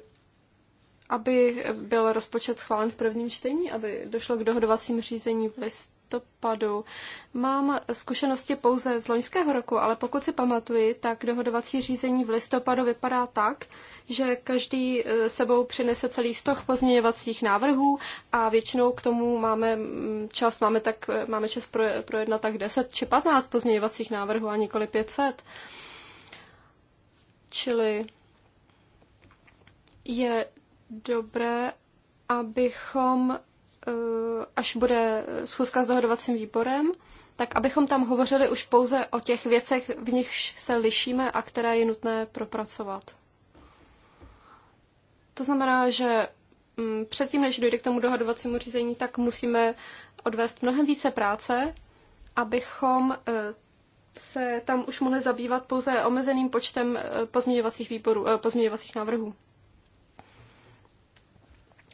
Speaker 2: aby byl rozpočet schválen v prvním čtení, aby došlo k dohodovacím řízení v listu listopadu. Mám zkušenosti pouze z loňského roku, ale pokud si pamatuji, tak dohodovací řízení v listopadu vypadá tak, že každý eh, sebou přinese celý stoch pozměňovacích návrhů a většinou k tomu máme mm, čas, máme, tak, eh, máme čas projednat tak 10 či 15 pozměňovacích návrhů a nikoli 500. Čili je dobré, abychom Eh, až bude schůzka s dohodovacím výborem, tak abychom tam hovořili už pouze o těch věcech, v nichž se lišíme a které je nutné propracovat. To znamená, že mm, předtím, než dojde k tomu dohodovacímu řízení, tak musíme odvést mnohem více práce, abychom eh, se tam už mohli zabývat pouze omezeným počtem eh, pozměňovacích, výborů, pozměňovacích návrhů.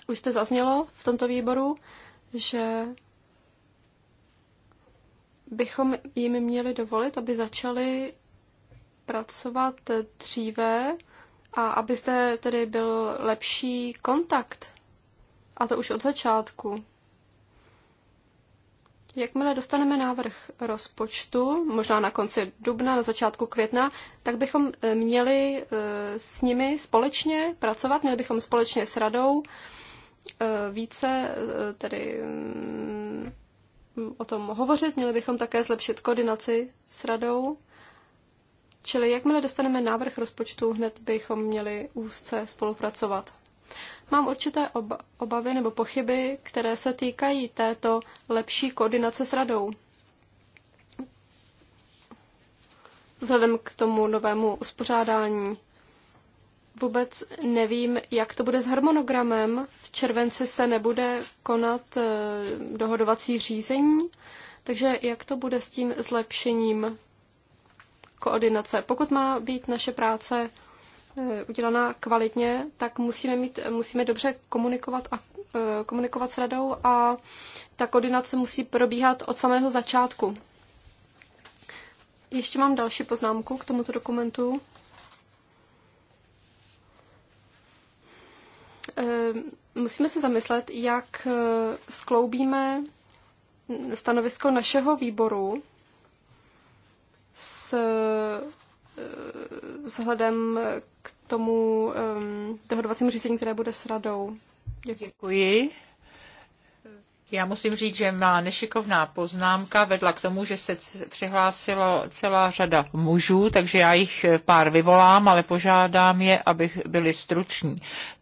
Speaker 2: Už jste zaznělo v tomto výboru, že bychom jim měli dovolit, aby začali pracovat dříve a abyste tedy byl lepší kontakt. A to už od začátku. Jakmile dostaneme návrh rozpočtu, možná na konci dubna, na začátku května, tak bychom eh, měli eh, s nimi společně pracovat, měli bychom společně s radou Eh, více eh, tedy mm, o tom hovořit. Měli bychom také zlepšit koordinaci s radou. Čili jakmile dostaneme návrh rozpočtu, hned bychom měli úzce spolupracovat. Mám určité obavy nebo pochyby, které se týkají této lepší koordinace s radou. Vzhledem k tomu novému uspořádání vůbec nevím, jak to bude s harmonogramem. V červenci se nebude konat eh, dohodovací řízení, takže jak to bude s tím zlepšením koordinace. Pokud má být naše práce eh, udělaná kvalitně, tak musíme, mít, musíme dobře komunikovat a eh, komunikovat s radou a ta koordinace musí probíhat od samého začátku. Ještě mám další poznámku k tomuto dokumentu. Eh, musíme se zamyslet, jak eh, skloubíme stanovisko našeho výboru s vzhledem eh, k tomu dohodovacímu řízení, které bude s radou.
Speaker 1: Děkuji. Děkuji. Já musím říct, že má nešikovná poznámka vedla k tomu, že se přihlásilo celá řada mužů, takže já jich pár vyvolám, ale požádám je, aby byli struční.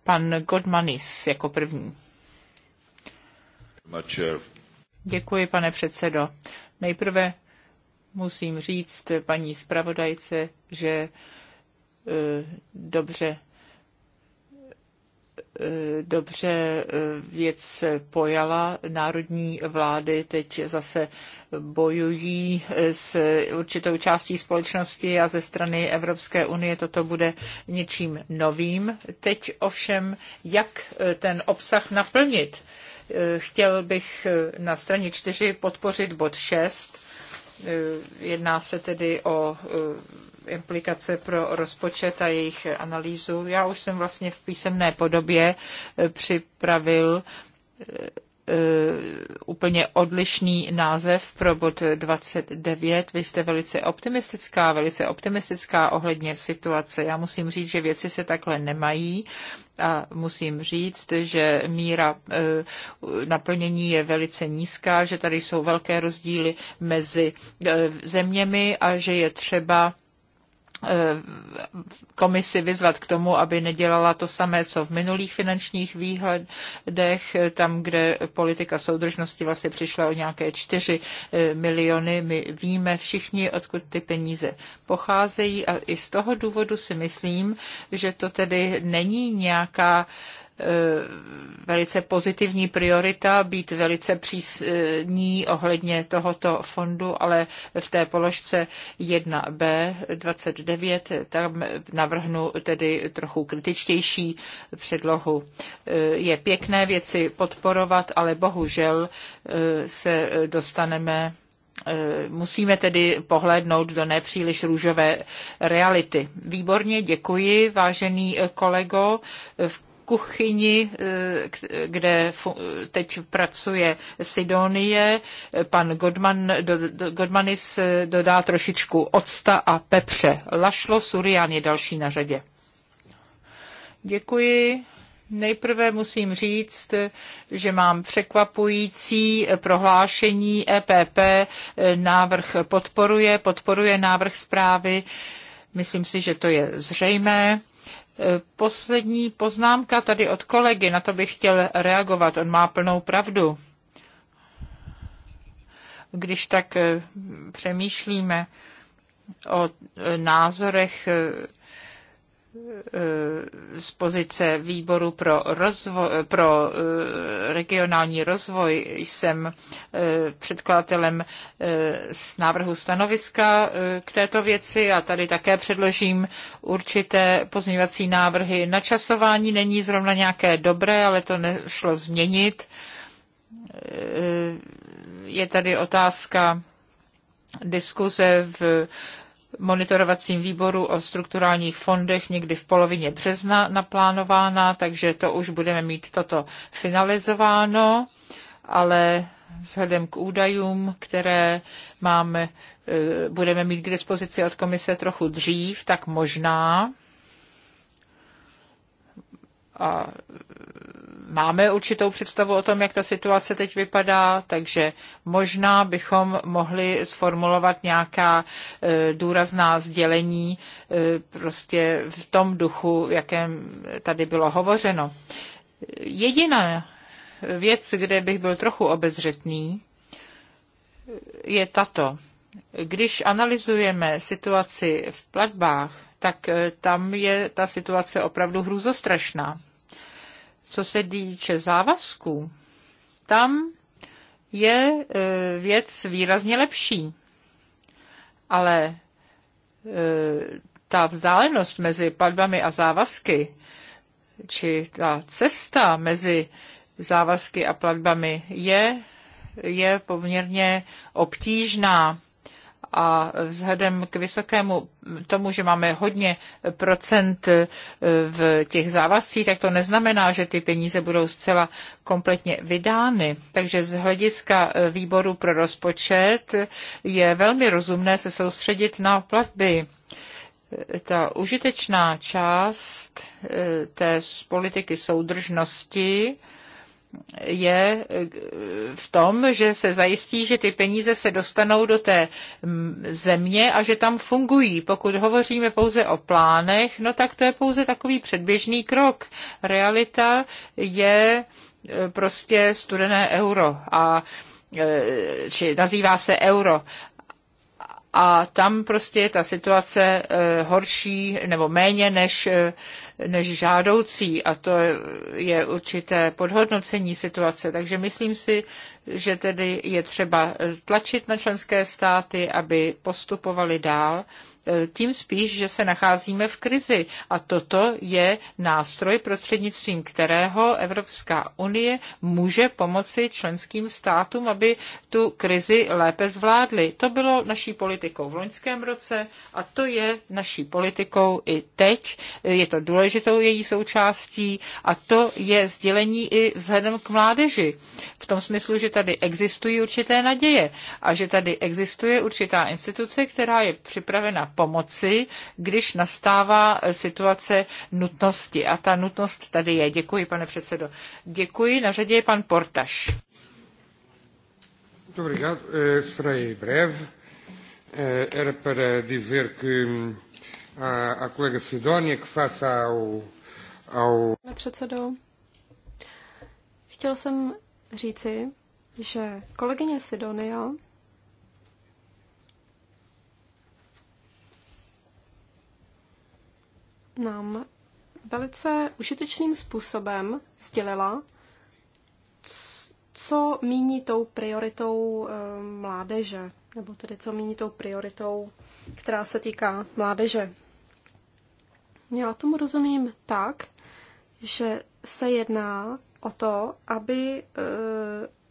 Speaker 1: Pan Godmanis jako první. Děkuji, pane předsedo. Nejprve musím říct paní zpravodajce, že e, dobře e, dobře e, věc pojala. Národní vlády teď zase bojují s určitou částí společnosti a ze strany Evropské unie toto bude něčím novým. Teď ovšem, jak eh, ten obsah naplnit? Eh, chtěl bych eh, na straně 4 podpořit bod 6. Jedná se tedy o implikace pro rozpočet a jejich analýzu. Já už jsem vlastně v písemné podobě připravil Eh, úplně odlišný název pro bod 29. Vy jste velice optimistická, velice optimistická ohledně situace. Já musím říct, že věci se takhle nemají a musím říct, že míra eh, naplnění je velice nízká, že tady jsou velké rozdíly mezi eh, zeměmi a že je třeba Eh, komisi vyzvat k tomu, aby nedělala to samé, co v minulých finančních výhledech, eh, tam, kde politika soudržnosti vlastně přišla o nějaké 4 eh, miliony. My víme všichni, odkud ty peníze pocházejí a i z toho důvodu si myslím, že to tedy není nějaká Eh, velice pozitivní priorita být velice přísní ohledně tohoto fondu, ale v té položce 1b 29 tam navrhnu tedy trochu kritičtější předlohu. Eh, je pěkné věci podporovat, ale bohužel eh, se dostaneme musíme tedy pohlédnout do nepříliš růžové reality. Výborně, děkuji, vážený kolego. V kuchyni, eh, kde teď pracuje Sidonie. Pan Godman, do, do, Godmanis eh, dodá trošičku octa a pepře. Lašlo Surian je další na řadě. Děkuji. Nejprve musím říct, že mám překvapující prohlášení EPP. Návrh podporuje, podporuje návrh zprávy. Myslím si, že to je zřejmé. Poslední poznámka tady od kolegy, na to bych chtěl reagovat, on má plnou pravdu. Když tak eh, přemýšlíme o eh, názorech eh, Eh, z pozice výboru pro, pro eh, regionální rozvoj jsem eh, předkladatelem z návrhu stanoviska k této věci a tady také předložím určité pozměňovací návrhy. Načasování není zrovna nějaké dobré, ale to nešlo změnit. Je tady otázka diskuze v monitorovacím výboru o strukturálních fondech někdy v polovině března naplánována, takže to už budeme mít toto finalizováno, ale vzhledem k údajům, které máme, eh, budeme mít k dispozici od komise trochu dřív, tak možná a e, máme určitou představu o tom, jak ta situace teď vypadá, takže možná bychom mohli sformulovat nějaká e, důrazná sdělení e, prostě v tom duchu, jakém tady bylo hovořeno. Jediná věc, kde bych byl trochu obezřetný, je tato. Když analyzujeme situaci v platbách, tak eh, tam je ta situace opravdu hrůzostrašná. Co se týče závazků, tam je eh, věc výrazně lepší. Ale eh, ta vzdálenost mezi platbami a závazky, či ta cesta mezi závazky a platbami je, je poměrně obtížná a vzhledem k vysokému tomu, že máme hodně procent e, v těch závazcích, tak to neznamená, že ty peníze budou zcela kompletně vydány. Takže z hlediska e, výboru pro rozpočet je velmi rozumné se soustředit na platby e, ta užitečná část té politiky soudržnosti je eh, v tom, že se zajistí, že ty peníze se dostanou do té mm, země a že tam fungují. Pokud hovoříme pouze o plánech, no tak to je pouze takový předběžný krok. Realita je eh, prostě studené euro a eh, či nazývá se euro a tam prostě je ta situace horší nebo méně než než žádoucí a to je určité podhodnocení situace. Takže myslím si, že tedy je třeba tlačit na členské státy, aby postupovali dál, e, tím spíš, že se nacházíme v krizi. A toto je nástroj, prostřednictvím kterého Evropská unie může pomoci členským státům, aby tu krizi lépe zvládli. To bylo naší politikou v loňském roce a to je naší politikou i teď. Je to důležité důležitou její součástí a to je sdělení i vzhledem k mládeži. V tom smyslu, že tady existují určité naděje a že tady existuje určitá instituce, která je připravena pomoci, když nastává situace nutnosti. A ta nutnost tady je. Děkuji, pane předsedo. Děkuji. Na řadě je pan Portaš.
Speaker 2: Dobrý obrigado. Eh, Serei breve. Era eh, para dizer que a, a kolega Pane předsedo, chtěl jsem říci, že kolegyně Sidonia nám velice užitečným způsobem sdělila, co míní tou prioritou eh, mládeže, nebo tedy co míní tou prioritou, která se týká mládeže. Já tomu rozumím tak, že se jedná o to, aby eh,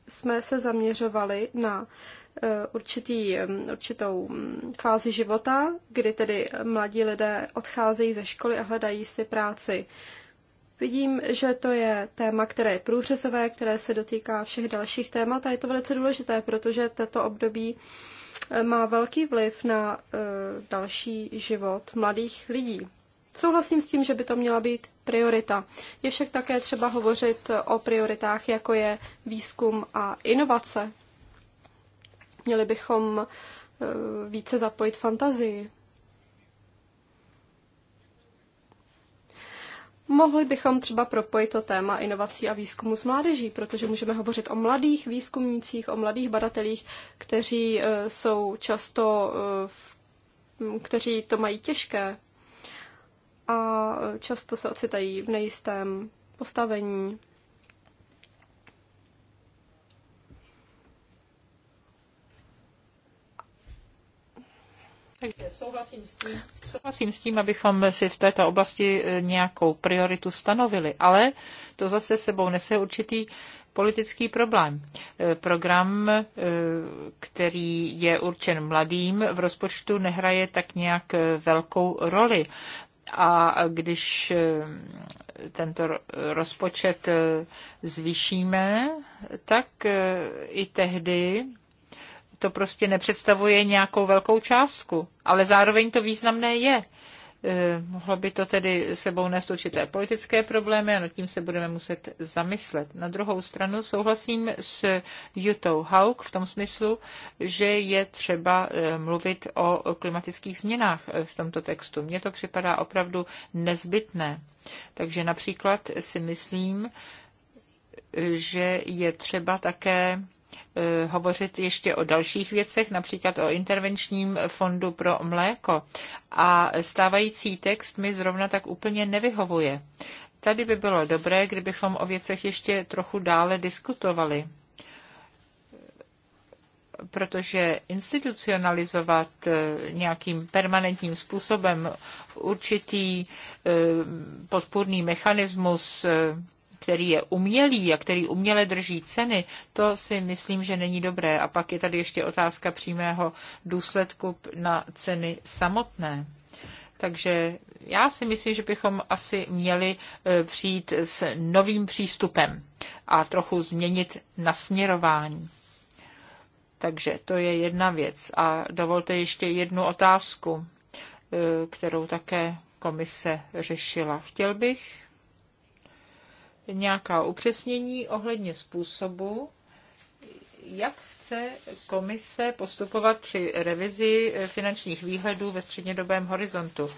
Speaker 2: jsme se zaměřovali na eh, určitý, mm, určitou mm, fázi života, kdy tedy mladí lidé odcházejí ze školy a hledají si práci. Vidím, že to je téma, které je průřezové, které se dotýká všech dalších témat a je to velice důležité, protože tato období eh, má velký vliv na další život mladých lidí. Souhlasím s tím, že by to měla být priorita. Je však také třeba hovořit o prioritách, jako je výzkum a inovace. Měli bychom eh, více zapojit fantazii. Mohli bychom třeba propojit to téma inovací a výzkumu s mládeží, protože můžeme hovořit o mladých výzkumnících, o mladých badatelích, kteří eh, jsou často, eh, kteří to mají těžké, a často se ocitají v nejistém postavení.
Speaker 1: Takže souhlasím s tím, souhlasím s tím, abychom si v této oblasti eh, nějakou prioritu stanovili, ale to zase sebou nese určitý politický problém. Eh, program, eh, který je určen mladým, v rozpočtu nehraje tak nějak velkou roli. A když eh, tento rozpočet eh, zvýšíme, tak eh, i tehdy to prostě nepředstavuje nějakou velkou částku, ale zároveň to významné je. Eh, mohlo by to tedy sebou nést určité politické problémy a nad tím se budeme muset zamyslet. Na druhou stranu souhlasím s Jutou Hauk v tom smyslu, že je třeba eh, mluvit o klimatických změnách eh, v tomto textu. Mně to připadá opravdu nezbytné. Takže například si myslím, že je třeba také Eh, hovořit ještě o dalších věcech, například o intervenčním fondu pro mléko. A stávající text mi zrovna tak úplně nevyhovuje. Tady by bylo dobré, kdybychom o věcech ještě trochu dále diskutovali, protože institucionalizovat eh, nějakým permanentním způsobem určitý eh, podpůrný mechanismus který je umělý a který uměle drží ceny, to si myslím, že není dobré. A pak je tady ještě otázka přímého důsledku na ceny samotné. Takže já si myslím, že bychom asi měli e, přijít s novým přístupem a trochu změnit nasměrování. Takže to je jedna věc. A dovolte ještě jednu otázku, e, kterou také komise řešila. Chtěl bych nějaká upřesnění ohledně způsobu, jak chce komise postupovat při revizi finančních výhledů ve střednědobém horizontu.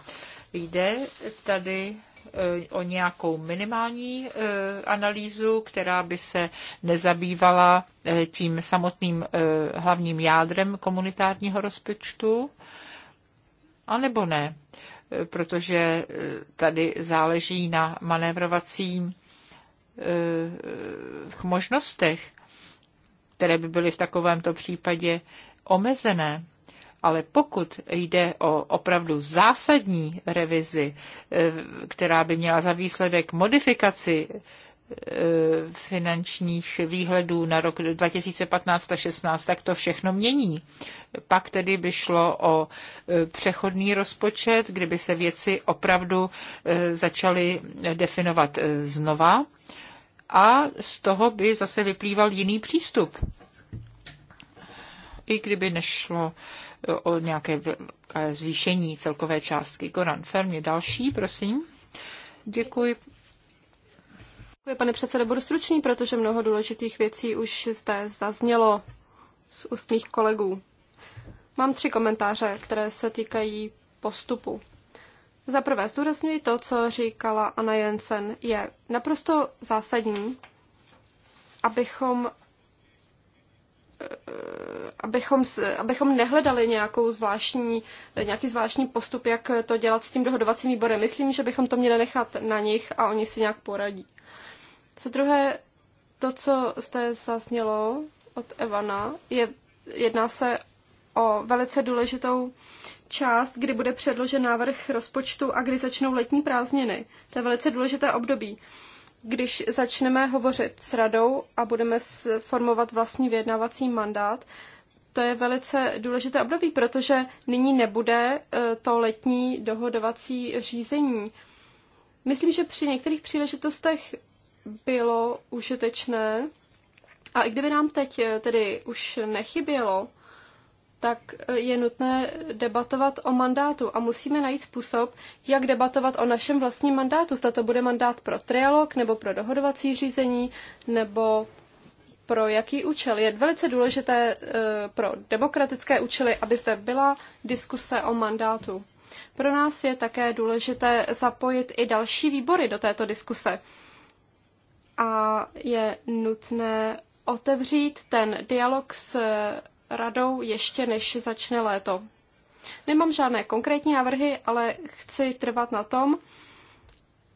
Speaker 1: Jde tady eh, o nějakou minimální eh, analýzu, která by se nezabývala eh, tím samotným hlavním jádrem komunitárního rozpočtu, anebo ne, protože tady záleží na manévrovacím v eh, eh, možnostech, které by byly v takovémto případě omezené. Ale pokud jde o opravdu zásadní revizi, eh, která by měla za výsledek modifikaci finančních výhledů na rok 2015 a 16, tak to všechno mění. Pak tedy by šlo o přechodný rozpočet, kdyby se věci opravdu začaly definovat znova a z toho by zase vyplýval jiný přístup. I kdyby nešlo e, o nějaké e, zvýšení celkové částky. Koran Fermi, další, prosím. Děkuji.
Speaker 2: Děkuji, pane předsedo. Budu stručný, protože mnoho důležitých věcí už zde zaznělo z úst mých kolegů. Mám tři komentáře, které se týkají postupu. Za prvé zdůrazňuji to, co říkala Anna Jensen. Je naprosto zásadní, abychom eh, abychom, abychom nehledali nějakou zvláštní, nějaký zvláštní postup, jak to dělat s tím dohodovacím výborem. Myslím, že bychom to měli nechat na nich a oni si nějak poradí. Co druhé, to, co jste zaznělo od Evana, je, jedná se o velice důležitou část, kdy bude předložen návrh rozpočtu a kdy začnou letní prázdniny. To je velice důležité období. Když začneme hovořit s radou a budeme formovat vlastní vyjednávací mandát, to je velice důležité období, protože nyní nebude e, to letní dohodovací řízení. Myslím, že při některých příležitostech bylo užitečné a i kdyby nám teď e, tedy už nechybělo tak eh, je nutné debatovat o mandátu a musíme najít způsob, jak debatovat o našem vlastním mandátu. Zda to bude mandát pro trialog nebo pro dohodovací řízení nebo pro jaký účel. Je velice důležité eh, pro demokratické účely, aby zde byla diskuse o mandátu. Pro nás je také důležité zapojit i další výbory do této diskuse. A je nutné otevřít ten dialog s radou ještě než začne léto. Nemám žádné konkrétní návrhy, ale chci trvat na tom,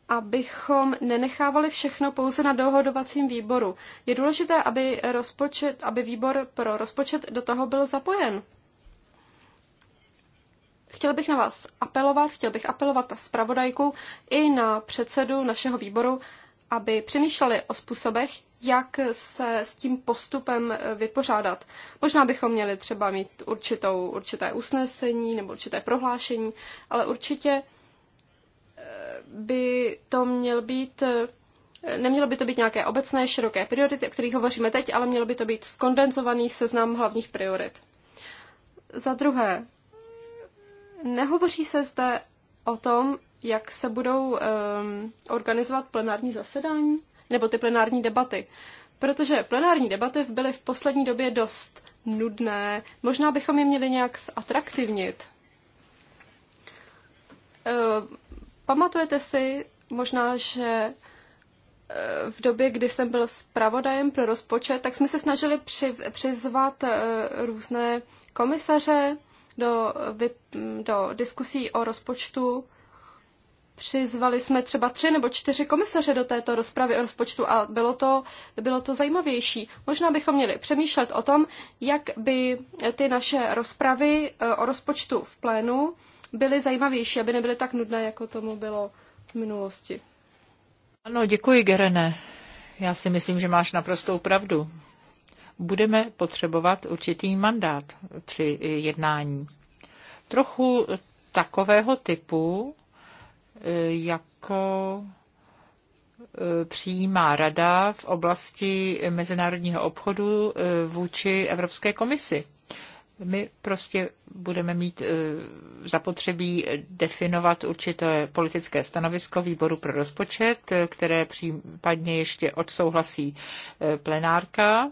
Speaker 2: abychom nenechávali všechno pouze na dohodovacím výboru. Je důležité, aby, rozpočet, aby výbor pro rozpočet do toho byl zapojen. Chtěl bych na vás apelovat, chtěl bych apelovat na zpravodajku i na předsedu našeho výboru, aby přemýšleli o způsobech, jak se s tím postupem eh, vypořádat. Možná bychom měli třeba mít určitou, určité usnesení nebo určité prohlášení, ale určitě eh, by to měl být, eh, nemělo by to být nějaké obecné, široké priority, o kterých hovoříme teď, ale mělo by to být skondenzovaný seznam hlavních priorit. Za druhé, nehovoří se zde o tom, jak se budou um, organizovat plenární zasedání nebo ty plenární debaty. Protože plenární debaty byly v poslední době dost nudné. Možná bychom je měli nějak zatraktivnit. E, pamatujete si možná, že eh, v době, kdy jsem byl zpravodajem pro rozpočet, tak jsme se snažili při, přizvat eh, různé komisaře do, do diskusí o rozpočtu Přizvali jsme třeba tři nebo čtyři komisaře do této rozpravy o rozpočtu a bylo to, bylo to zajímavější. Možná bychom měli přemýšlet o tom, jak by ty naše rozpravy eh, o rozpočtu v plénu byly zajímavější, aby nebyly tak nudné, jako tomu bylo v minulosti.
Speaker 1: Ano, děkuji, Gerene. Já si myslím, že máš naprostou pravdu. Budeme potřebovat určitý mandát při jednání. Trochu takového typu, jako e, přijímá rada v oblasti mezinárodního obchodu e, vůči Evropské komisi. My prostě budeme mít e, zapotřebí definovat určité politické stanovisko výboru pro rozpočet, které případně ještě odsouhlasí plenárka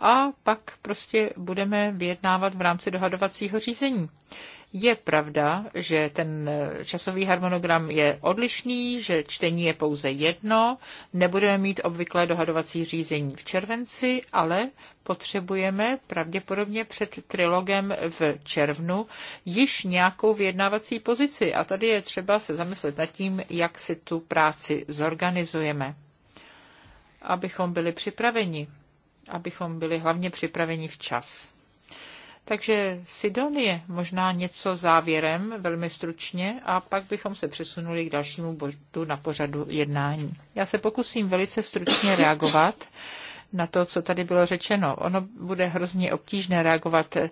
Speaker 1: a pak prostě budeme vyjednávat v rámci dohadovacího řízení. Je pravda, že ten časový harmonogram je odlišný, že čtení je pouze jedno, nebudeme mít obvyklé dohadovací řízení v červenci, ale potřebujeme pravděpodobně před trilogem v červnu již nějakou vyjednávací pozici. A tady je třeba se zamyslet nad tím, jak si tu práci zorganizujeme, abychom byli připraveni, abychom byli hlavně připraveni včas. Takže Sidonie, možná něco závěrem, velmi stručně, a pak bychom se přesunuli k dalšímu bodu na pořadu jednání. Já se pokusím velice stručně reagovat na to, co tady bylo řečeno. Ono bude hrozně obtížné reagovat eh,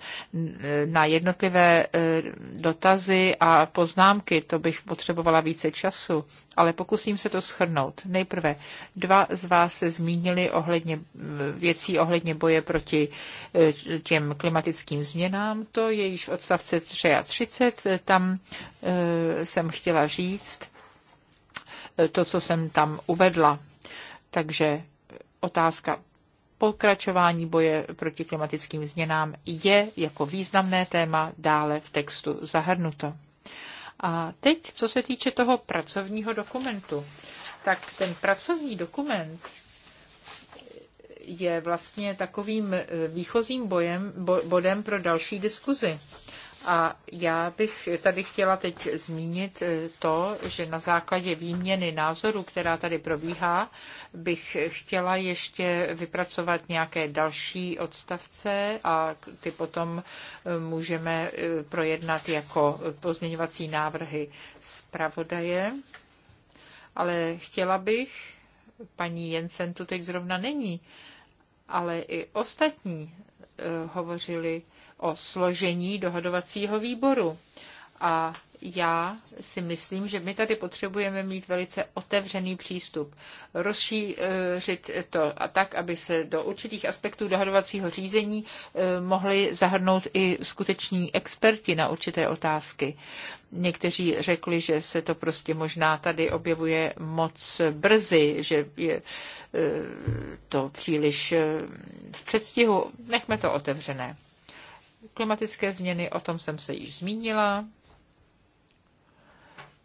Speaker 1: na jednotlivé eh, dotazy a poznámky, to bych potřebovala více času, ale pokusím se to schrnout. Nejprve dva z vás se zmínili ohledně eh, věcí ohledně boje proti těm klimatickým změnám. To je již v odstavce 33, tam jsem chtěla říct to, co jsem tam uvedla. Takže otázka pokračování boje proti klimatickým změnám je jako významné téma dále v textu zahrnuto. A teď, co se týče toho pracovního dokumentu, tak ten pracovní dokument je vlastně takovým eh, výchozím bojem, bo, bodem pro další diskuzi. A já bych tady chtěla teď zmínit eh, to, že na základě výměny názorů, která tady probíhá, bych chtěla ještě vypracovat nějaké další odstavce a ty potom eh, můžeme eh, projednat jako pozměňovací návrhy zpravodaje. Ale chtěla bych, paní Jensen tu teď zrovna není, ale i ostatní hovořili o složení dohodovacího výboru. A já si myslím, že my tady potřebujeme mít velice otevřený přístup, rozšířit to a tak, aby se do určitých aspektů dohodovacího řízení eh, mohli zahrnout i skuteční experti na určité otázky. Někteří řekli, že se to prostě možná tady objevuje moc brzy, že je eh, to příliš eh, v předstihu. Nechme to otevřené. Klimatické změny, o tom jsem se již zmínila.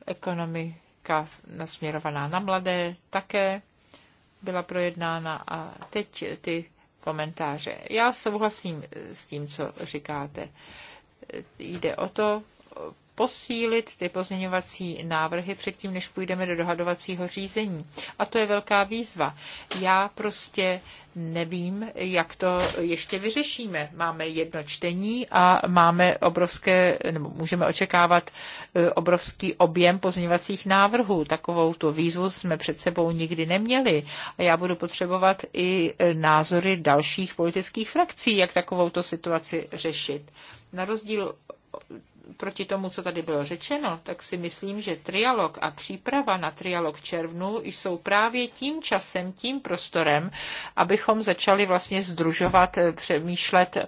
Speaker 1: Ekonomika nasměrovaná na mladé také byla projednána a teď ty komentáře. Já souhlasím s tím, co říkáte. Jde o to, posílit ty pozměňovací návrhy předtím, než půjdeme do dohadovacího řízení. A to je velká výzva. Já prostě nevím, jak to ještě vyřešíme. Máme jedno čtení a máme obrovské, nebo můžeme očekávat e, obrovský objem pozměňovacích návrhů. Takovou tu výzvu jsme před sebou nikdy neměli. A já budu potřebovat i e, názory dalších politických frakcí, jak takovou to situaci řešit. Na rozdíl proti tomu, co tady bylo řečeno, tak si myslím, že trialog a příprava na trialog v červnu jsou právě tím časem, tím prostorem, abychom začali vlastně združovat, eh, přemýšlet eh,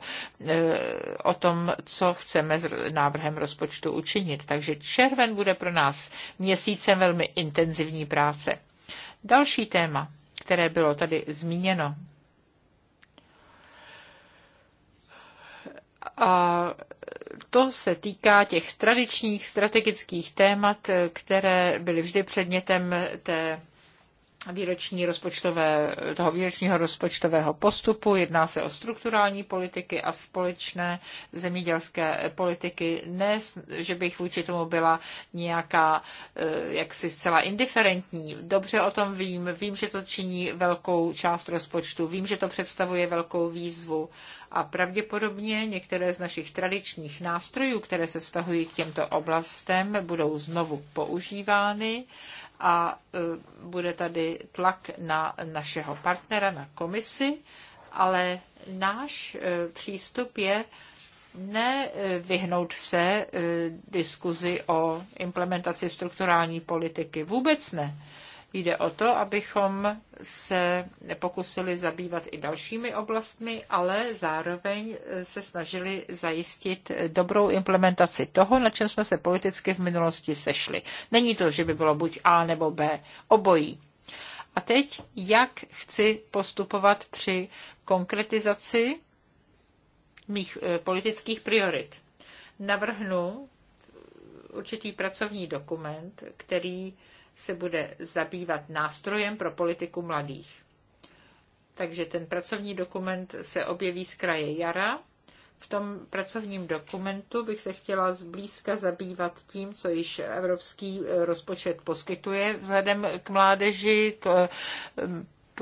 Speaker 1: o tom, co chceme s návrhem rozpočtu učinit. Takže červen bude pro nás měsícem velmi intenzivní práce. Další téma, které bylo tady zmíněno, a to se týká těch tradičních strategických témat, eh, které byly vždy předmětem té výroční rozpočtové, toho výročního rozpočtového postupu. Jedná se o strukturální politiky a společné zemědělské politiky. Ne, že bych vůči tomu byla nějaká eh, jaksi zcela indiferentní. Dobře o tom vím. Vím, že to činí velkou část rozpočtu. Vím, že to představuje velkou výzvu a pravděpodobně některé z našich tradičních nástrojů, které se vztahují k těmto oblastem, budou znovu používány a e, bude tady tlak na našeho partnera, na komisi, ale náš e, přístup je ne e, vyhnout se diskuzi o implementaci strukturální politiky. Vůbec ne. Jde o to, abychom se pokusili zabývat i dalšími oblastmi, ale zároveň se snažili zajistit dobrou implementaci toho, na čem jsme se politicky v minulosti sešli. Není to, že by bylo buď A nebo B, obojí. A teď, jak chci postupovat při konkretizaci mých eh, politických priorit. Navrhnu určitý pracovní dokument, který se bude zabývat nástrojem pro politiku mladých. Takže ten pracovní dokument se objeví z kraje jara. V tom pracovním dokumentu bych se chtěla zblízka zabývat tím, co již evropský rozpočet poskytuje vzhledem k mládeži, k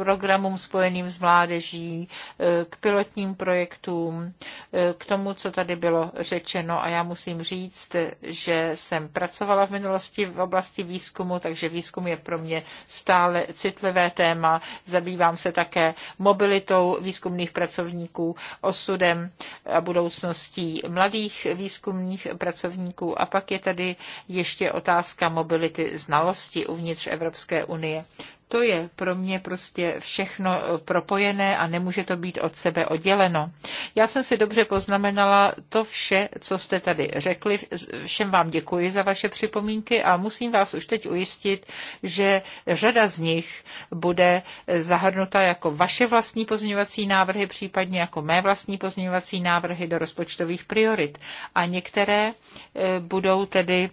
Speaker 1: programům spojeným s mládeží, e, k pilotním projektům, e, k tomu, co tady bylo řečeno. A já musím říct, že jsem pracovala v minulosti v oblasti výzkumu, takže výzkum je pro mě stále citlivé téma. Zabývám se také mobilitou výzkumných pracovníků, osudem a budoucností mladých výzkumných pracovníků. A pak je tady ještě otázka mobility znalosti uvnitř Evropské unie. To je pro mě prostě všechno eh, propojené a nemůže to být od sebe odděleno. Já jsem si dobře poznamenala to vše, co jste tady řekli. Všem vám děkuji za vaše připomínky a musím vás už teď ujistit, že řada z nich bude zahrnuta jako vaše vlastní pozměňovací návrhy, případně jako mé vlastní pozměňovací návrhy do rozpočtových priorit. A některé eh, budou tedy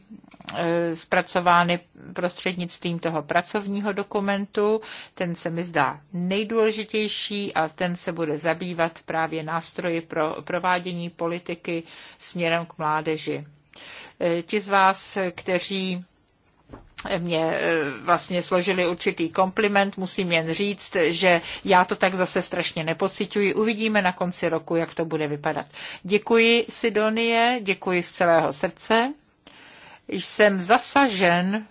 Speaker 1: eh, zpracovány prostřednictvím toho pracovního dokumentu, dokumentu. Ten se mi zdá nejdůležitější a ten se bude zabývat právě nástroji pro provádění politiky směrem k mládeži. E, ti z vás, kteří mě e, vlastně složili určitý kompliment. Musím jen říct, že já to tak zase strašně nepociťuji. Uvidíme na konci roku, jak to bude vypadat. Děkuji Sidonie, děkuji z celého srdce. Jsem zasažen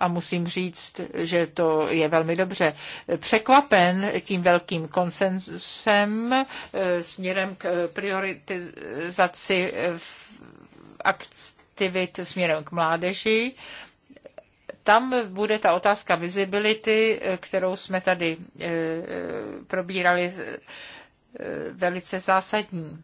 Speaker 1: a musím říct, že to je velmi dobře, překvapen tím velkým konsensem eh, směrem k prioritizaci eh, aktivit směrem k mládeži tam bude ta otázka visibility, eh, kterou jsme tady probírali, velice zásadní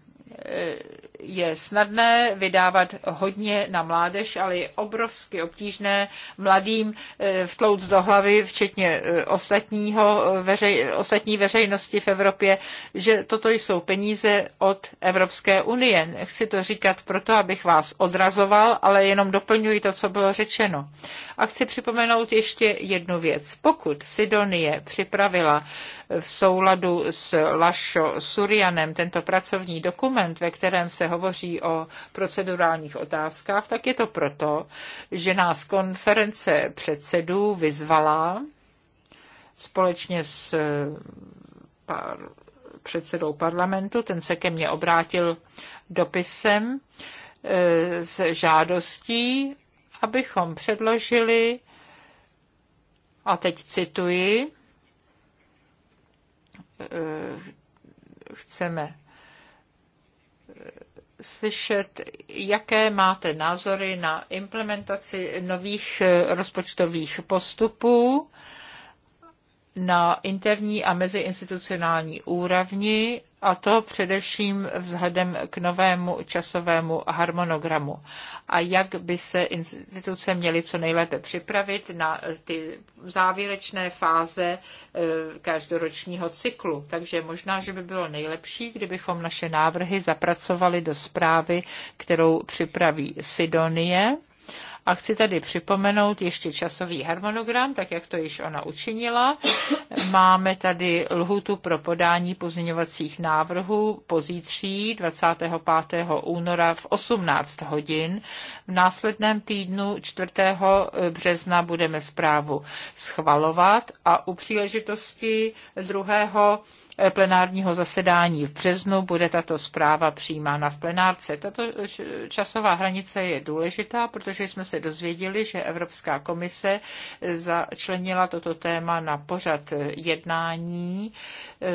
Speaker 1: je snadné vydávat hodně na mládež, ale je obrovsky obtížné mladým eh, vtlouc do hlavy, včetně eh, ostatního, eh, veřej, ostatní veřejnosti v Evropě, že toto jsou peníze od Evropské unie. Chci to říkat proto, abych vás odrazoval, ale jenom doplňuji to, co bylo řečeno. A chci připomenout ještě jednu věc. Pokud Sidonie připravila v souladu s Lašo Surianem tento pracovní dokument, ve kterém se hovoří o procedurálních otázkách, tak je to proto, že nás konference předsedů vyzvala společně s eh, par, předsedou parlamentu, ten se ke mně obrátil dopisem eh, s žádostí, abychom předložili, a teď cituji, eh, chceme slyšet, jaké máte názory na implementaci nových eh, rozpočtových postupů na interní a meziinstitucionální úrovni, a to především vzhledem k novému časovému harmonogramu. A jak by se instituce měly co nejlépe připravit na ty závěrečné fáze eh, každoročního cyklu. Takže možná, že by bylo nejlepší, kdybychom naše návrhy zapracovali do zprávy, kterou připraví Sidonie a chci tady připomenout ještě časový harmonogram, tak jak to již ona učinila. Máme tady lhutu pro podání pozměňovacích návrhů pozítří 25. února v 18 hodin. V následném týdnu 4. března budeme zprávu schvalovat a u příležitosti druhého plenárního zasedání v březnu bude tato zpráva přijímána v plenárce. Tato časová hranice je důležitá, protože jsme se se dozvěděli, že Evropská komise začlenila toto téma na pořad jednání eh,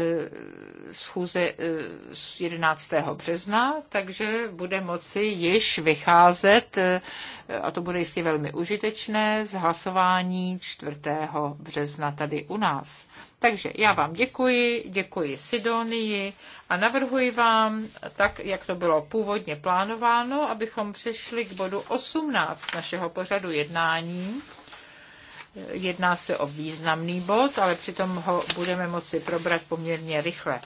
Speaker 1: schůze 11. Eh, března, takže bude moci již vycházet, eh, a to bude jistě velmi užitečné, z hlasování 4. března tady u nás. Takže já vám děkuji, děkuji Sidonii a navrhuji vám, tak jak to bylo původně plánováno, abychom přešli k bodu 18 našeho pořadu jednání. Jedná se o významný bod, ale přitom ho budeme moci probrat poměrně rychle.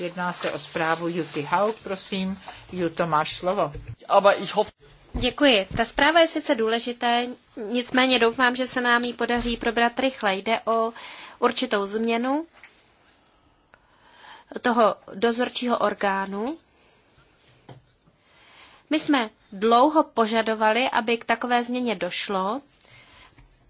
Speaker 1: Jedná se o zprávu Juty Hauk, prosím. Juto, máš slovo.
Speaker 3: Děkuji. Ta zpráva je sice důležitá, nicméně doufám, že se nám ji podaří probrat rychle. Jde o určitou změnu toho dozorčího orgánu. My jsme dlouho požadovali, aby k takové změně došlo,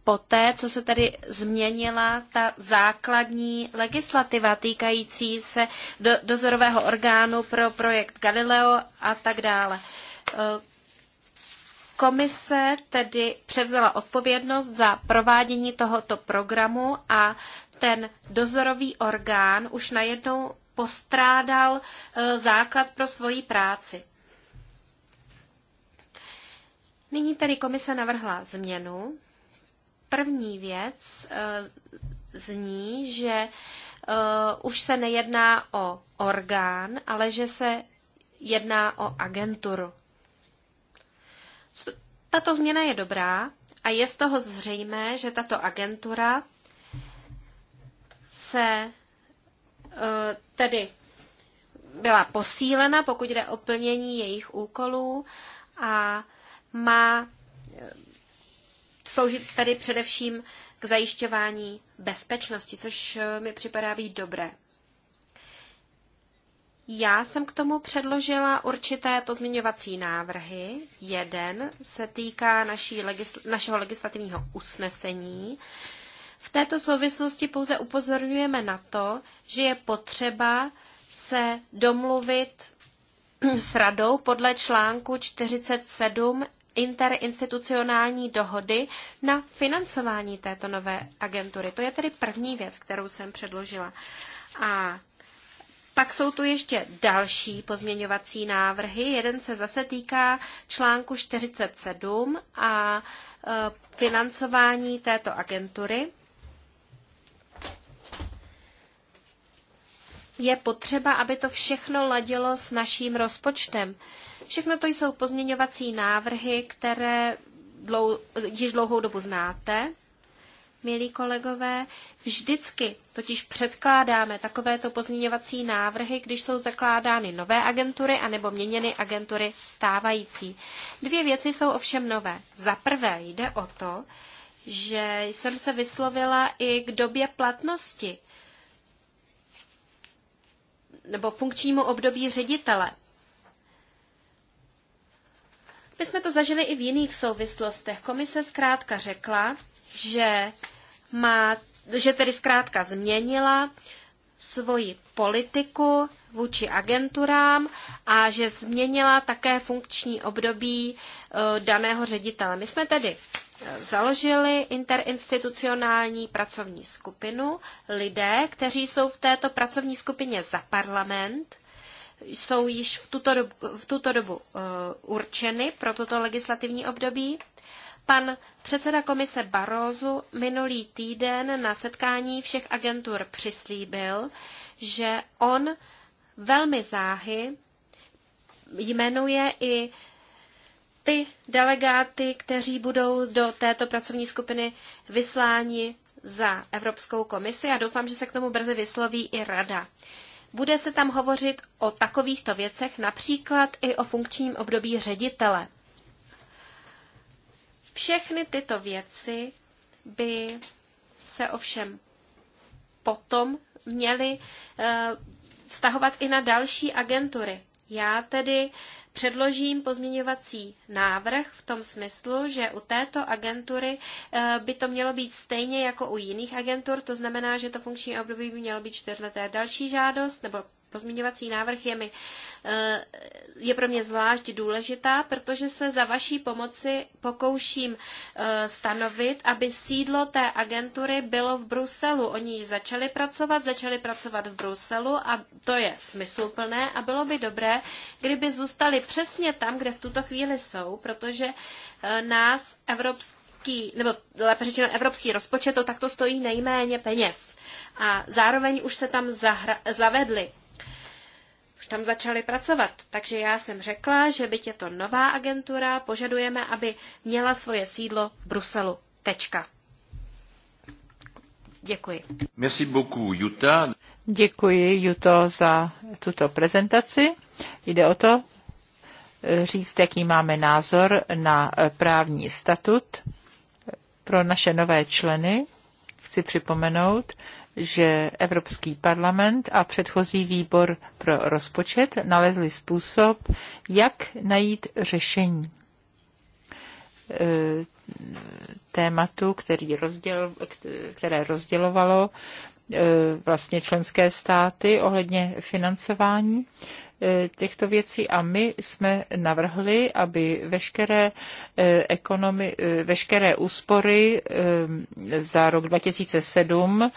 Speaker 3: poté, co se tady změnila ta základní legislativa týkající se do, dozorového orgánu pro projekt Galileo a tak dále. Komise tedy převzala odpovědnost za provádění tohoto programu a ten dozorový orgán už najednou postrádal e, základ pro svoji práci. Nyní tedy komise navrhla změnu. První věc e, zní, že e, už se nejedná o orgán, ale že se jedná o agenturu. Tato změna je dobrá a je z toho zřejmé, že tato agentura se e, tedy byla posílena, pokud jde o plnění jejich úkolů a má e, sloužit tedy především k zajišťování bezpečnosti, což e, mi připadá být dobré. Já jsem k tomu předložila určité pozměňovací návrhy. Jeden se týká naší legisl- našeho legislativního usnesení. V této souvislosti pouze upozorňujeme na to, že je potřeba se domluvit s radou podle článku 47 interinstitucionální dohody na financování této nové agentury. To je tedy první věc, kterou jsem předložila. A pak jsou tu ještě další pozměňovací návrhy. Jeden se zase týká článku 47 a e, financování této agentury. Je potřeba, aby to všechno ladilo s naším rozpočtem. Všechno to jsou pozměňovací návrhy, které dlou, již dlouhou dobu znáte milí kolegové, vždycky totiž předkládáme takovéto pozměňovací návrhy, když jsou zakládány nové agentury anebo měněny agentury stávající. Dvě věci jsou ovšem nové. Za prvé jde o to, že jsem se vyslovila i k době platnosti nebo funkčnímu období ředitele my jsme to zažili i v jiných souvislostech. Komise zkrátka řekla, že, má, že tedy zkrátka změnila svoji politiku vůči agenturám a že změnila také funkční období e, daného ředitele. My jsme tedy e, založili interinstitucionální pracovní skupinu, lidé, kteří jsou v této pracovní skupině za parlament, jsou již v tuto dobu, v tuto dobu eh, určeny pro toto legislativní období. Pan předseda komise Barózu minulý týden na setkání všech agentur přislíbil, že on velmi záhy jmenuje i ty delegáty, kteří budou do této pracovní skupiny vysláni za Evropskou komisi a doufám, že se k tomu brzy vysloví i rada. Bude se tam hovořit o takovýchto věcech, například i o funkčním období ředitele. Všechny tyto věci by se ovšem potom měly eh, vztahovat i na další agentury. Já tedy předložím pozměňovací návrh v tom smyslu, že u této agentury eh, by to mělo být stejně jako u jiných agentur, to znamená, že to funkční období by mělo být čtyřleté. Další žádost nebo pozměňovací návrh je, mi, eh, je pro mě zvlášť důležitá, protože se za vaší pomoci pokouším eh, stanovit, aby sídlo té agentury bylo v Bruselu. Oni ji začali pracovat, začali pracovat v Bruselu a to je smysluplné a bylo by dobré, kdyby zůstali přesně tam, kde v tuto chvíli jsou, protože eh, nás evropský evropský, nebo lépe řečeno evropský rozpočet, to takto stojí nejméně peněz. A zároveň už se tam zahra, zavedly už tam začali pracovat. Takže já jsem řekla, že byť je to nová agentura, požadujeme, aby měla svoje sídlo v Bruselu. Tečka. Děkuji.
Speaker 1: Merci beaucoup, Jutta. Děkuji, Juto, za tuto prezentaci. Jde o to eh, říct, jaký máme názor na eh, právní statut pro naše nové členy. Chci připomenout, že Evropský parlament a předchozí výbor pro rozpočet nalezli způsob, jak najít řešení eh, tématu, který rozděl, které rozdělovalo eh, vlastně členské státy ohledně financování. E, těchto věcí a my jsme navrhli, aby veškeré, e, ekonomi, e, veškeré úspory za rok 2007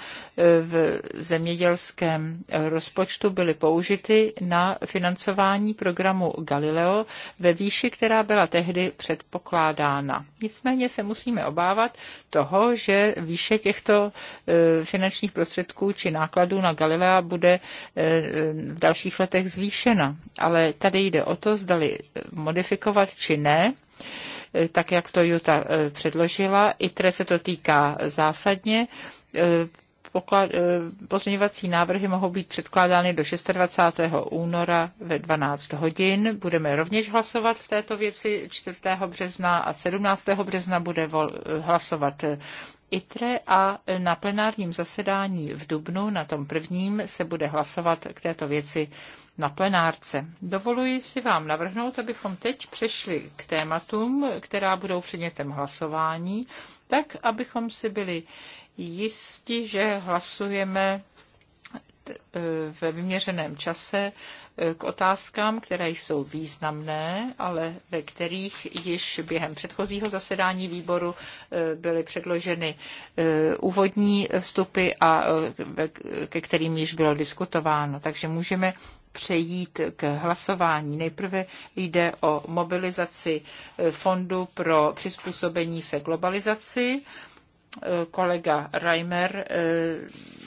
Speaker 1: v zemědělském rozpočtu byly použity na financování programu Galileo ve výši, která byla tehdy předpokládána. Nicméně se musíme obávat toho, že výše těchto finančních prostředků či nákladů na Galilea bude v dalších letech zvýšena zrušena. Ale tady jde o to, zdali eh, modifikovat či ne, eh, tak jak to Juta eh, předložila. ITRE se to týká zásadně pozměňovací návrhy mohou být předkládány do 26. února ve 12 hodin. Budeme rovněž hlasovat v této věci 4. března a 17. března bude hlasovat ITRE a na plenárním zasedání v Dubnu, na tom prvním, se bude hlasovat k této věci na plenárce. Dovoluji si vám navrhnout, abychom teď přešli k tématům, která budou předmětem hlasování, tak abychom si byli jisti, že hlasujeme e, ve vyměřeném čase k otázkám, které jsou významné, ale ve kterých již během předchozího zasedání výboru e, byly předloženy e, úvodní vstupy a e, ke kterým již bylo diskutováno. Takže můžeme přejít k hlasování. Nejprve jde o mobilizaci fondu pro přizpůsobení se globalizaci kolega Reimer eh,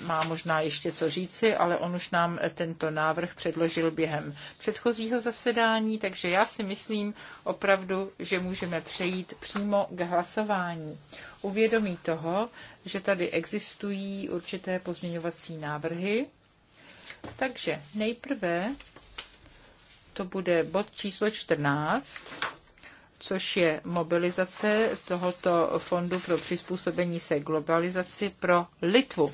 Speaker 1: má možná ještě co říci, ale on už nám tento návrh předložil během předchozího zasedání, takže já si myslím opravdu, že můžeme přejít přímo k hlasování. Uvědomí toho, že tady existují určité pozměňovací návrhy, takže nejprve to bude bod číslo 14 což je mobilizace tohoto fondu pro přizpůsobení se globalizaci pro Litvu.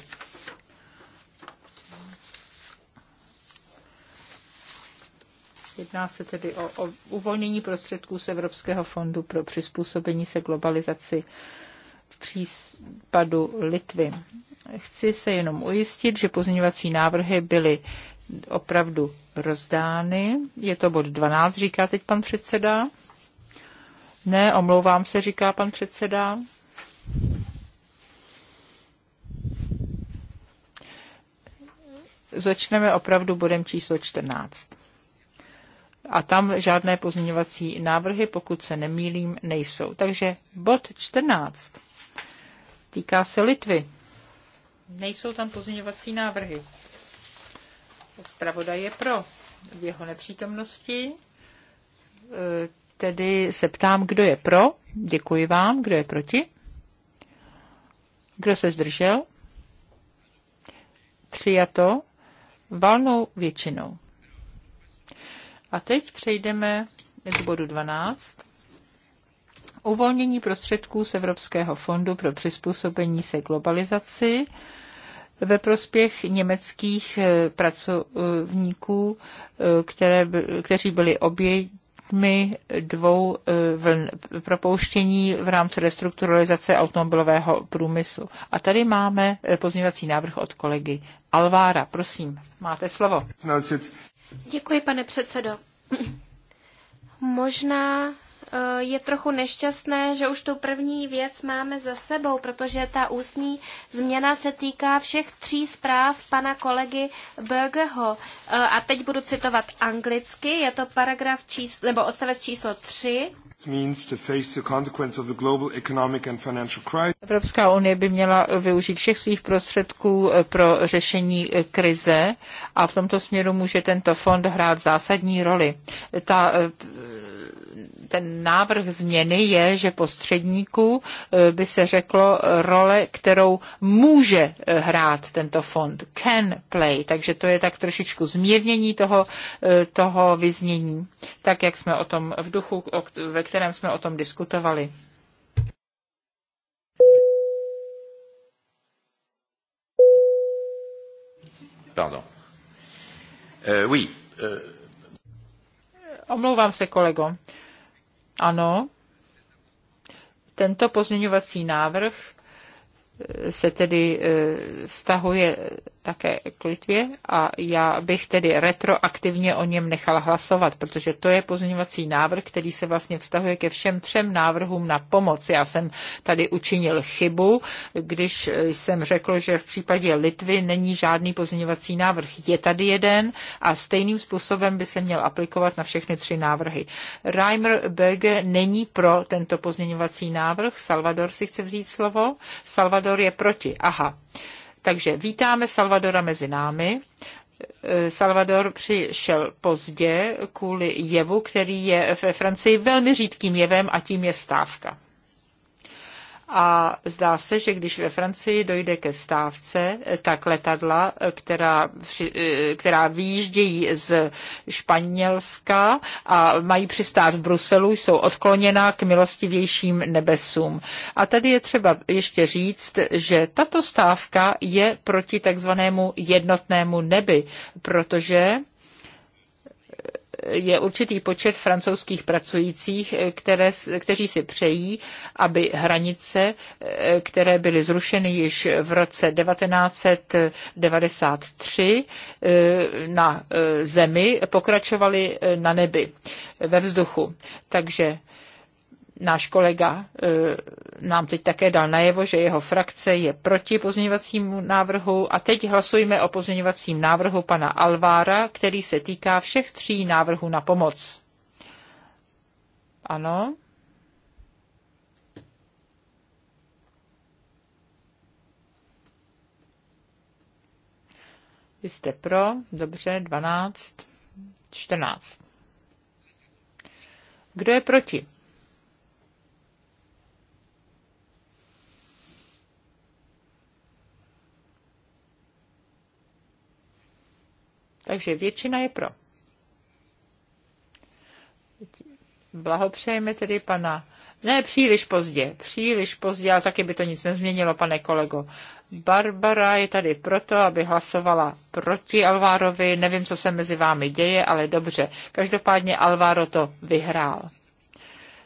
Speaker 1: Jedná se tedy o, o uvolnění prostředků z Evropského fondu pro přizpůsobení se globalizaci v případu Litvy. Chci se jenom ujistit, že pozměňovací návrhy byly opravdu rozdány. Je to bod 12, říká teď pan předseda. Ne, omlouvám se, říká pan předseda. Začneme opravdu bodem číslo 14. A tam žádné pozměňovací návrhy, pokud se nemýlím, nejsou. Takže bod 14 týká se Litvy. Nejsou tam pozměňovací návrhy. Zpravodaj je pro v jeho nepřítomnosti eh, tedy se ptám, kdo je pro. Děkuji vám. Kdo je proti? Kdo se zdržel? Přijato valnou většinou. A teď přejdeme k bodu 12. Uvolnění prostředků z Evropského fondu pro přizpůsobení se globalizaci ve prospěch německých eh, pracovníků, eh, které, kteří byli oběť důsledkami dvou eh, vln propouštění v rámci restrukturalizace automobilového průmyslu. A tady máme eh, pozměňovací návrh od kolegy Alvára. Prosím, máte slovo.
Speaker 3: Děkuji, pane předsedo. Možná Eh, je trochu nešťastné, že už tu první věc máme za sebou, protože ta ústní změna se týká všech tří zpráv pana kolegy Bergeho. Eh, a teď budu citovat anglicky, je to paragraf číslo, nebo odstavec číslo 3.
Speaker 1: Evropská unie by měla využít všech svých prostředků eh, pro řešení krize a v tomto směru může tento fond hrát zásadní roli. Ta ten návrh změny je, že po středníku eh, by se řeklo role, kterou může eh, hrát tento fond, can play, takže to je tak trošičku zmírnění toho, eh, toho vyznění, tak jak jsme o tom v duchu, ve kterém jsme o tom diskutovali. Pardon. Uh, oui. Uh... Omlouvám se, kolego. Ano, tento pozměňovací návrh eh, se tedy eh, vztahuje také k Litvě a já bych tedy retroaktivně o něm nechala hlasovat, protože to je pozměňovací návrh, který se vlastně vztahuje ke všem třem návrhům na pomoc. Já jsem tady učinil chybu, když jsem řekl, že v případě Litvy není žádný pozměňovací návrh. Je tady jeden a stejným způsobem by se měl aplikovat na všechny tři návrhy. Reimer Böge není pro tento pozměňovací návrh. Salvador si chce vzít slovo. Salvador je proti. Aha. Takže vítáme Salvadora mezi námi. E, Salvador přišel pozdě kvůli jevu, který je ve Francii velmi řídkým jevem a tím je stávka. A zdá se, že když ve Francii dojde ke stávce, tak letadla, která, eh, která výjíždějí z Španělska a mají přistát v Bruselu, jsou odkloněna k milostivějším nebesům. A tady je třeba ještě říct, že tato stávka je proti takzvanému jednotnému nebi, protože je určitý počet francouzských pracujících, které, kteří si přejí, aby hranice, eh, které byly zrušeny již v roce 1993 eh, na eh, zemi, pokračovaly na nebi, ve vzduchu. Takže náš kolega e, nám teď také dal najevo, že jeho frakce je proti pozměňovacímu návrhu a teď hlasujeme o pozměňovacím návrhu pana Alvára, který se týká všech tří návrhů na pomoc. Ano. Vy jste pro, dobře, 12, 14. Kdo je proti? Takže většina je pro. Blahopřejeme tedy pana. Ne, příliš pozdě, příliš pozdě, ale taky by to nic nezměnilo, pane kolego. Barbara je tady proto, aby hlasovala proti Alvárovi. Nevím, co se mezi vámi děje, ale dobře. Každopádně Alvaro to vyhrál.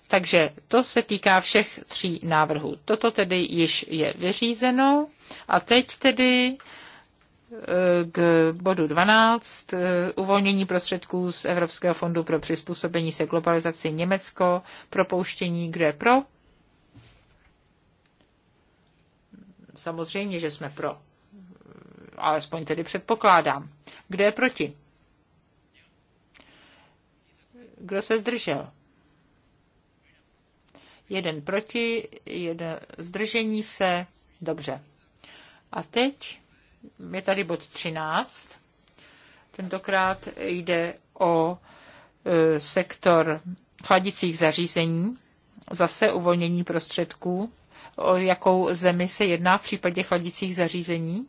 Speaker 1: Takže to se týká všech tří návrhů. Toto tedy již je vyřízeno. A teď tedy k bodu 12, eh, uvolnění prostředků z Evropského fondu pro přizpůsobení se globalizaci Německo, propouštění, kde pro? Samozřejmě, že jsme pro. Alespoň tedy předpokládám. Kde je proti? Kdo se zdržel? Jeden proti, jeden zdržení se. Dobře. A teď je tady bod 13. Tentokrát jde o e, sektor chladicích zařízení, zase uvolnění prostředků. O jakou zemi se jedná v případě chladicích zařízení?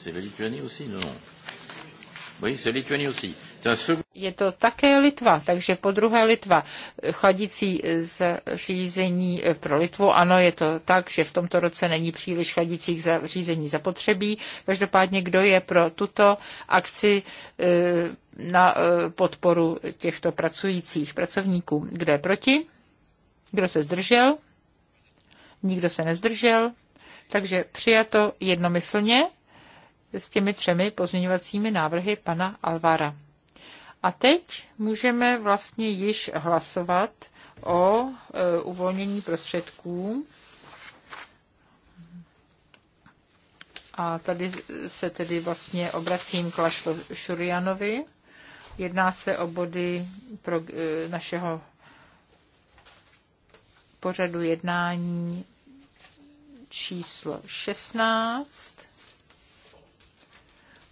Speaker 1: C'est la Lituanie aussi, non Oui, c'est Lituanie aussi. Je to také Litva, takže po druhé Litva. Chladicí eh, zařízení eh, pro Litvu, ano, je to tak, že v tomto roce není příliš chladicích zařízení zapotřebí. Každopádně, kdo je pro tuto akci eh, na podporu těchto pracujících pracovníků? Kdo je proti? Kdo se zdržel? Nikdo se nezdržel. Takže přijato jednomyslně s těmi třemi pozměňovacími návrhy pana Alvara. A teď můžeme vlastně již hlasovat o e, uvolnění prostředků. A tady se tedy vlastně obracím k Lašlo Šurianovi. Jedná se o body pro e, našeho pořadu jednání číslo 16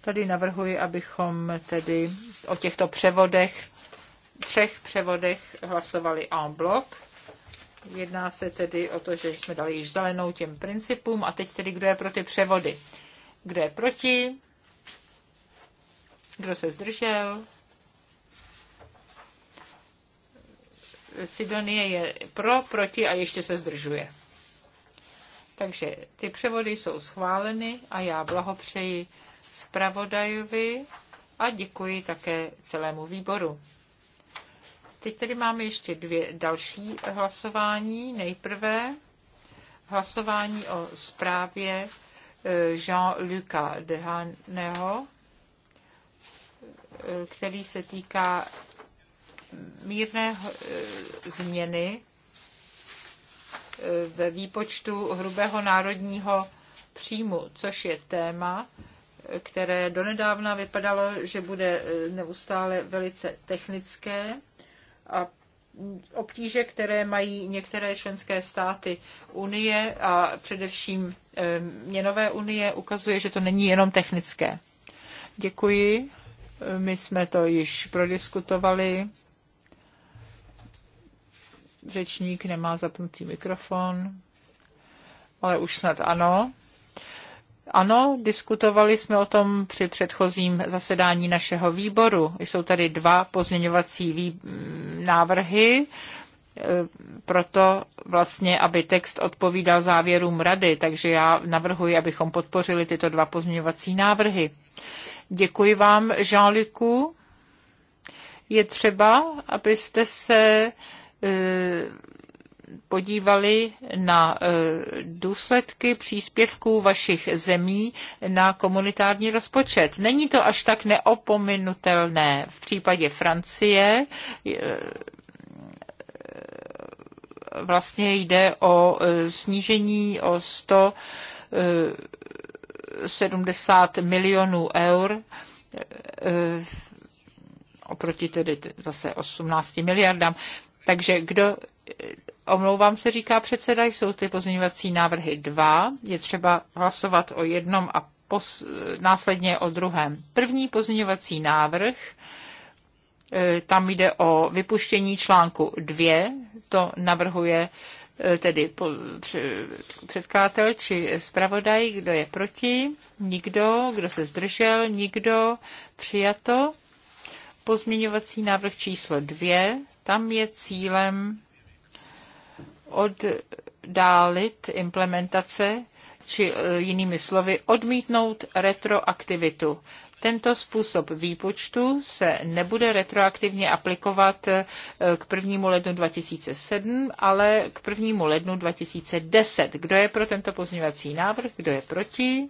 Speaker 1: Tady navrhuji, abychom tedy o těchto převodech, třech převodech hlasovali en bloc. Jedná se tedy o to, že jsme dali již zelenou těm principům a teď tedy, kdo je pro ty převody. Kdo je proti? Kdo se zdržel? Sidonie je pro, proti a ještě se zdržuje. Takže ty převody jsou schváleny a já blahopřeji zpravodajovi a děkuji také celému výboru. Teď tady máme ještě dvě další hlasování. Nejprve hlasování o zprávě e, Jean-Luca Dehaneho, e, který se týká mírné e, změny ve výpočtu hrubého národního příjmu, což je téma, které donedávna vypadalo, že bude e, neustále velice technické a obtíže, které mají některé členské státy Unie a především e, měnové unie, ukazuje, že to není jenom technické. Děkuji. My jsme to již prodiskutovali. Řečník nemá zapnutý mikrofon, ale už snad ano. Ano, diskutovali jsme o tom při předchozím zasedání našeho výboru. Jsou tady dva pozměňovací vý... návrhy, e, proto vlastně, aby text odpovídal závěrům rady, takže já navrhuji, abychom podpořili tyto dva pozměňovací návrhy. Děkuji vám, Jean-Lucu. Je třeba, abyste se e, podívali na e, důsledky příspěvků vašich zemí na komunitární rozpočet. Není to až tak neopominutelné v případě Francie. E, vlastně jde o e, snížení o 170 milionů eur oproti tedy zase 18 miliardám. Takže kdo Omlouvám se, říká předseda, jsou ty pozměňovací návrhy dva. Je třeba hlasovat o jednom a pos, následně o druhém. První pozměňovací návrh, e, tam jde o vypuštění článku 2, to navrhuje e, tedy předkladatel či zpravodaj, kdo je proti, nikdo, kdo se zdržel, nikdo, přijato. Pozměňovací návrh číslo 2, tam je cílem oddálit implementace, či e, jinými slovy odmítnout retroaktivitu. Tento způsob výpočtu se nebude retroaktivně aplikovat e, k 1. lednu 2007, ale k 1. lednu 2010. Kdo je pro tento pozměňovací návrh? Kdo je proti?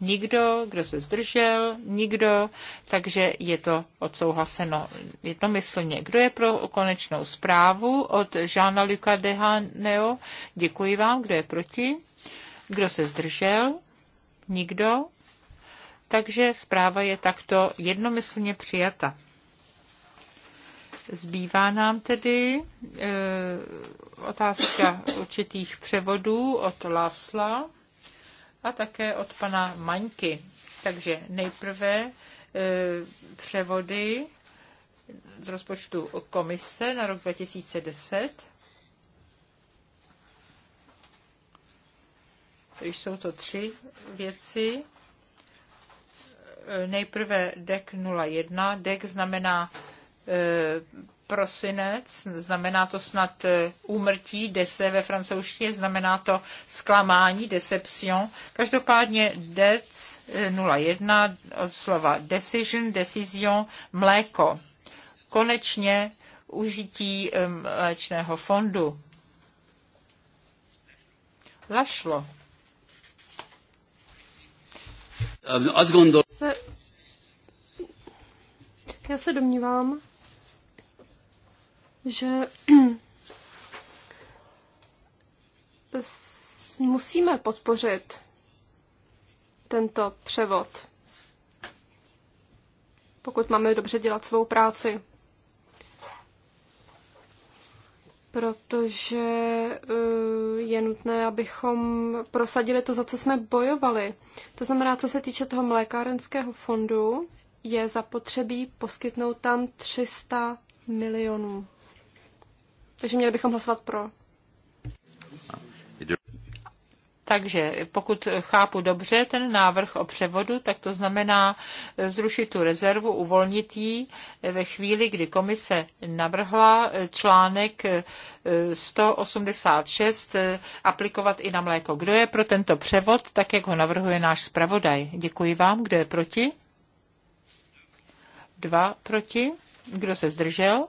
Speaker 1: nikdo, kdo se zdržel, nikdo, takže je to odsouhlaseno jednomyslně. Kdo je pro konečnou zprávu od Žána Luka Dehaneo? Děkuji vám. Kdo je proti? Kdo se zdržel? Nikdo. Takže zpráva je takto jednomyslně přijata. Zbývá nám tedy e, otázka určitých převodů od Lásla a také od pana Maňky. Takže nejprve e, převody z rozpočtu komise na rok 2010. Jsou to tři věci. E, nejprve DEC 01. DEC znamená e, prosinec, znamená to snad e, úmrtí, dese ve francouzštině, znamená to zklamání, deception. Každopádně DEC 01 e, od slova decision, decision, mléko. Konečně užití e, mléčného fondu. Lašlo.
Speaker 2: Já se domnívám, že musíme podpořit tento převod, pokud máme dobře dělat svou práci. Protože eh, je nutné, abychom prosadili to, za co jsme bojovali. To znamená, co se týče toho mlékárenského fondu, je zapotřebí poskytnout tam 300 milionů. Takže měli bychom hlasovat pro.
Speaker 1: Takže pokud chápu dobře ten návrh o převodu, tak to znamená zrušit tu rezervu, uvolnit ji ve chvíli, kdy komise navrhla článek 186 eh, eh, aplikovat i na mléko. Kdo je pro tento převod, tak jak ho navrhuje náš zpravodaj? Děkuji vám. Kdo je proti? Dva proti. Kdo se zdržel?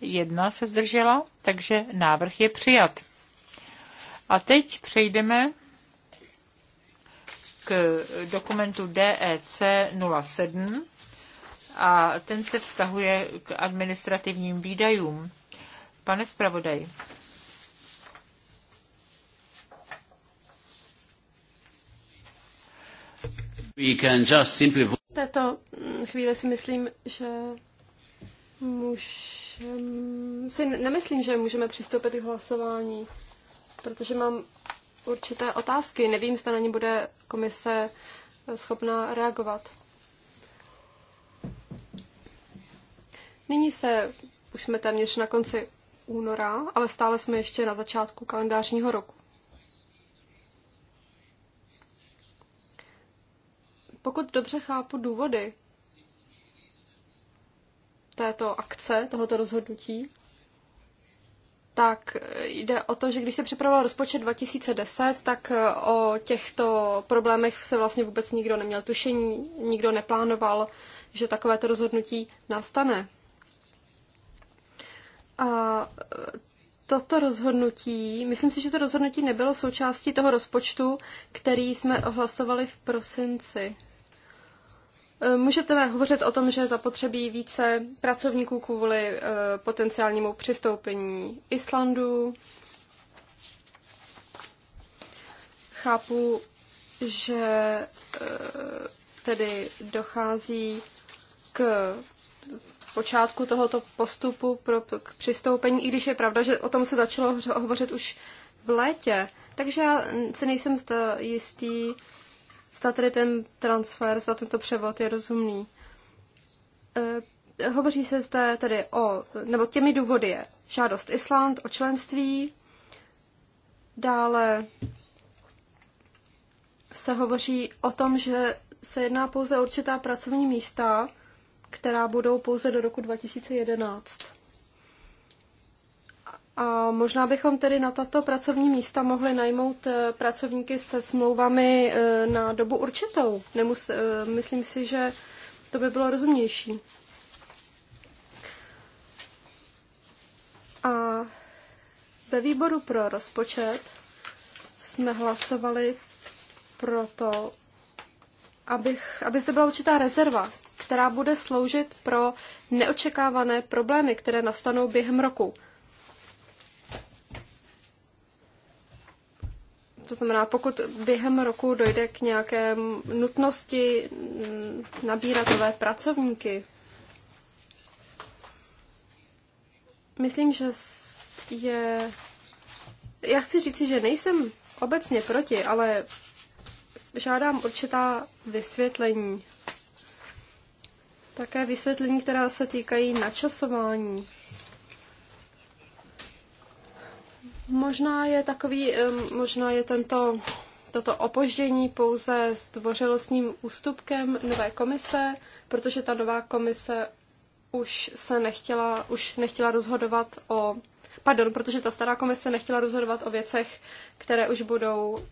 Speaker 1: jedna se zdržela, takže návrh je přijat. A teď přejdeme k dokumentu DEC 07 a ten se vztahuje k administrativním výdajům. Pane zpravodaj.
Speaker 3: We can just simply... V
Speaker 2: této chvíli si myslím, že muž si nemyslím, že můžeme přistoupit k hlasování, protože mám určité otázky. Nevím, zda na ně bude komise eh, schopná reagovat. Nyní se, už jsme téměř na konci února, ale stále jsme ještě na začátku kalendářního roku. Pokud dobře chápu důvody, této akce, tohoto rozhodnutí, tak jde o to, že když se připravoval rozpočet 2010, tak eh, o těchto problémech se vlastně vůbec nikdo neměl tušení, nikdo neplánoval, že takovéto rozhodnutí nastane. A eh, toto rozhodnutí, myslím si, že to rozhodnutí nebylo součástí toho rozpočtu, který jsme ohlasovali v prosinci. Eh, můžete hovořit o tom, že zapotřebí více pracovníků kvůli eh, potenciálnímu přistoupení Islandu. Chápu, že eh, tedy dochází k počátku tohoto postupu pro, k přistoupení, i když je pravda, že o tom se začalo hovořit už v létě. Takže já si nejsem zda jistý, zda tedy ten transfer, zda tento převod je rozumný. E, hovoří se zde tedy o, nebo těmi důvody je žádost Island o členství, dále se hovoří o tom, že se jedná pouze o určitá pracovní místa, která budou pouze do roku 2011. A možná bychom tedy na tato pracovní místa mohli najmout eh, pracovníky se smlouvami eh, na dobu určitou. Nemus, eh, myslím si, že to by bylo rozumnější. A ve výboru pro rozpočet jsme hlasovali to, abych, aby zde byla určitá rezerva, která bude sloužit pro neočekávané problémy, které nastanou během roku. To znamená, pokud během roku dojde k nějaké nutnosti nabírat nové pracovníky, myslím, že je... Já chci říci, že nejsem obecně proti, ale žádám určitá vysvětlení. Také vysvětlení, která se týkají načasování. Možná je takový, možná je tento, toto opoždění pouze stvořilostním ústupkem nové komise, protože ta nová komise už se nechtěla, už nechtěla rozhodovat o pardon, protože ta stará komise nechtěla rozhodovat o věcech, které už budou e,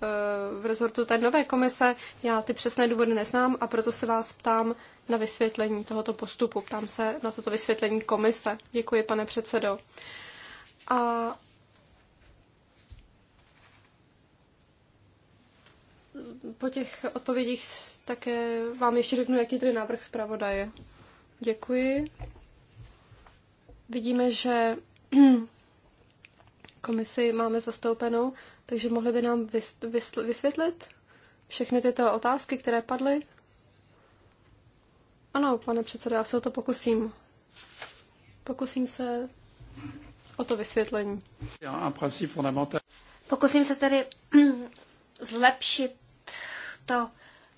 Speaker 2: v rezortu té nové komise. Já ty přesné důvody neznám a proto se vás ptám na vysvětlení tohoto postupu. Ptám se na toto vysvětlení komise. Děkuji, pane předsedo. A po těch odpovědích také vám ještě řeknu, jaký tedy návrh zpravodaje. Děkuji. Vidíme, že komisi máme zastoupenou, takže mohli by nám vysvětlit všechny tyto otázky, které padly? Ano, pane předsedo, já se o to pokusím. Pokusím se o to vysvětlení. Pokusím se tedy zlepšit
Speaker 3: to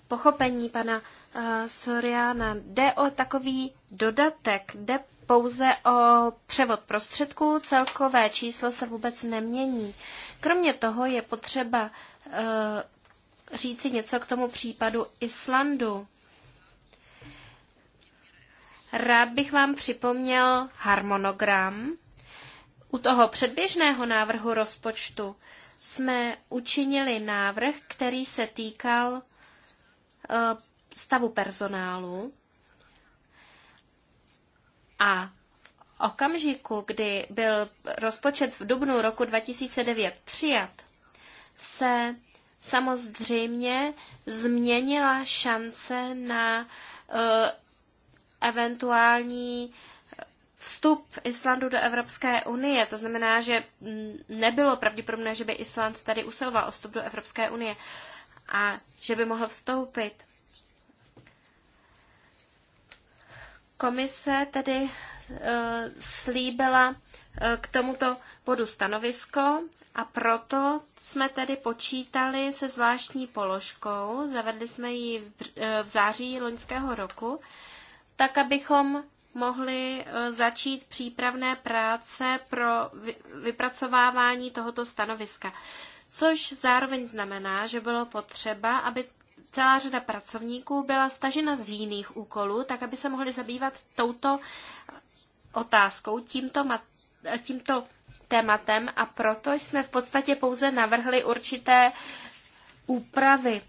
Speaker 3: pochopení pana uh, Soriana. Jde o takový dodatek, jde pouze o převod prostředků, celkové číslo se vůbec nemění. Kromě toho je potřeba uh, říci něco k tomu případu Islandu. Rád bych vám připomněl harmonogram u toho předběžného návrhu rozpočtu jsme učinili návrh, který se týkal eh, stavu personálu a v okamžiku, kdy byl rozpočet v dubnu roku 2009 přijat, se samozřejmě změnila šance na eh, eventuální vstup Islandu do Evropské unie. To znamená, že mm, nebylo pravděpodobné, že by Island tady usiloval o vstup do Evropské unie a že by mohl vstoupit. Komise tedy e, slíbila e, k tomuto bodu stanovisko a proto jsme tedy počítali se zvláštní položkou, zavedli jsme ji v e, září loňského roku, tak abychom mohli eh, začít přípravné práce pro vypracovávání tohoto stanoviska. Což zároveň znamená, že bylo potřeba, aby celá řada pracovníků byla stažena z jiných úkolů, tak aby se mohli zabývat touto otázkou, tímto, eh, tímto tématem a proto jsme v podstatě pouze navrhli určité úpravy.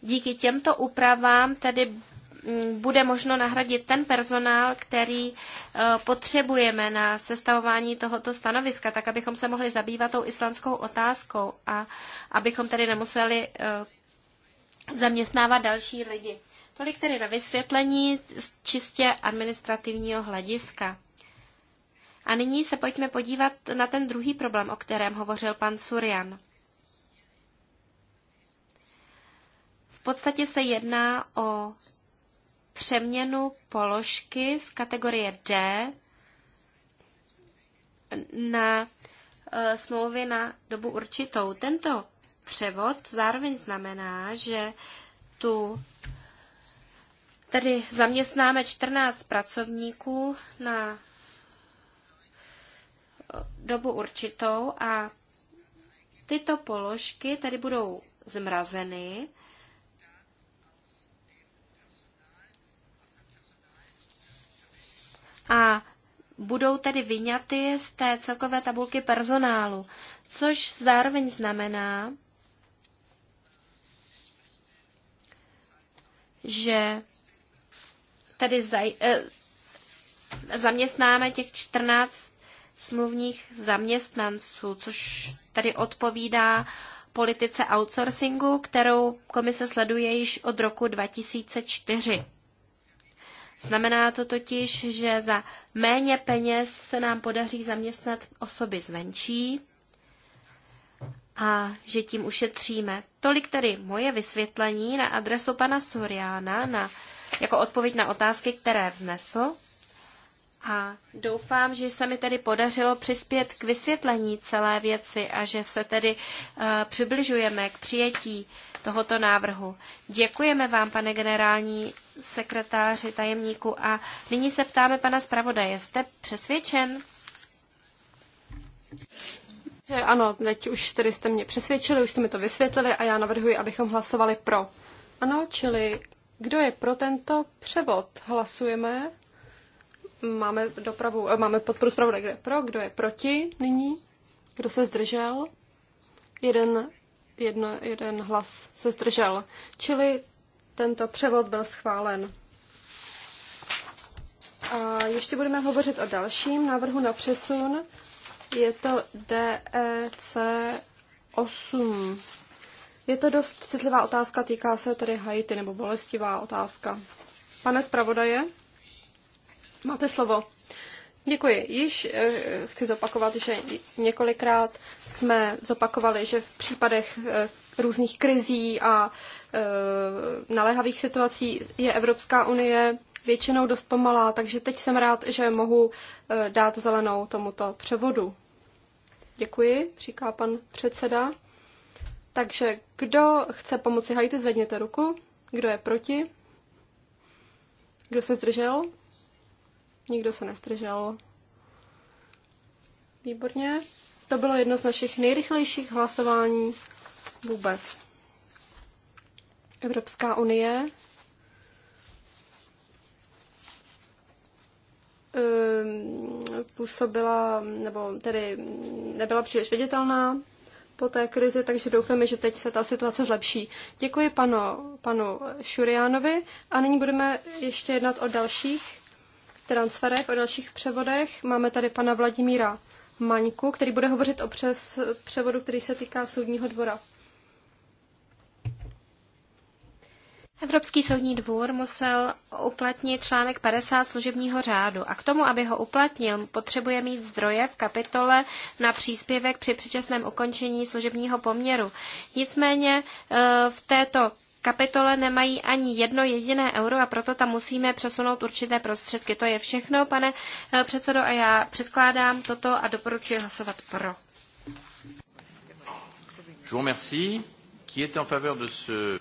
Speaker 3: Díky těmto úpravám tedy Mm, bude možno nahradit ten personál, který eh, potřebujeme na sestavování tohoto stanoviska, tak abychom se mohli zabývat tou islandskou otázkou a abychom tedy nemuseli eh, zaměstnávat další lidi. Tolik tedy na vysvětlení z čistě administrativního hlediska. A nyní se pojďme podívat na ten druhý problém, o kterém hovořil pan Surjan. V podstatě se jedná o přeměnu položky z kategorie D na e, smlouvy na dobu určitou. Tento převod zároveň znamená, že tu tedy zaměstnáme 14 pracovníků na e, dobu určitou a tyto položky tedy budou zmrazeny a budou tedy vyňaty z té celkové tabulky personálu, což zároveň znamená, že tedy zaj, eh, zaměstnáme těch 14 smluvních zaměstnanců, což tady odpovídá politice outsourcingu, kterou komise sleduje již od roku 2004. Znamená to totiž, že za méně peněz se nám podaří zaměstnat osoby zvenčí a že tím ušetříme. Tolik tedy moje vysvětlení na adresu pana Soriana na, jako odpověď na otázky, které vznesl. A doufám, že se mi tedy podařilo přispět k vysvětlení celé věci a že se tedy uh, přibližujeme k přijetí tohoto návrhu. Děkujeme vám, pane generální sekretáři, tajemníku. A nyní se ptáme pana zpravodaje. Jste přesvědčen?
Speaker 2: Že ano, teď už tedy jste mě přesvědčili, už jste mi to vysvětlili a já navrhuji, abychom hlasovali pro. Ano, čili kdo je pro tento převod? Hlasujeme. Máme, dopravu, eh, máme podporu zpravodaje, kdo je pro, kdo je proti nyní, kdo se zdržel. Jeden, jedno, jeden hlas se zdržel. Čili tento převod byl schválen. A ještě budeme hovořit o dalším návrhu na přesun. Je to DEC 8. Je to dost citlivá otázka, týká se tedy Haiti, nebo bolestivá otázka. Pane zpravodaje, máte slovo. Děkuji. Již eh, chci zopakovat, že několikrát jsme zopakovali, že v případech, eh, různých krizí a e, naléhavých situací je Evropská unie většinou dost pomalá, takže teď jsem rád, že mohu e, dát zelenou tomuto převodu. Děkuji, říká pan předseda. Takže kdo chce pomoci Haiti, zvedněte ruku. Kdo je proti? Kdo se zdržel? Nikdo se nezdržel. Výborně. To bylo jedno z našich nejrychlejších hlasování vůbec. Evropská unie ehm, působila, nebo tedy nebyla příliš viditelná po té krizi, takže doufáme, že teď se ta situace zlepší. Děkuji panu, panu Šuriánovi a nyní budeme ještě jednat o dalších transferech, o dalších převodech. Máme tady pana Vladimíra Maňku, který bude hovořit o přes převodu, který se týká soudního dvora.
Speaker 3: Evropský soudní dvůr musel uplatnit článek 50 služebního řádu a k tomu, aby ho uplatnil, potřebuje mít zdroje v kapitole na příspěvek při předčasném ukončení služebního poměru. Nicméně e, v této kapitole nemají ani jedno jediné euro a proto tam musíme přesunout určité prostředky. To je všechno, pane e, předsedo, a já předkládám toto a doporučuji hlasovat pro.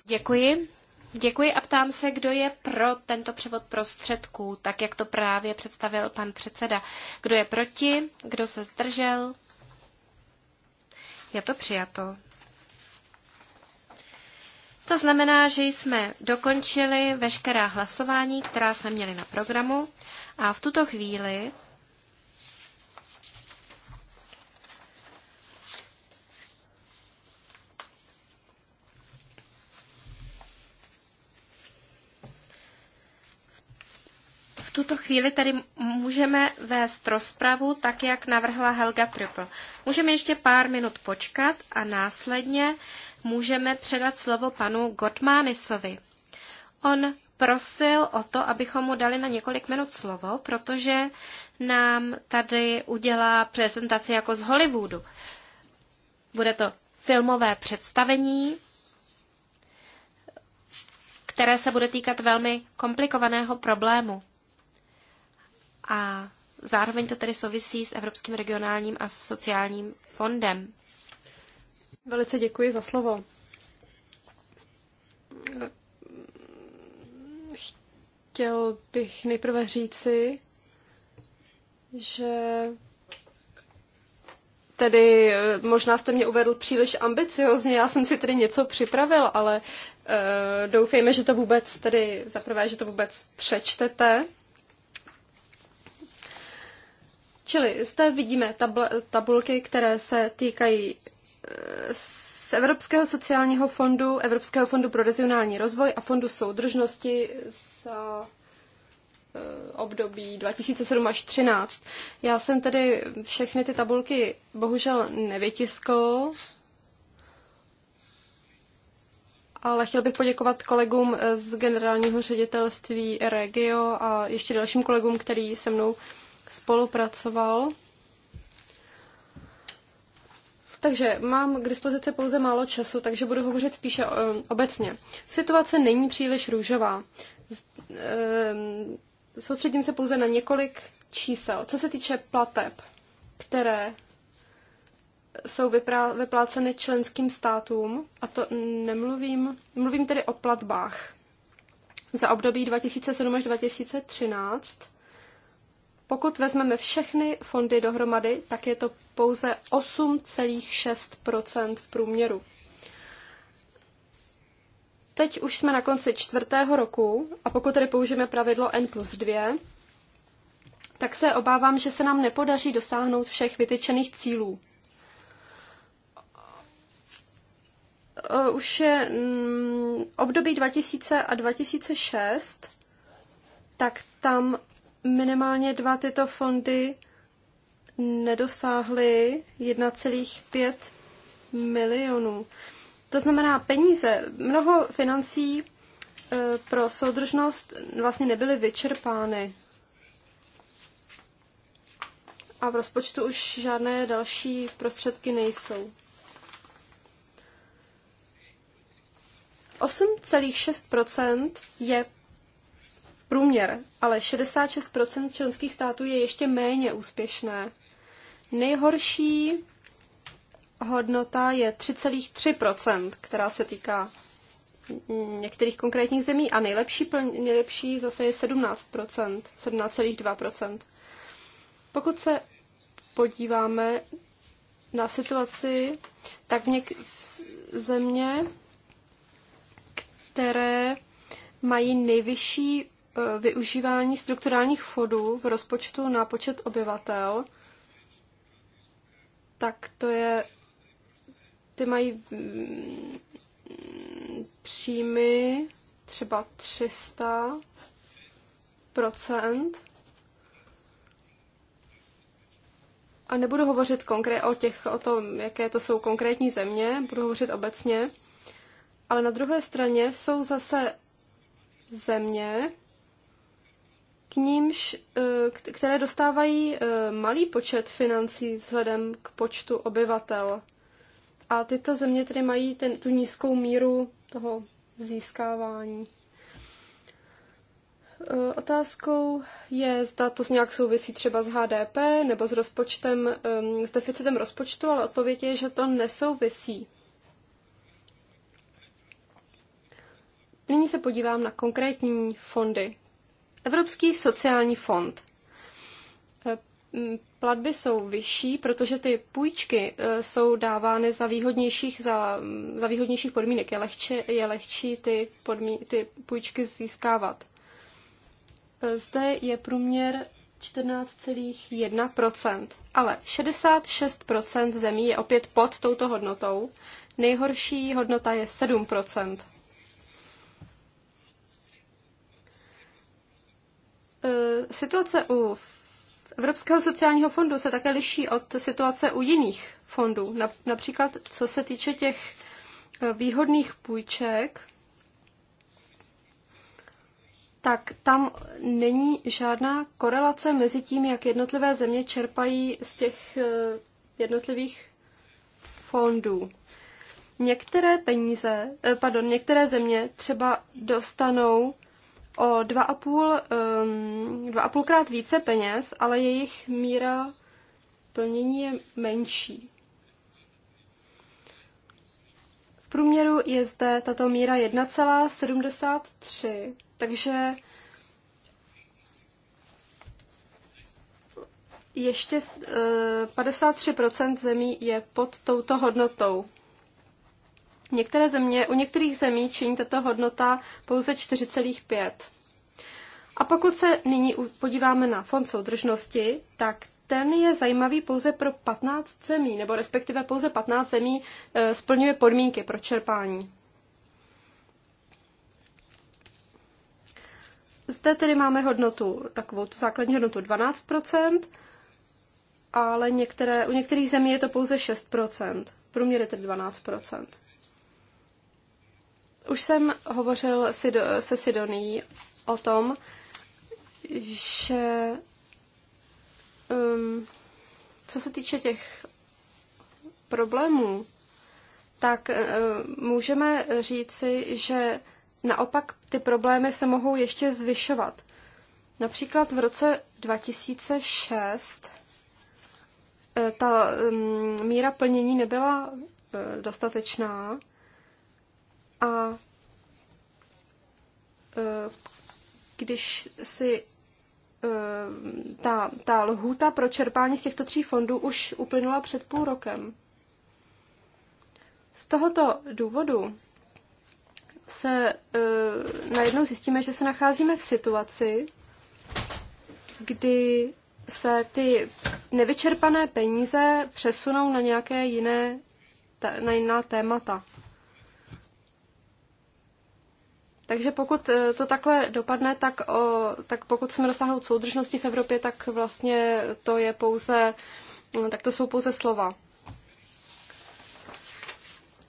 Speaker 3: Děkuji. Děkuji a ptám se, kdo je pro tento převod prostředků, tak jak to právě představil pan předseda. Kdo je proti, kdo se zdržel? Je to přijato. To znamená, že jsme dokončili veškerá hlasování, která jsme měli na programu a v tuto chvíli tuto chvíli tedy můžeme vést rozpravu tak, jak navrhla Helga Triple. Můžeme ještě pár minut počkat a následně můžeme předat slovo panu Gottmanisovi. On prosil o to, abychom mu dali na několik minut slovo, protože nám tady udělá prezentaci jako z Hollywoodu. Bude to filmové představení, které se bude týkat velmi komplikovaného problému. A zároveň to tedy souvisí s Evropským regionálním a
Speaker 2: sociálním fondem. Velice děkuji za slovo. Chtěl bych nejprve říci, že tedy eh, možná jste mě uvedl příliš ambiciozně, já jsem si tedy něco připravil, ale uh, doufejme, že to vůbec tedy, zaprvé, že to vůbec přečtete, Čili zde vidíme tabl- tabulky, které se týkají e, z Evropského sociálního fondu, Evropského fondu pro regionální rozvoj a fondu soudržnosti za e, období 2007 až 2013. Já jsem tedy všechny ty tabulky bohužel nevytiskl, ale chtěl bych poděkovat kolegům z generálního ředitelství Regio a ještě dalším kolegům, který se mnou spolupracoval. Takže mám k dispozici pouze málo času, takže budu hovořit spíše eh, obecně. Situace není příliš růžová. Eh, soustředím se pouze na několik čísel. Co se týče plateb, které jsou vypláceny členským státům, a to nemluvím, mluvím tedy o platbách za období 2007 až 2013, pokud vezmeme všechny fondy dohromady, tak je to pouze 8,6 v průměru. Teď už jsme na konci čtvrtého roku a pokud tedy použijeme pravidlo N plus 2, tak se obávám, že se nám nepodaří dosáhnout všech vytyčených cílů. Už je mm, období 2000 a 2006, tak tam minimálně dva tyto fondy nedosáhly 1,5 milionů. To znamená peníze, mnoho financí eh, pro soudržnost vlastně nebyly vyčerpány. A v rozpočtu už žádné další prostředky nejsou. 8,6 je průměr, ale 66 členských států je ještě méně úspěšné. Nejhorší hodnota je 3,3 která se týká některých konkrétních zemí a nejlepší, nejlepší zase je 17 17,2 Pokud se podíváme na situaci, tak v něk- v země, které mají nejvyšší Eh, využívání strukturálních fondů v rozpočtu na počet obyvatel, tak to je, ty mají mm, příjmy třeba 300 procent. A nebudu hovořit konkrétně o těch, o tom, jaké to jsou konkrétní země, budu hovořit obecně. Ale na druhé straně jsou zase země, k nímž, eh, které dostávají eh, malý počet financí vzhledem k počtu obyvatel. A tyto země tedy mají ten, tu nízkou míru toho získávání. Eh, otázkou je, zda to nějak souvisí třeba s HDP nebo s rozpočtem, ehm, s deficitem rozpočtu, ale odpověď je, že to nesouvisí. Nyní se podívám na konkrétní fondy. Evropský sociální fond. Platby jsou vyšší, protože ty půjčky eh, jsou dávány za výhodnějších, za, za výhodnějších podmínek. Je, lehče, je lehčí ty, podmí, ty půjčky získávat. Eh, zde je průměr 14,1%, ale 66% zemí je opět pod touto hodnotou. Nejhorší hodnota je 7%. Eh, situace u Evropského sociálního fondu se také liší od situace u jiných fondů. Například co se týče těch eh, výhodných půjček, tak tam není žádná korelace mezi tím, jak jednotlivé země čerpají z těch eh, jednotlivých fondů. Některé peníze, pardon, některé země třeba dostanou o 2,5 um, krát více peněz, ale jejich míra plnění je menší. V průměru je zde tato míra 1,73, takže ještě 53% eh, zemí je pod touto hodnotou. Některé země, u některých zemí činí tato hodnota pouze 4,5. A pokud se nyní podíváme na fond soudržnosti, tak ten je zajímavý pouze pro 15 zemí, nebo respektive pouze 15 zemí eh, splňuje podmínky pro čerpání. Zde tedy máme hodnotu, takovou tu základní hodnotu 12%, ale některé, u některých zemí je to pouze 6%. Průměr je tedy 12%. Už jsem hovořil se Sidoní o tom, že um, co se týče těch problémů, tak um, můžeme říci, že naopak ty problémy se mohou ještě zvyšovat. Například v roce 2006 eh, ta um, míra plnění nebyla eh, dostatečná a e, když si e, ta, ta lhůta pro čerpání z těchto tří fondů už uplynula před půl rokem. Z tohoto důvodu se e, najednou zjistíme, že se nacházíme v situaci, kdy se ty nevyčerpané peníze přesunou na nějaké jiné, na jiná témata. Takže pokud eh, to takhle dopadne, tak, o, tak pokud jsme dosáhnout soudržnosti v Evropě, tak vlastně to je pouze, no, tak to jsou pouze slova.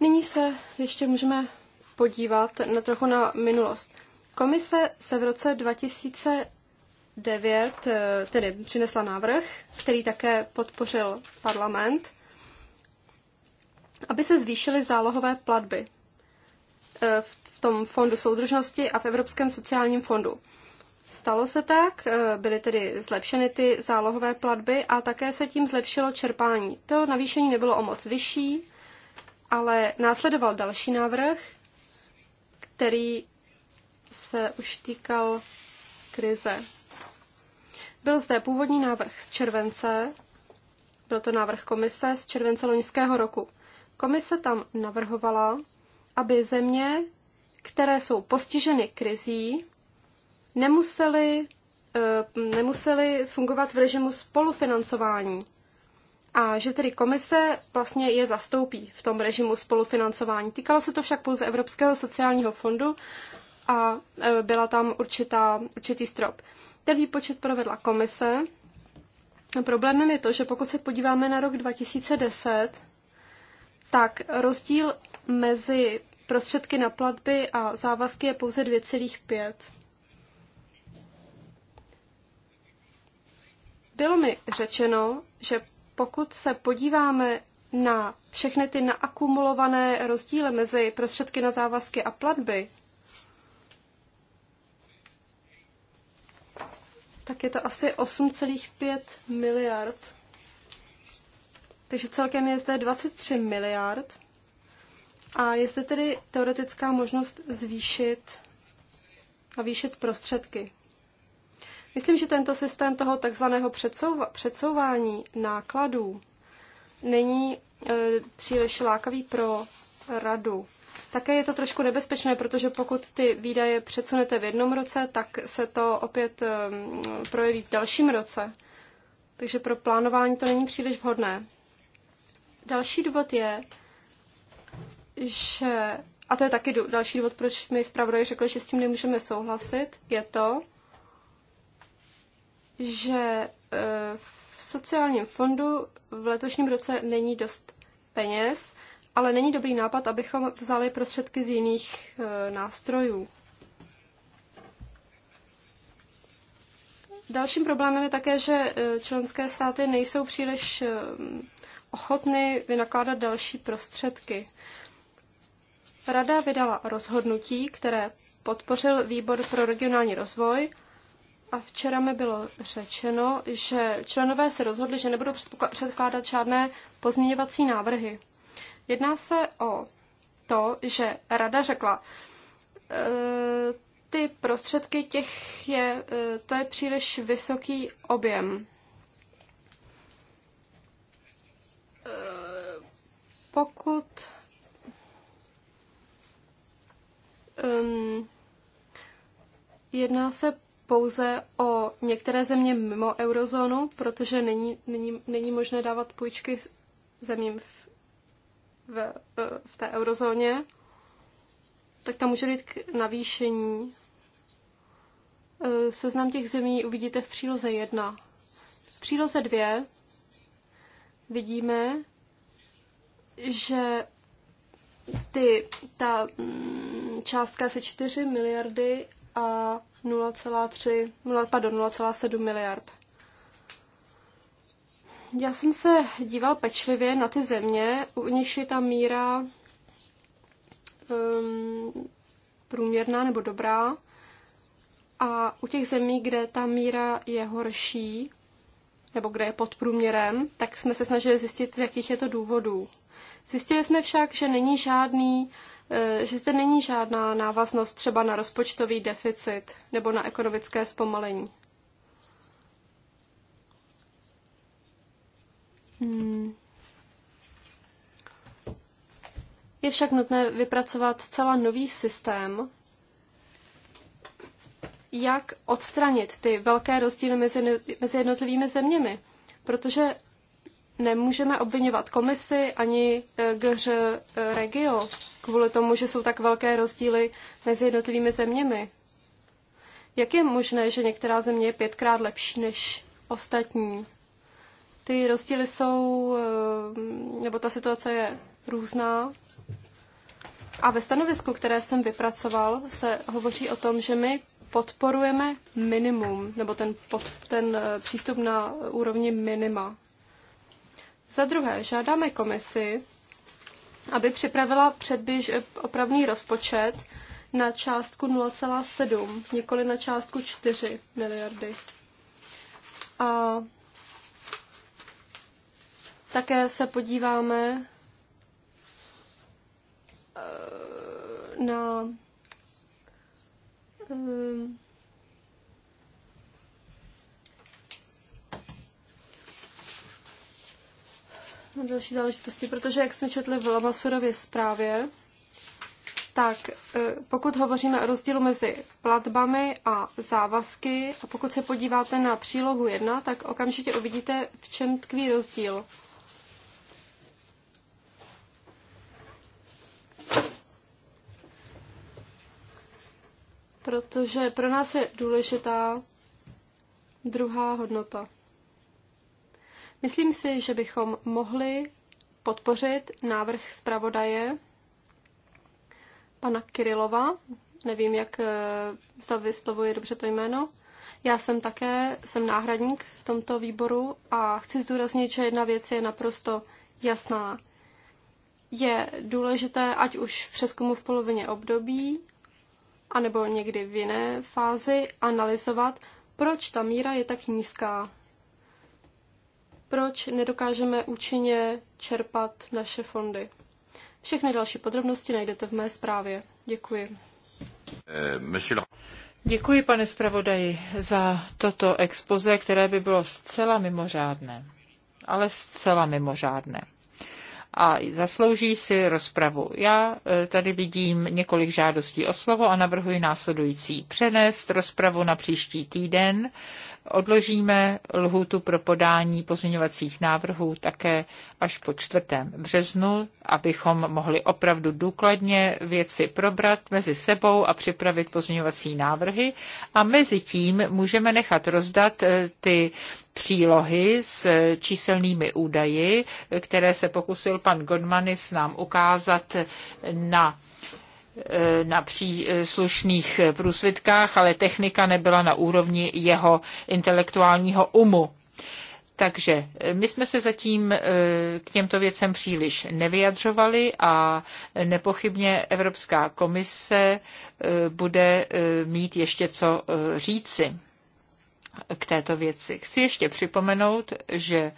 Speaker 2: Nyní se ještě můžeme podívat na trochu na minulost. Komise se v roce 2009 eh, tedy přinesla návrh, který také podpořil parlament, aby se zvýšily zálohové platby Eh, v tom fondu soudržnosti a v Evropském sociálním fondu. Stalo se tak, eh, byly tedy zlepšeny ty zálohové platby a také se tím zlepšilo čerpání. To navýšení nebylo o moc vyšší, ale následoval další návrh, který se už týkal krize. Byl zde původní návrh z července, byl to návrh komise z července loňského roku. Komise tam navrhovala, aby země, které jsou postiženy krizí, nemusely, eh, nemusely fungovat v režimu spolufinancování. A že tedy komise vlastně je zastoupí v tom režimu spolufinancování. Týkalo se to však pouze Evropského sociálního fondu a eh, byla tam určitá, určitý strop. Ten výpočet provedla komise. Problémem je to, že pokud se podíváme na rok 2010, tak rozdíl mezi prostředky na platby a závazky je pouze 2,5. Bylo mi řečeno, že pokud se podíváme na všechny ty naakumulované rozdíly mezi prostředky na závazky a platby, tak je to asi 8,5 miliard. Takže celkem je zde 23 miliard. A je zde tedy teoretická možnost zvýšit a výšit prostředky. Myslím, že tento systém toho takzvaného předsouvání nákladů není e, příliš lákavý pro radu. Také je to trošku nebezpečné, protože pokud ty výdaje předsunete v jednom roce, tak se to opět e, projeví v dalším roce. Takže pro plánování to není příliš vhodné. Další důvod je, že, a to je taky další důvod, proč mi zpravodaj řekl, že s tím nemůžeme souhlasit, je to, že eh, v sociálním fondu v letošním roce není dost peněz, ale není dobrý nápad, abychom vzali prostředky z jiných eh, nástrojů. Dalším problémem je také, že eh, členské státy nejsou příliš ochotny vynakládat další prostředky. Rada vydala rozhodnutí, které podpořil Výbor pro regionální rozvoj a včera mi bylo řečeno, že členové se rozhodli, že nebudou předkládat žádné pozměňovací návrhy. Jedná se o to, že rada řekla, e, ty prostředky těch je, e, to je příliš vysoký objem. E, pokud um, jedná se pouze o některé země mimo eurozónu, protože není, není, není možné dávat půjčky zemím v, v, eh, v té eurozóně, tak tam může být k navýšení. Eh, seznam těch zemí uvidíte v příloze 1. V příloze 2 vidíme, že ty, ta mm, částka asi 4 miliardy a 0,3, pardon, 0,7 miliard. Já jsem se díval pečlivě na ty země, u nich je ta míra um, průměrná nebo dobrá. A u těch zemí, kde ta míra je horší, nebo kde je pod průměrem, tak jsme se snažili zjistit, z jakých je to důvodů. Zjistili jsme však, že není žádný Eh, že zde není žádná návaznost třeba na rozpočtový deficit nebo na ekonomické zpomalení. Hmm. Je však nutné vypracovat zcela nový systém, jak odstranit ty velké rozdíly mezi, mezi jednotlivými zeměmi, protože nemůžeme obvinovat komisi ani eh, GŘ eh, Regio kvůli tomu, že jsou tak velké rozdíly mezi jednotlivými zeměmi. Jak je možné, že některá země je pětkrát lepší než ostatní? Ty rozdíly jsou, eh, nebo ta situace je různá. A ve stanovisku, které jsem vypracoval, se hovoří o tom, že my podporujeme minimum, nebo ten, pod, ten přístup na úrovni minima za druhé, žádáme komisi, aby připravila předběž eh, opravný rozpočet na částku 0,7, nikoli na částku 4 miliardy. A také se podíváme eh, na eh, na další záležitosti, protože jak jsme četli v Lamasurově zprávě, tak e, pokud hovoříme o rozdílu mezi platbami a závazky, a pokud se podíváte na přílohu 1, tak okamžitě uvidíte, v čem tkví rozdíl. Protože pro nás je důležitá druhá hodnota. Myslím si, že bychom mohli podpořit návrh zpravodaje pana Kirilova. Nevím, jak se eh, vyslovuje dobře to jméno. Já jsem také, jsem náhradník v tomto výboru a chci zdůraznit, že jedna věc je naprosto jasná. Je důležité, ať už v přeskumu v polovině období, anebo někdy v jiné fázi, analyzovat, proč ta míra je tak nízká proč nedokážeme účinně čerpat naše fondy. Všechny další podrobnosti najdete v mé zprávě. Děkuji.
Speaker 1: Děkuji, pane zpravodaji, za toto expoze, které by bylo zcela mimořádné. Ale zcela mimořádné. A zaslouží si rozpravu. Já e, tady vidím několik žádostí o slovo a navrhuji následující. Přenést rozpravu na příští týden odložíme lhůtu pro podání pozměňovacích návrhů také až po 4. březnu, abychom mohli opravdu důkladně věci probrat mezi sebou a připravit pozměňovací návrhy. A mezi tím můžeme nechat rozdat eh, ty přílohy s číselnými údaji, které se pokusil pan Godmanis nám ukázat na Eh, na příslušných průsvitkách, ale technika nebyla na úrovni jeho intelektuálního umu. Takže eh, my jsme se zatím eh, k těmto věcem příliš nevyjadřovali a nepochybně Evropská komise bude mít ještě co říci k této věci. Chci ještě připomenout, že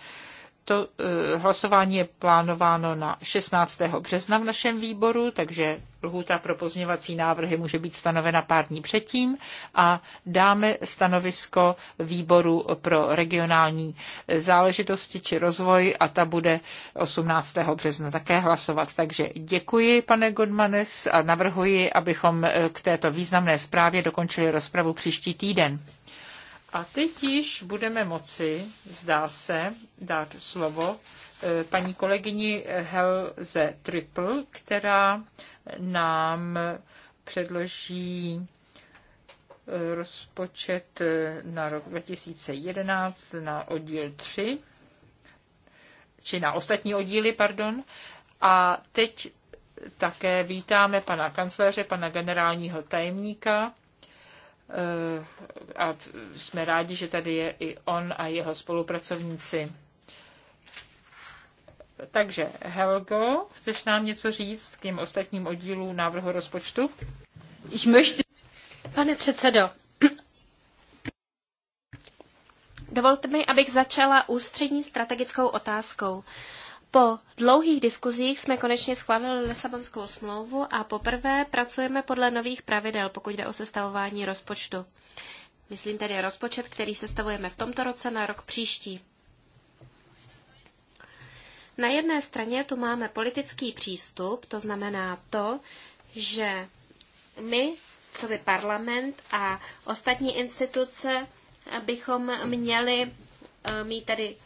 Speaker 1: to eh, hlasování je plánováno na 16. března v našem výboru, takže lhůta pro pozměňovací návrhy může být stanovena pár dní předtím a dáme stanovisko výboru pro regionální eh, záležitosti či rozvoj a ta bude 18. března také hlasovat. Takže děkuji, pane Godmanes, a navrhuji, abychom eh, k této významné zprávě dokončili rozpravu příští týden. A teď již budeme moci, zdá se, dát slovo eh, paní kolegyni Helze Triple, která nám předloží eh, rozpočet eh, na rok 2011 na oddíl 3, či na ostatní oddíly, pardon. A teď také vítáme pana kancléře, pana generálního tajemníka Eh, a jsme rádi, že tady je i on a jeho spolupracovníci. Takže Helgo, chceš nám něco říct k těm ostatním oddílům návrhu rozpočtu? Ich möchte...
Speaker 3: Pane předsedo, dovolte mi, abych začala ústřední strategickou otázkou. Po dlouhých diskuzích jsme konečně schválili Lisabonskou smlouvu a poprvé pracujeme podle nových pravidel, pokud jde o sestavování rozpočtu. Myslím tedy rozpočet, který sestavujeme v tomto roce na rok příští. Na jedné straně tu máme politický přístup, to znamená to, že my, co by parlament a ostatní instituce, bychom měli eh, mít tedy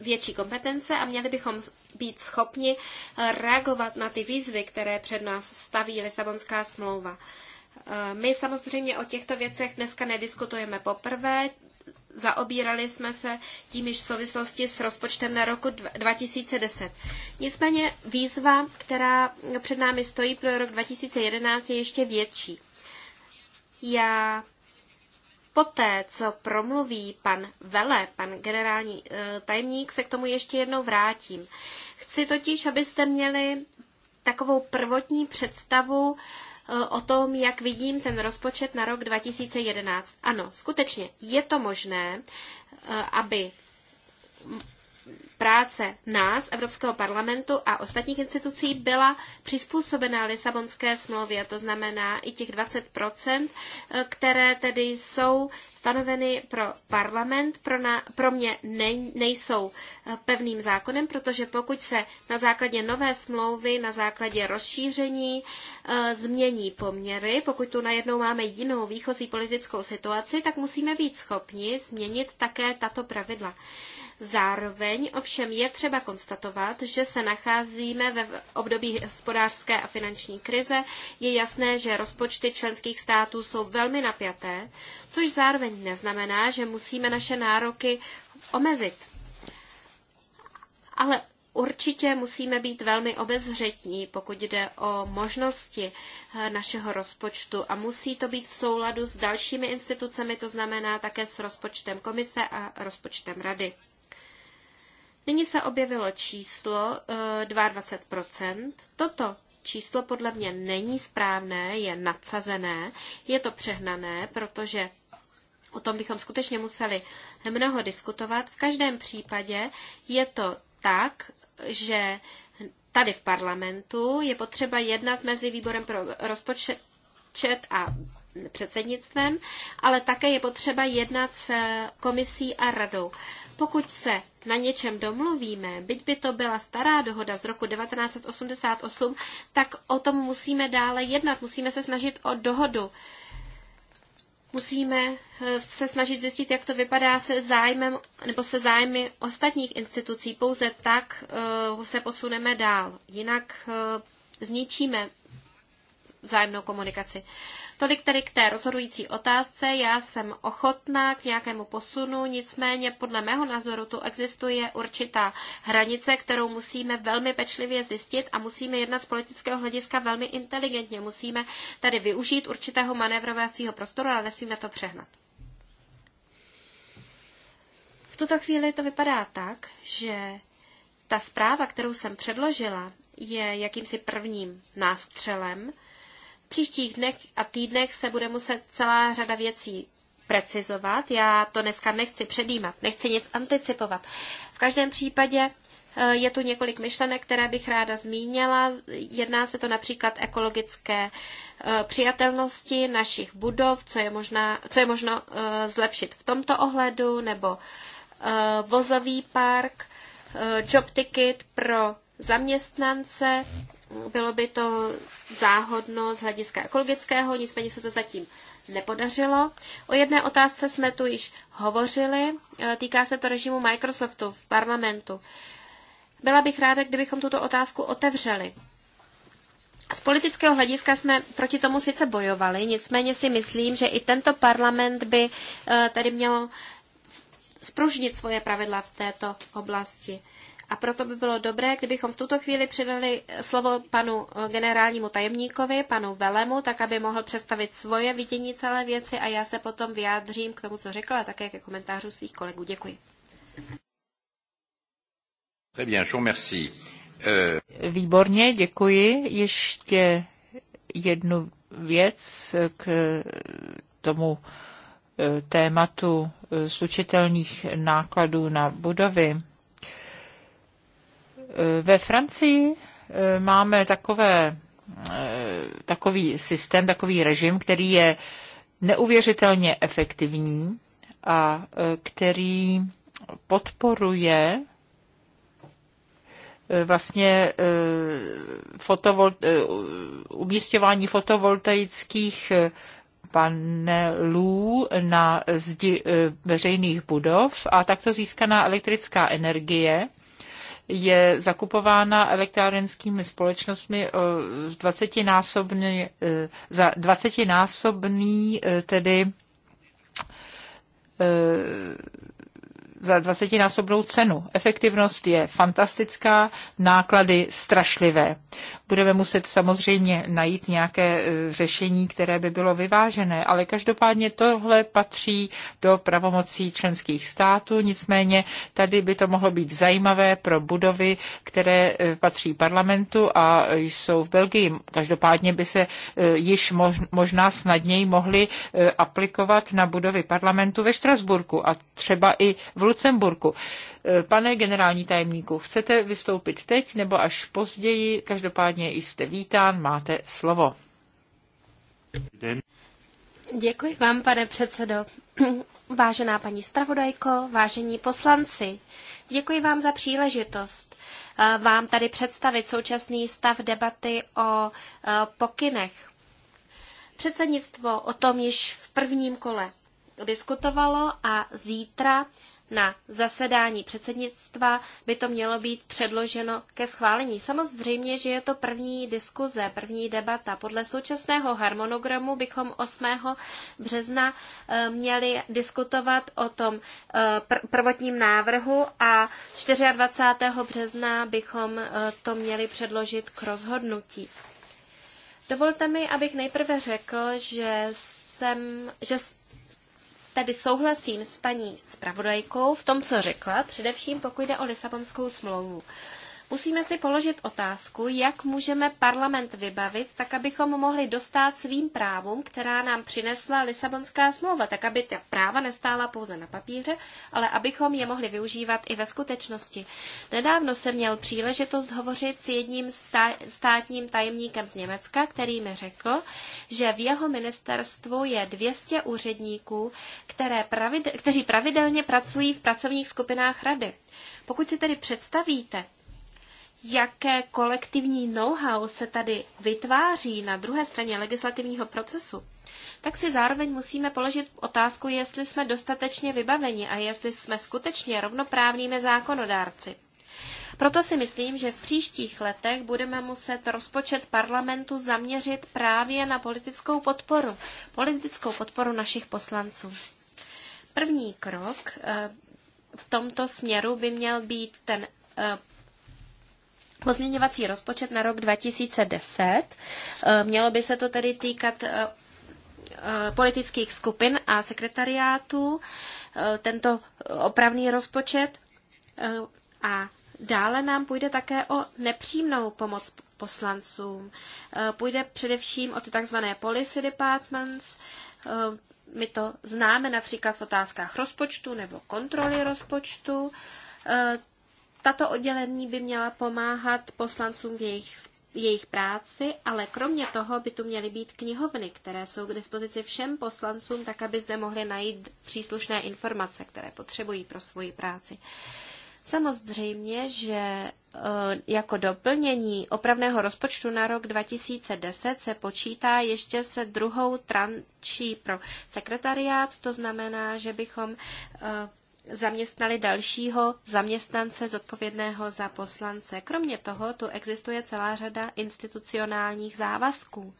Speaker 3: větší kompetence a měli bychom být schopni eh, reagovat na ty výzvy, které před nás staví Lisabonská smlouva. Eh, my samozřejmě o těchto věcech dneska nediskutujeme poprvé. Zaobírali jsme se tím již v souvislosti s rozpočtem na roku 2010. Nicméně výzva, která před námi stojí pro rok 2011, je ještě větší. Já Poté, co promluví pan Vele, pan generální eh, tajemník, se k tomu ještě jednou vrátím. Chci totiž, abyste měli takovou prvotní představu eh, o tom, jak vidím ten rozpočet na rok 2011. Ano, skutečně je to možné, eh, aby práce nás, Evropského parlamentu a ostatních institucí byla přizpůsobena Lisabonské smlouvě, to znamená i těch 20 eh, které tedy jsou stanoveny pro parlament, pro, na, pro mě nejsou eh, pevným zákonem, protože pokud se na základě nové smlouvy, na základě rozšíření eh, změní poměry, pokud tu najednou máme jinou výchozí politickou situaci, tak musíme být schopni změnit také tato pravidla. Zároveň ovšem je třeba konstatovat, že se nacházíme ve období hospodářské a finanční krize. Je jasné, že rozpočty členských států jsou velmi napjaté, což zároveň neznamená, že musíme naše nároky omezit. Ale Určitě musíme být velmi obezřetní, pokud jde o možnosti eh, našeho rozpočtu a musí to být v souladu s dalšími institucemi, to znamená také s rozpočtem komise a rozpočtem rady. Nyní se objevilo číslo 22%. Eh, Toto číslo podle mě není správné, je nadsazené, je to přehnané, protože o tom bychom skutečně museli mnoho diskutovat. V každém případě je to tak, že tady v parlamentu je potřeba jednat mezi výborem pro rozpočet a předsednictvem, ale také je potřeba jednat s komisí a radou. Pokud se na něčem domluvíme, byť by to byla stará dohoda z roku 1988, tak o tom musíme dále jednat, musíme se snažit o dohodu. Musíme eh, se snažit zjistit, jak to vypadá se zájmem nebo se zájmy ostatních institucí. Pouze tak eh, se posuneme dál. Jinak eh, zničíme vzájemnou komunikaci. Tolik tedy k té rozhodující otázce. Já jsem ochotná k nějakému posunu, nicméně podle mého názoru tu existuje určitá hranice, kterou musíme velmi pečlivě zjistit a musíme jednat z politického hlediska velmi inteligentně. Musíme tady využít určitého manévrovacího prostoru, ale nesmíme to přehnat. V tuto chvíli to vypadá tak, že ta zpráva, kterou jsem předložila, je jakýmsi prvním nástřelem, příštích dnech a týdnech se bude muset celá řada věcí precizovat. Já to dneska nechci předjímat, nechci nic anticipovat. V každém případě eh, je tu několik myšlenek, které bych ráda zmínila. Jedná se to například ekologické eh, přijatelnosti našich budov, co je, možná, co je možno eh, zlepšit v tomto ohledu, nebo vozový park, job ticket pro zaměstnance, bylo by to záhodno z hlediska ekologického, nicméně se to zatím nepodařilo. O jedné otázce jsme tu již hovořili, e, týká se to režimu Microsoftu v parlamentu. Byla bych ráda, kdybychom tuto otázku otevřeli. Z politického hlediska jsme proti tomu sice bojovali, nicméně si myslím, že i tento parlament by e, tady měl spružnit svoje pravidla v této oblasti. A proto by bylo dobré, kdybychom v tuto chvíli předali slovo panu eh, generálnímu tajemníkovi, panu Velemu, tak aby mohl představit svoje vidění celé věci a já se potom vyjádřím k tomu, co řekla, a také ke komentářů svých kolegů. Děkuji.
Speaker 1: Euh,
Speaker 3: Výborně,
Speaker 1: děkuji. Ještě jednu věc k tomu eh, tématu eh, slučitelných nákladů na budovy. Eh, ve Francii eh, máme takové, eh, takový systém, takový režim, který je neuvěřitelně efektivní a který podporuje vlastně fotovol, umístěvání fotovoltaických panelů na zdi veřejných budov a takto získaná elektrická energie je zakupována elektrárenskými společnostmi eh, z 20 násobný, eh, za 20 násobný eh, tedy za 20 násobnou cenu. Efektivnost je fantastická, náklady strašlivé. Budeme muset samozřejmě najít nějaké e, řešení, které by bylo vyvážené, ale každopádně tohle patří do pravomocí členských států, nicméně tady by to mohlo být zajímavé pro budovy, které e, patří parlamentu a jsou v Belgii. Každopádně by se e, již možná snadněji mohly aplikovat na budovy parlamentu ve Štrasburku a třeba i v Lucemburku. Eh, pane generální tajemníku, chcete vystoupit teď nebo až později? Každopádně jste vítán, máte slovo.
Speaker 3: Děkuji vám, pane předsedo. Vážená paní zpravodajko, vážení poslanci, děkuji vám za příležitost eh, vám tady představit současný stav debaty o eh, pokynech. Předsednictvo o tom již v prvním kole diskutovalo a zítra na zasedání předsednictva by to mělo být předloženo ke schválení. Samozřejmě, že je to první diskuze, první debata. Podle současného harmonogramu bychom 8. března eh, měli diskutovat o tom eh, prvotním návrhu a 24. března bychom eh, to měli předložit k rozhodnutí. Dovolte mi, abych nejprve řekl, že jsem, že Tady souhlasím s paní zpravodajkou v tom, co řekla, především pokud jde o Lisabonskou smlouvu. Musíme si položit otázku, jak můžeme parlament vybavit, tak abychom mohli dostát svým právům, která nám přinesla Lisabonská smlouva, tak aby ta práva nestála pouze na papíře, ale abychom je mohli využívat i ve skutečnosti. Nedávno jsem měl příležitost hovořit s jedním státním tajemníkem z Německa, který mi řekl, že v jeho ministerstvu je 200 úředníků, které kteří pravidelně pracují v pracovních skupinách rady. Pokud si tedy představíte, jaké kolektivní know-how se tady vytváří na druhé straně legislativního procesu, tak si zároveň musíme položit otázku, jestli jsme dostatečně vybaveni a jestli jsme skutečně rovnoprávnými zákonodárci. Proto si myslím, že v příštích letech budeme muset rozpočet parlamentu zaměřit právě na politickou podporu, politickou podporu našich poslanců. První krok eh, v tomto směru by měl být ten eh, Pozměňovací rozpočet na rok 2010. Eh, mělo by se to tedy týkat eh, eh, politických skupin a sekretariátů, tento opravný rozpočet a dále nám půjde také o nepřímnou pomoc poslancům. Půjde především o ty tzv. policy departments. My to známe například v otázkách rozpočtu nebo kontroly rozpočtu. Tato oddělení by měla pomáhat poslancům v jejich jejich práci, ale kromě toho by tu měly být knihovny, které jsou k dispozici všem poslancům, tak aby zde mohli najít příslušné informace, které potřebují pro svoji práci. Samozřejmě, že eh, jako doplnění opravného rozpočtu na rok 2010 se počítá ještě se druhou trančí pro sekretariát, to znamená, že bychom eh, zaměstnali dalšího zaměstnance zodpovědného za poslance. Kromě toho tu existuje celá řada institucionálních závazků.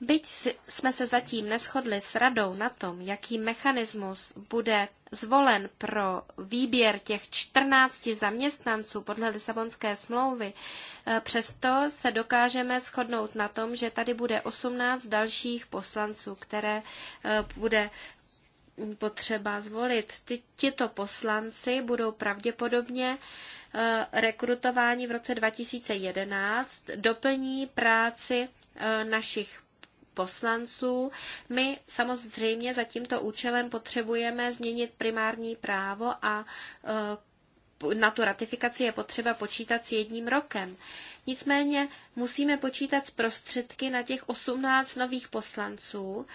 Speaker 3: Byť jsme se zatím neschodli s radou na tom, jaký mechanismus bude zvolen pro výběr těch 14 zaměstnanců podle Lisabonské smlouvy, eh, přesto se dokážeme shodnout na tom, že tady bude 18 dalších poslanců, které eh, bude potřeba zvolit. Ty, tito poslanci budou pravděpodobně eh, rekrutováni v roce 2011, doplní práci eh, našich poslanců. My samozřejmě za tímto účelem potřebujeme změnit primární právo a eh, na tu ratifikaci je potřeba počítat s jedním rokem. Nicméně musíme počítat s prostředky na těch 18 nových poslanců.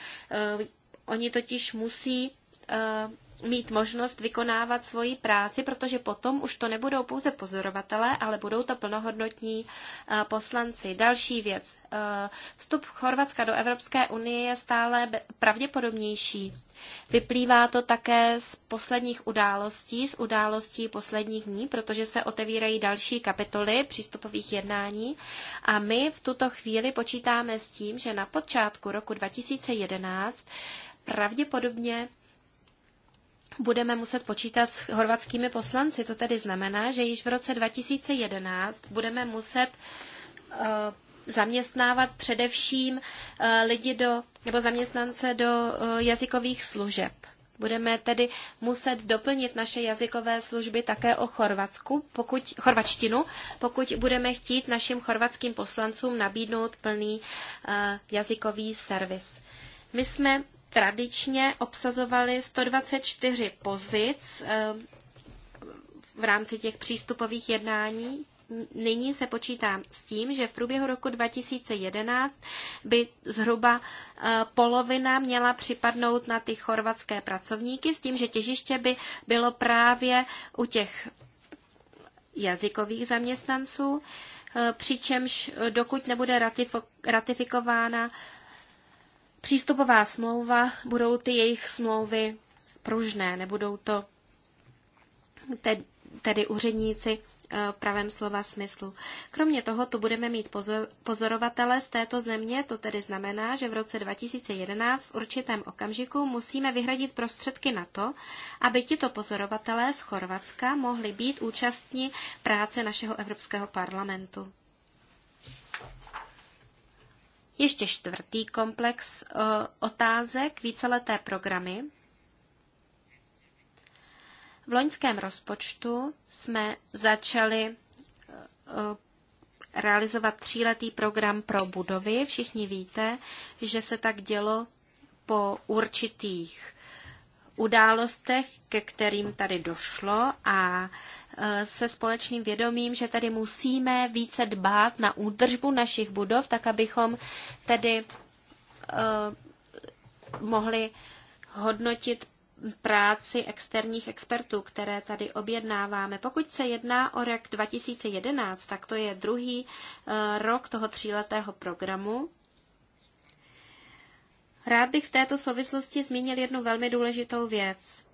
Speaker 3: Oni totiž musí eh, mít možnost vykonávat svoji práci, protože potom už to nebudou pouze pozorovatelé, ale budou to plnohodnotní eh, poslanci. Další věc. Eh, vstup Chorvatska do Evropské unie je stále pravděpodobnější. Vyplývá to také z posledních událostí, z událostí posledních dní, protože se otevírají další kapitoly přístupových jednání a my v tuto chvíli počítáme s tím, že na počátku roku 2011 pravděpodobně budeme muset počítat s horvatskými poslanci. To tedy znamená, že již v roce 2011 budeme muset eh, zaměstnávat především eh, lidi do, nebo zaměstnance do eh, jazykových služeb. Budeme tedy muset doplnit naše jazykové služby také o Chorvatsku, pokud, chorvačtinu, pokud budeme chtít našim chorvatským poslancům nabídnout plný uh, jazykový servis. My jsme tradičně obsazovali 124 pozic eh, v rámci těch přístupových jednání. Nyní se počítám s tím, že v průběhu roku 2011 by zhruba eh, polovina měla připadnout na ty chorvatské pracovníky, s tím, že těžiště by bylo právě u těch jazykových zaměstnanců, eh, přičemž dokud nebude ratifikována přístupová smlouva, budou ty jejich smlouvy pružné, nebudou to tedy úředníci eh, v pravém slova smyslu. Kromě toho tu budeme mít pozorovatele z této země, to tedy znamená, že v roce 2011 v určitém okamžiku musíme vyhradit prostředky na to, aby tito pozorovatelé z Chorvatska mohli být účastní práce našeho Evropského parlamentu. Ještě čtvrtý komplex eh, otázek, víceleté programy. V loňském rozpočtu jsme začali eh, realizovat tříletý program pro budovy. Všichni víte, že se tak dělo po určitých událostech, ke kterým tady došlo a se společným vědomím, že tady musíme více dbát na údržbu našich budov, tak abychom tedy eh, mohli hodnotit práci externích expertů, které tady objednáváme. Pokud se jedná o rok 2011, tak to je druhý eh, rok toho tříletého programu. Rád bych v této souvislosti zmínil jednu velmi důležitou věc.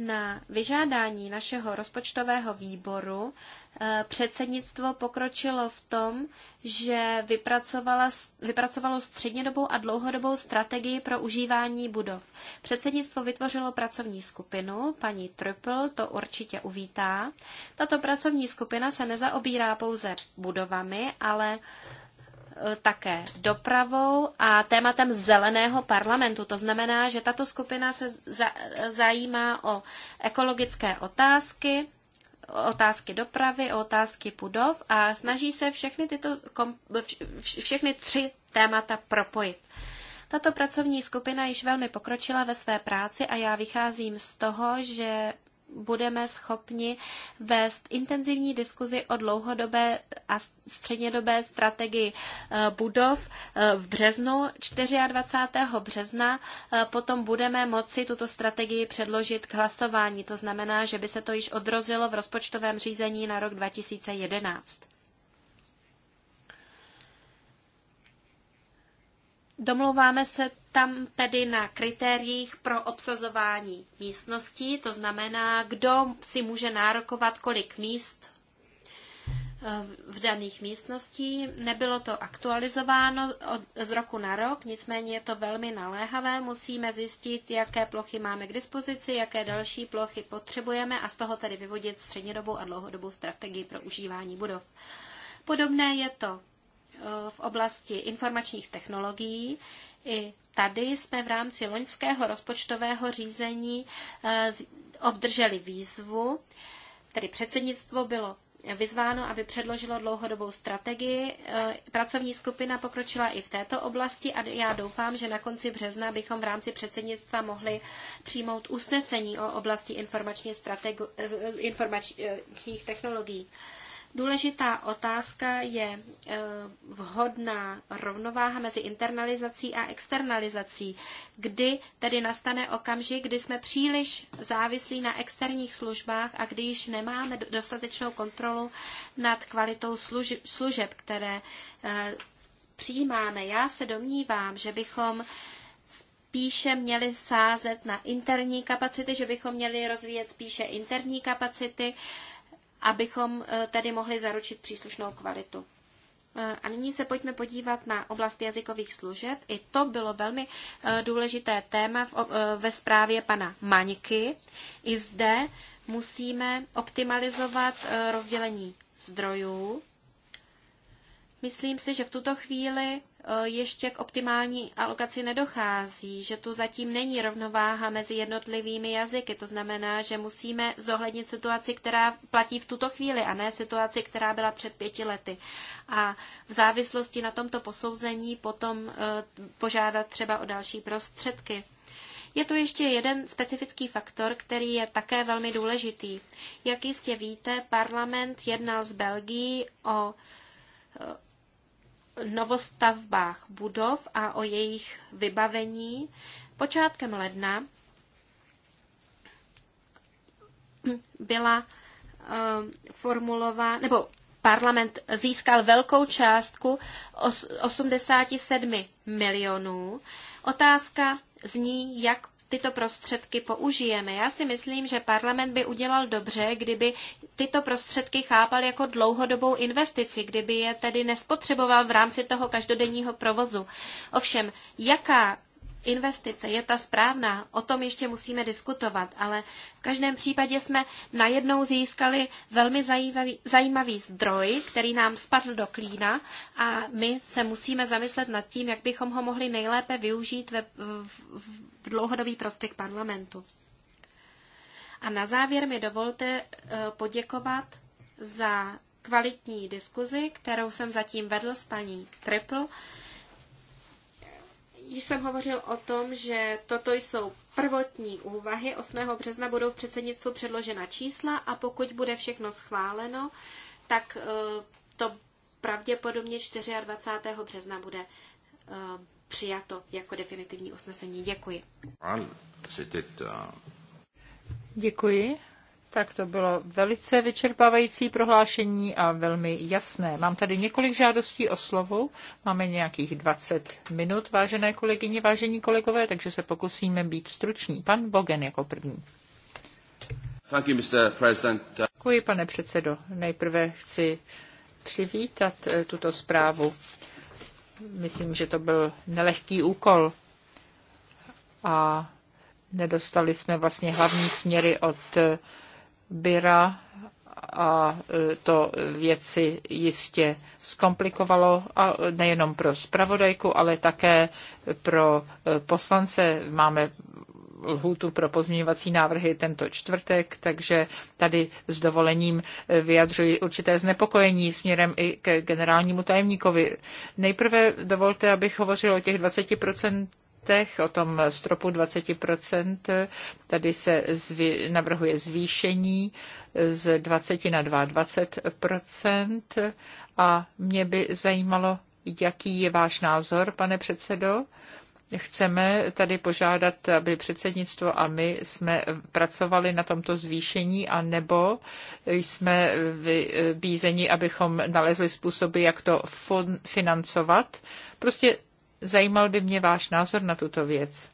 Speaker 3: Na vyžádání našeho rozpočtového výboru eh, předsednictvo pokročilo v tom, že vypracovalo střednědobou a dlouhodobou strategii pro užívání budov. Předsednictvo vytvořilo pracovní skupinu, paní Triple to určitě uvítá. Tato pracovní skupina se nezaobírá pouze budovami, ale Eh, také dopravou a tématem zeleného parlamentu. To znamená, že tato skupina se zajímá o ekologické otázky, otázky dopravy, otázky budov a snaží se všechny, tyto, všechny tři témata propojit. Tato pracovní skupina již velmi pokročila ve své práci a já vycházím z toho, že budeme schopni vést intenzivní diskuzi o dlouhodobé a střednědobé strategii eh, budov eh, v březnu. 24. března eh, potom budeme moci tuto strategii předložit k hlasování. To znamená, že by se to již odrozilo v rozpočtovém řízení na rok 2011. Domlouváme se tam tedy na kritériích pro obsazování místností, to znamená, kdo si může nárokovat kolik míst eh, v daných místností. Nebylo to aktualizováno od, z roku na rok, nicméně je to velmi naléhavé. Musíme zjistit, jaké plochy máme k dispozici, jaké další plochy potřebujeme a z toho tedy vyvodit střednědobou a dlouhodobou strategii pro užívání budov. Podobné je to eh, v oblasti informačních technologií. I tady jsme v rámci loňského rozpočtového řízení eh, obdrželi výzvu, tedy předsednictvo bylo vyzváno, aby předložilo dlouhodobou strategii. Eh, pracovní skupina pokročila i v této oblasti a já doufám, že na konci března bychom v rámci předsednictva mohli přijmout usnesení o oblasti informačních, eh, informačních technologií. Důležitá otázka je eh, vhodná rovnováha mezi internalizací a externalizací, kdy tedy nastane okamžik, kdy jsme příliš závislí na externích službách a kdy již nemáme dostatečnou kontrolu nad kvalitou služeb, které eh, přijímáme. Já se domnívám, že bychom spíše měli sázet na interní kapacity, že bychom měli rozvíjet spíše interní kapacity abychom eh, tady mohli zaručit příslušnou kvalitu. Eh, a nyní se pojďme podívat na oblast jazykových služeb. I to bylo velmi eh, důležité téma ve zprávě pana Maňky. I zde musíme optimalizovat rozdělení zdrojů. Myslím si, že v tuto chvíli Eh, ještě k optimální alokaci nedochází, že tu zatím není rovnováha mezi jednotlivými jazyky. To znamená, že musíme zohlednit situaci, která platí v tuto chvíli a ne situaci, která byla před pěti lety. A v závislosti na tomto posouzení potom eh, požádat třeba o další prostředky. Je tu ještě jeden specifický faktor, který je také velmi důležitý. Jak jistě víte, parlament jednal s Belgií o eh, novostavbách budov a o jejich vybavení. Počátkem ledna byla eh, formulová nebo parlament získal velkou částku 87 milionů. Otázka zní, jak tyto prostředky použijeme. Já si myslím, že parlament by udělal dobře, kdyby tyto prostředky chápal jako dlouhodobou investici, kdyby je tedy nespotřeboval v rámci toho každodenního provozu. Ovšem, jaká investice je ta správná, o tom ještě musíme diskutovat, ale v každém případě jsme najednou získali velmi zajímavý, zajímavý zdroj, který nám spadl do klína a my se musíme zamyslet nad tím, jak bychom ho mohli nejlépe využít ve, v, v dlouhodobý prospěch parlamentu. A na závěr mi dovolte eh, poděkovat za kvalitní diskuzi, kterou jsem zatím vedl s paní Triple již jsem hovořil o tom, že toto jsou prvotní úvahy. 8. března budou v předsednictvu předložena čísla a pokud bude všechno schváleno, tak eh, to pravděpodobně 24. března bude eh, přijato jako definitivní usnesení. Děkuji.
Speaker 1: Eh, Děkuji. Tak to bylo velice vyčerpávající prohlášení a velmi jasné. Mám tady několik žádostí o slovo. Máme nějakých 20 minut, vážené kolegyně, vážení kolegové, takže se pokusíme být struční. Pan Bogen jako první.
Speaker 2: Thank you, Mr. President.
Speaker 1: Děkuji, pane předsedo. Nejprve chci přivítat eh, tuto zprávu. Myslím, že to byl nelehký úkol. A nedostali jsme vlastně hlavní směry od eh, Byra a e, to věci jistě zkomplikovalo a nejenom pro zpravodajku, ale také pro e, poslance. Máme lhůtu pro pozměňovací návrhy tento čtvrtek, takže tady s dovolením e, vyjadřuji určité znepokojení směrem i k generálnímu tajemníkovi. Nejprve dovolte, abych hovořil o těch 20% letech, o tom stropu 20%. Tady se zvy, navrhuje zvýšení z 20 na 22% a mě by zajímalo, jaký je váš názor, pane předsedo. Chceme tady požádat, aby předsednictvo a my jsme pracovali na tomto zvýšení a nebo jsme vybízeni, abychom nalezli způsoby, jak to financovat. Prostě Zajímal by mě váš názor na tuto věc.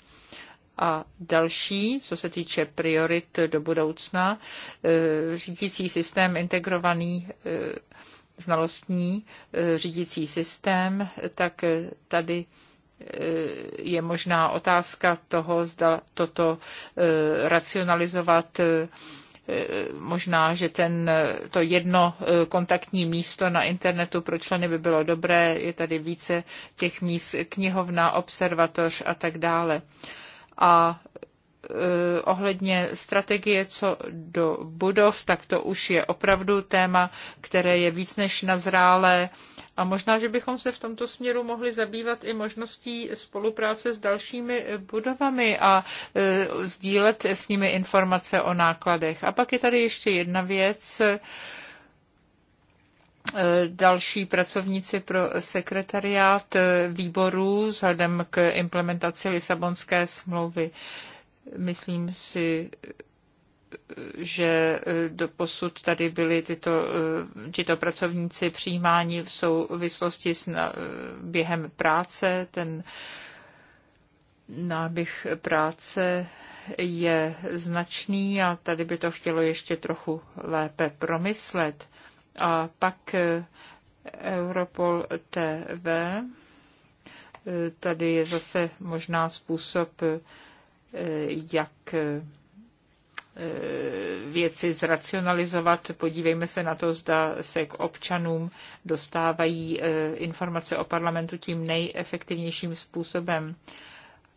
Speaker 1: A další, co se týče priorit do budoucna, e, řídící systém integrovaný e, znalostní e, řídící systém, tak tady je možná otázka toho, zda toto racionalizovat Eh, možná, že ten, eh, to jedno eh, kontaktní místo na internetu pro členy by bylo dobré, je tady více těch míst, knihovna, observatoř a tak dále. A Eh, ohledně strategie co do budov, tak to už je opravdu téma, které je víc než nazrálé. A možná, že bychom se v tomto směru mohli zabývat i možností spolupráce s dalšími budovami a e, sdílet s nimi informace o nákladech. A pak je tady ještě jedna věc. Eh, další pracovníci pro sekretariát výborů vzhledem k implementaci Lisabonské smlouvy. Myslím si, že eh, do posud tady byli tyto, eh, tyto pracovníci přijímáni v souvislosti s na, eh, během práce. Ten náběh práce je značný a tady by to chtělo ještě trochu lépe promyslet. A pak Europol TV. Tady je zase možná způsob jak eh, věci zracionalizovat. Podívejme se na to, zda se k občanům dostávají eh, informace o parlamentu tím nejefektivnějším způsobem.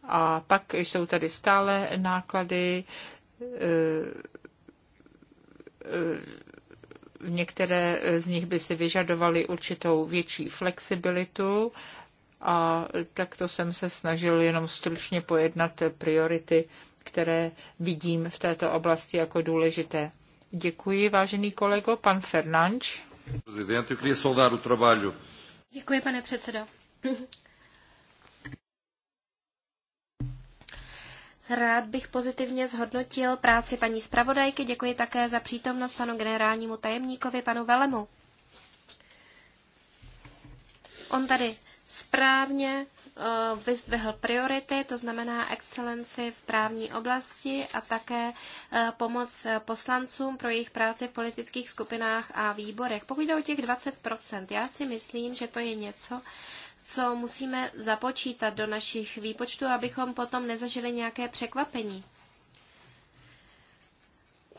Speaker 1: A pak jsou tady stále náklady. Eh, některé z nich by si vyžadovaly určitou větší flexibilitu a takto jsem se snažil jenom stručně pojednat priority, které vidím v této oblasti jako důležité. Děkuji, vážený kolego, pan Fernanč.
Speaker 3: Děkuji, pane předsedo. Rád bych pozitivně zhodnotil práci paní zpravodajky. Děkuji také za přítomnost panu generálnímu tajemníkovi, panu Velemu. On tady správně eh, vyzdvihl priority, to znamená excelenci v právní oblasti a také eh, pomoc poslancům pro jejich práci v politických skupinách a výborech. Pokud jde o těch 20%, já si myslím, že to je něco, co musíme započítat do našich výpočtů, abychom potom nezažili nějaké překvapení.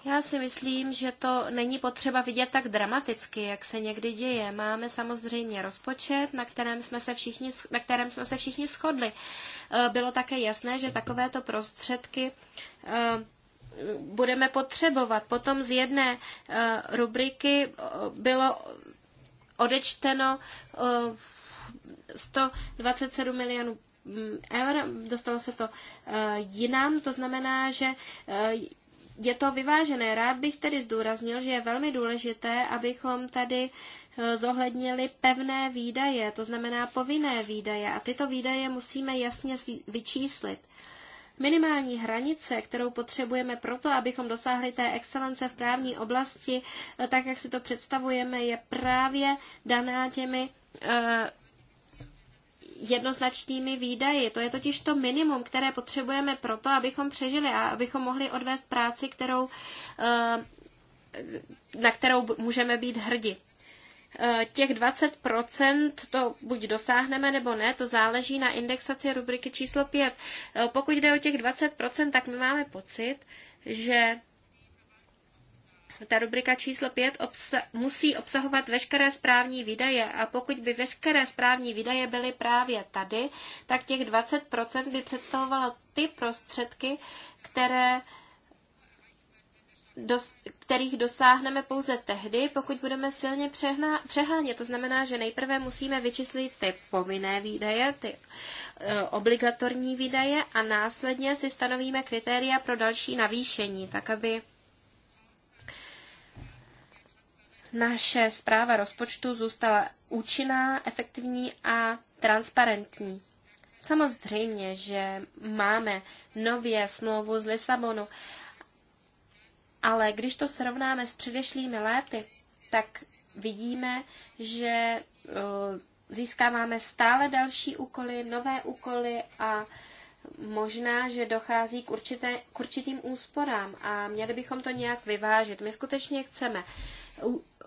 Speaker 3: Já si myslím, že to není potřeba vidět tak dramaticky, jak se někdy děje. Máme samozřejmě rozpočet, na kterém jsme se všichni, na kterém jsme se všichni shodli. Eh, bylo také jasné, že takovéto prostředky eh, budeme potřebovat. Potom z jedné eh, rubriky bylo odečteno 127 milionů mm, eur, dostalo se to jinam, to znamená, že je to vyvážené. Rád bych tedy zdůraznil, že je velmi důležité, abychom tady eh, zohlednili pevné výdaje, to znamená povinné výdaje. A tyto výdaje musíme jasně vyčíslit. Minimální hranice, kterou potřebujeme proto, abychom dosáhli té excelence v právní oblasti, eh, tak jak si to představujeme, je právě daná těmi eh, jednoznačnými výdaji. To je totiž to minimum, které potřebujeme proto, abychom přežili a abychom mohli odvést práci, kterou, eh, na kterou můžeme být hrdi. Eh, těch 20% to buď dosáhneme nebo ne, to záleží na indexaci rubriky číslo 5. Eh, pokud jde o těch 20%, tak my máme pocit, že ta rubrika číslo 5 obsa- musí obsahovat veškeré správní výdaje a pokud by veškeré správní výdaje byly právě tady, tak těch 20% by představovalo ty prostředky, které dos, kterých dosáhneme pouze tehdy, pokud budeme silně přehná, přehánět. To znamená, že nejprve musíme vyčíslit ty povinné výdaje, ty e, obligatorní výdaje a následně si stanovíme kritéria pro další navýšení, tak aby naše zpráva rozpočtu zůstala účinná, efektivní a transparentní. Samozřejmě, že máme nově smlouvu z Lisabonu, ale když to srovnáme s předešlými léty, tak vidíme, že eh, získáváme stále další úkoly, nové úkoly a možná, že dochází k, určité, k určitým úsporám a měli bychom to nějak vyvážit. My skutečně chceme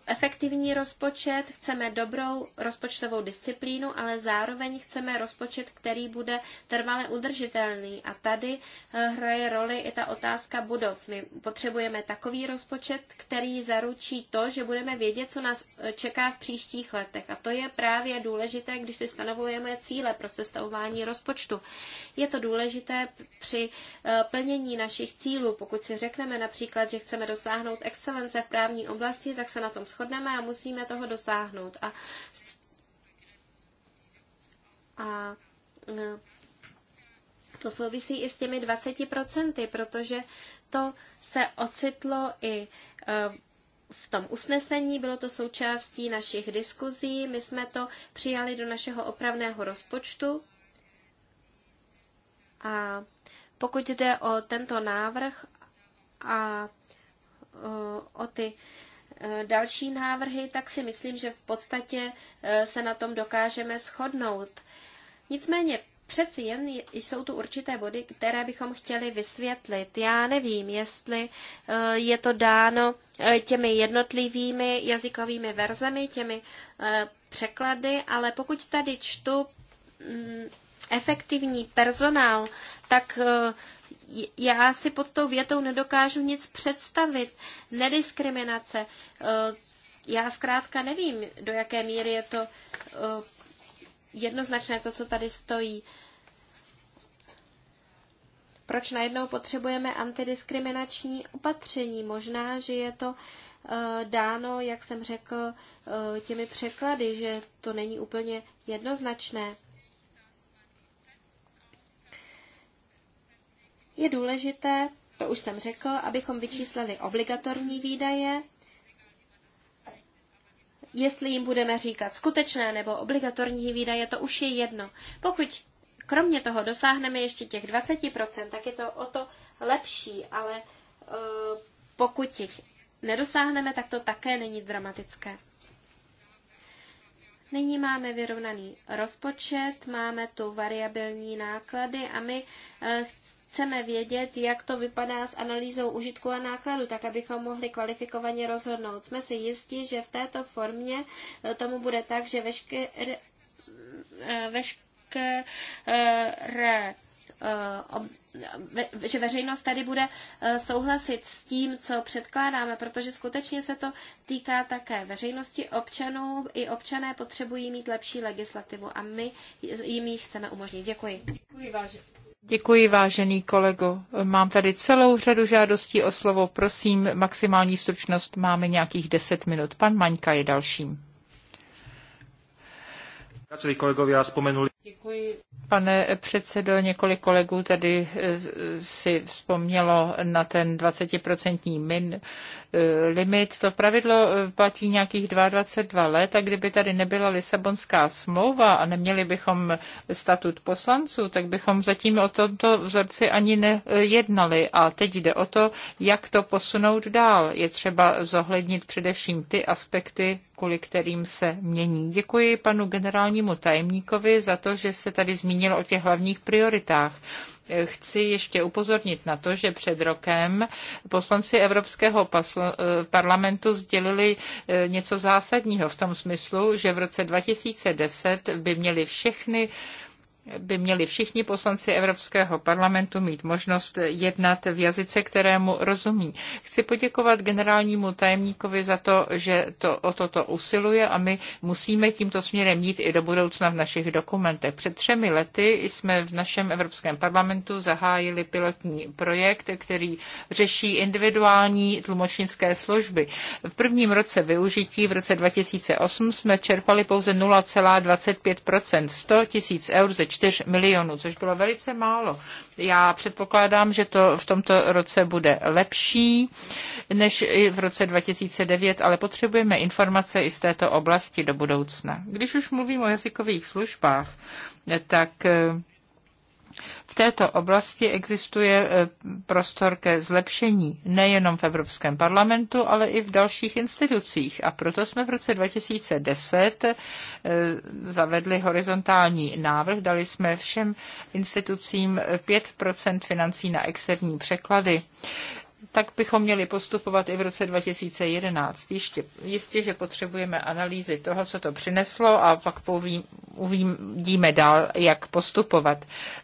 Speaker 3: efektivní rozpočet, chceme dobrou rozpočtovou disciplínu, ale zároveň chceme rozpočet, který bude trvale udržitelný. A tady eh, hraje roli i ta otázka budov. My potřebujeme takový rozpočet, který zaručí to, že budeme vědět, co nás eh, čeká v příštích letech. A to je právě důležité, když si stanovujeme cíle pro sestavování rozpočtu. Je to důležité při eh, plnění našich cílů. Pokud si řekneme například, že chceme dosáhnout excelence v právní oblasti, tak se na tom shodneme a musíme toho dosáhnout. A, a to souvisí i s těmi 20%, protože to se ocitlo i e, v tom usnesení, bylo to součástí našich diskuzí, my jsme to přijali do našeho opravného rozpočtu a pokud jde o tento návrh a e, o ty Eh, další návrhy, tak si myslím, že v podstatě eh, se na tom dokážeme shodnout. Nicméně přeci jen jsou tu určité body, které bychom chtěli vysvětlit. Já nevím, jestli eh, je to dáno těmi jednotlivými jazykovými verzemi, těmi překlady, ale pokud tady čtu mm, efektivní personál, tak já si pod tou větou nedokážu nic představit. Nediskriminace. Eh, já zkrátka nevím, do jaké míry je to eh, jednoznačné to, co tady stojí. Proč najednou potřebujeme antidiskriminační opatření? Možná, že je to eh, dáno, jak jsem řekl, těmi překlady, že to není úplně jednoznačné. Je důležité, to už jsem řekl, abychom vyčíslili obligatorní výdaje, jestli jim budeme říkat skutečné nebo obligatorní výdaje, to už je jedno. Pokud kromě toho dosáhneme ještě těch 20%, tak je to o to lepší, ale e, pokud jich nedosáhneme, tak to také není dramatické. Nyní máme vyrovnaný rozpočet, máme tu variabilní náklady a my e, chceme vědět, jak to vypadá s analýzou užitku a nákladu, tak abychom mohli kvalifikovaně rozhodnout. Jsme si jistí, že v této formě eh, tomu bude tak, že eh, veškeré, eh, veškeré že veřejnost tady bude souhlasit s tím, co předkládáme, protože skutečně se to týká také veřejnosti občanů. I občané potřebují mít lepší legislativu a my jim ji chceme umožnit. Děkuji. Děkuji,
Speaker 1: Děkuji, vážený kolego. Mám tady celou řadu žádostí o slovo. Prosím, maximální stručnost. Máme nějakých deset minut. Pan Maňka je dalším.
Speaker 3: kolegovi. kolegovia spomenuli Děkuji.
Speaker 1: Pane předsedo, několik kolegů tady eh, si vzpomnělo na ten 20% min eh, limit. To pravidlo eh, platí nějakých 22 let a kdyby tady nebyla Lisabonská smlouva a neměli bychom statut poslanců, tak bychom zatím o tomto vzorci ani nejednali. A teď jde o to, jak to posunout dál. Je třeba zohlednit především ty aspekty, kvůli kterým se mění. Děkuji panu generálnímu tajemníkovi za to, to, že se tady zmínil o těch hlavních prioritách. Chci ještě upozornit na to, že před rokem poslanci Evropského parlamentu sdělili eh, něco zásadního v tom smyslu, že v roce 2010 by měly všechny by měli všichni poslanci Evropského parlamentu mít možnost jednat v jazyce, kterému rozumí. Chci poděkovat generálnímu tajemníkovi za to, že to, o toto usiluje a my musíme tímto směrem mít. i do budoucna v našich dokumentech. Před třemi lety jsme v našem Evropském parlamentu zahájili pilotní projekt, který řeší individuální tlumočnické služby. V prvním roce využití v roce 2008 jsme čerpali pouze 0,25 100 tisíc eur ze 4 milionů, což bylo velice málo. Já předpokládám, že to v tomto roce bude lepší než v roce 2009, ale potřebujeme informace i z této oblasti do budoucna. Když už mluvím o jazykových službách, tak eh, v této oblasti existuje eh, prostor ke zlepšení nejenom v Evropském parlamentu, ale i v dalších institucích. A proto jsme v roce 2010 eh, zavedli horizontální návrh. Dali jsme všem institucím 5 eh, financí na externí překlady tak bychom měli postupovat i v roce 2011. Ještě, jistě, že potřebujeme analýzy toho, co to přineslo a pak povím, uvidíme dál, jak postupovat.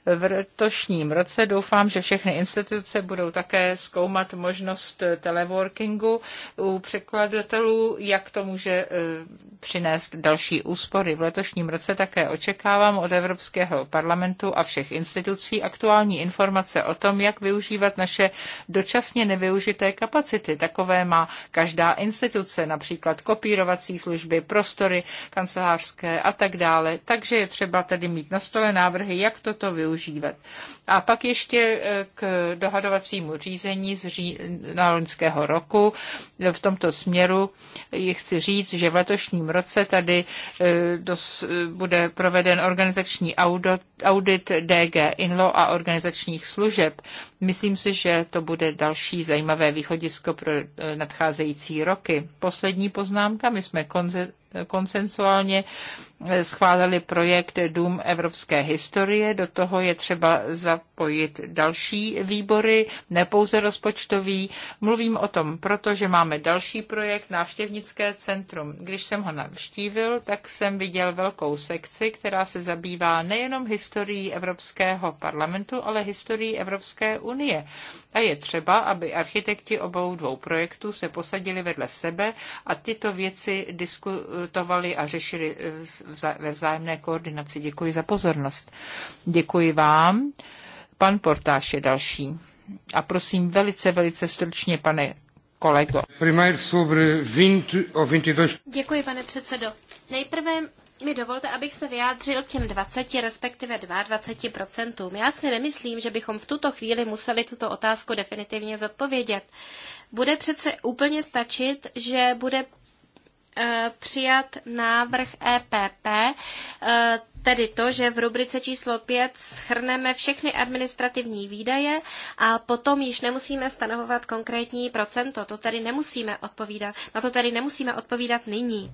Speaker 1: V letošním roce doufám, že všechny instituce budou také zkoumat možnost teleworkingu u překladatelů, jak to může e, přinést další úspory. V letošním roce také očekávám od Evropského parlamentu a všech institucí aktuální informace o tom, jak využívat naše dočasně nevyužité kapacity. Takové má každá instituce, například kopírovací služby, prostory kancelářské a tak dále. Takže je třeba tedy mít na stole návrhy, jak toto využívat. A pak ještě eh, k dohadovacímu řízení z ří... na loňského roku. V tomto směru chci říct, že v letošním roce tady eh, dos... bude proveden organizační audit, audit DG Inlo a organizačních služeb. Myslím si, že to bude další další zajímavé východisko pro eh, nadcházející roky. Poslední poznámka, my jsme konze- konsensuálně schválili projekt Dům evropské historie. Do toho je třeba zapojit další výbory, ne pouze rozpočtový. Mluvím o tom, protože máme další projekt Návštěvnické centrum. Když jsem ho navštívil, tak jsem viděl velkou sekci, která se zabývá nejenom historií Evropského parlamentu, ale historií Evropské unie. A je třeba, aby architekti obou dvou projektů se posadili vedle sebe a tyto věci disku, konzultovali a řešili eh, ve vzájemné koordinaci. Děkuji za pozornost. Děkuji vám. Pan Portáš je další. A prosím velice, velice stručně, pane
Speaker 3: kolego. E Děkuji, pane předsedo. Nejprve mi dovolte, abych se vyjádřil k těm 20, respektive 22%. Já si nemyslím, že bychom v tuto chvíli museli tuto otázku definitivně zodpovědět. Bude přece úplně stačit, že bude Eh, přijat návrh EPP, eh, tedy to, že v rubrice číslo 5 schrneme všechny administrativní výdaje a potom již nemusíme stanovovat konkrétní procento. To tedy nemusíme odpovídat, na to tedy nemusíme odpovídat nyní.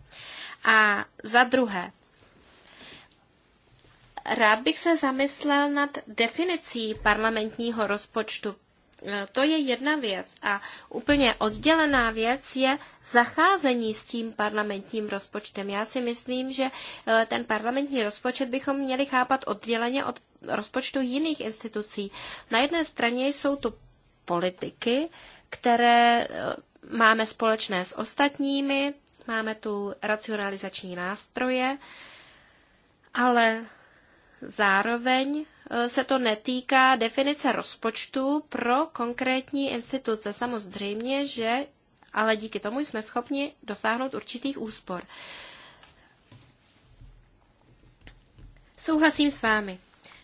Speaker 3: A za druhé, Rád bych se zamyslel nad definicí parlamentního rozpočtu, Eh, to je jedna věc. A úplně oddělená věc je zacházení s tím parlamentním rozpočtem. Já si myslím, že eh, ten parlamentní rozpočet bychom měli chápat odděleně od rozpočtu jiných institucí. Na jedné straně jsou tu politiky, které eh, máme společné s ostatními, máme tu racionalizační nástroje, ale Zároveň e, se to netýká definice rozpočtu pro konkrétní instituce. Samozřejmě, že ale díky tomu jsme schopni dosáhnout určitých úspor. Souhlasím s vámi.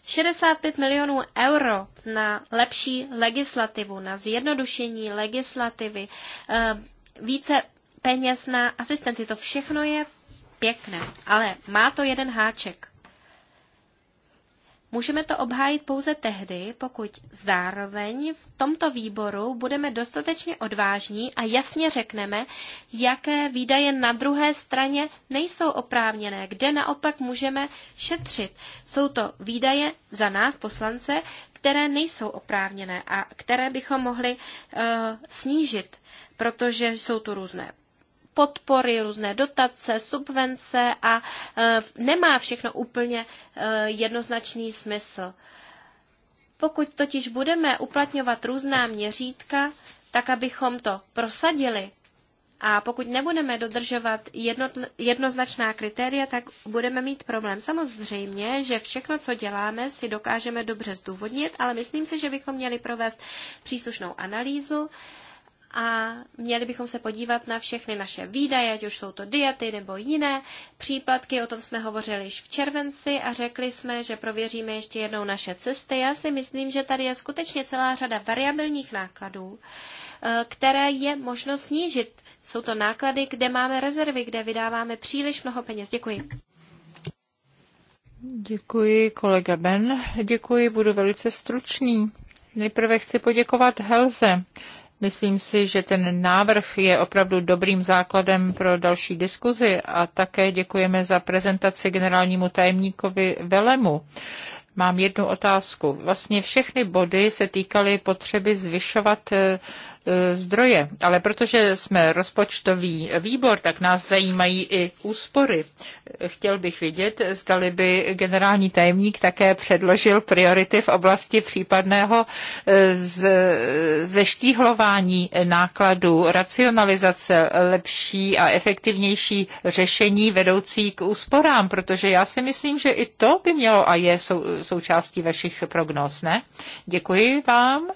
Speaker 3: 65 milionů euro na lepší legislativu, na zjednodušení legislativy, e, více peněz na asistenty, to všechno je pěkné, ale má to jeden háček. Můžeme to obhájit pouze tehdy, pokud zároveň v tomto výboru budeme dostatečně odvážní a jasně řekneme, jaké výdaje na druhé straně nejsou oprávněné, kde naopak můžeme šetřit. Jsou to výdaje za nás, poslance, které nejsou oprávněné a které bychom mohli uh, snížit, protože jsou tu různé podpory, různé dotace, subvence a e, nemá všechno úplně e, jednoznačný smysl. Pokud totiž budeme uplatňovat různá měřítka, tak abychom to prosadili, a pokud nebudeme dodržovat jedno, jednoznačná kritéria, tak budeme mít problém. Samozřejmě, že všechno, co děláme, si dokážeme dobře zdůvodnit, ale myslím si, že bychom měli provést příslušnou analýzu a měli bychom se podívat na všechny naše výdaje, ať už jsou to diety nebo jiné příplatky. O tom jsme hovořili již v červenci a řekli jsme, že prověříme ještě jednou naše cesty. Já si myslím, že tady je skutečně celá řada variabilních nákladů, eh, které je možno snížit. Jsou to náklady, kde máme rezervy, kde vydáváme příliš mnoho peněz. Děkuji.
Speaker 1: Děkuji, kolega Ben. Děkuji, budu velice stručný. Nejprve chci poděkovat Helze Myslím si, že ten návrh je opravdu dobrým základem pro další diskuzi a také děkujeme za prezentaci generálnímu tajemníkovi Velemu. Mám jednu otázku. Vlastně všechny body se týkaly potřeby zvyšovat eh, E, zdroje. Ale protože jsme rozpočtový výbor, tak nás zajímají i úspory. Chtěl bych vidět, zdali by generální tajemník také předložil priority v oblasti případného e, z, zeštíhlování nákladů, racionalizace, lepší a efektivnější řešení vedoucí k úsporám, protože já si myslím, že i to by mělo a je sou, součástí vašich prognóz, ne? Děkuji vám.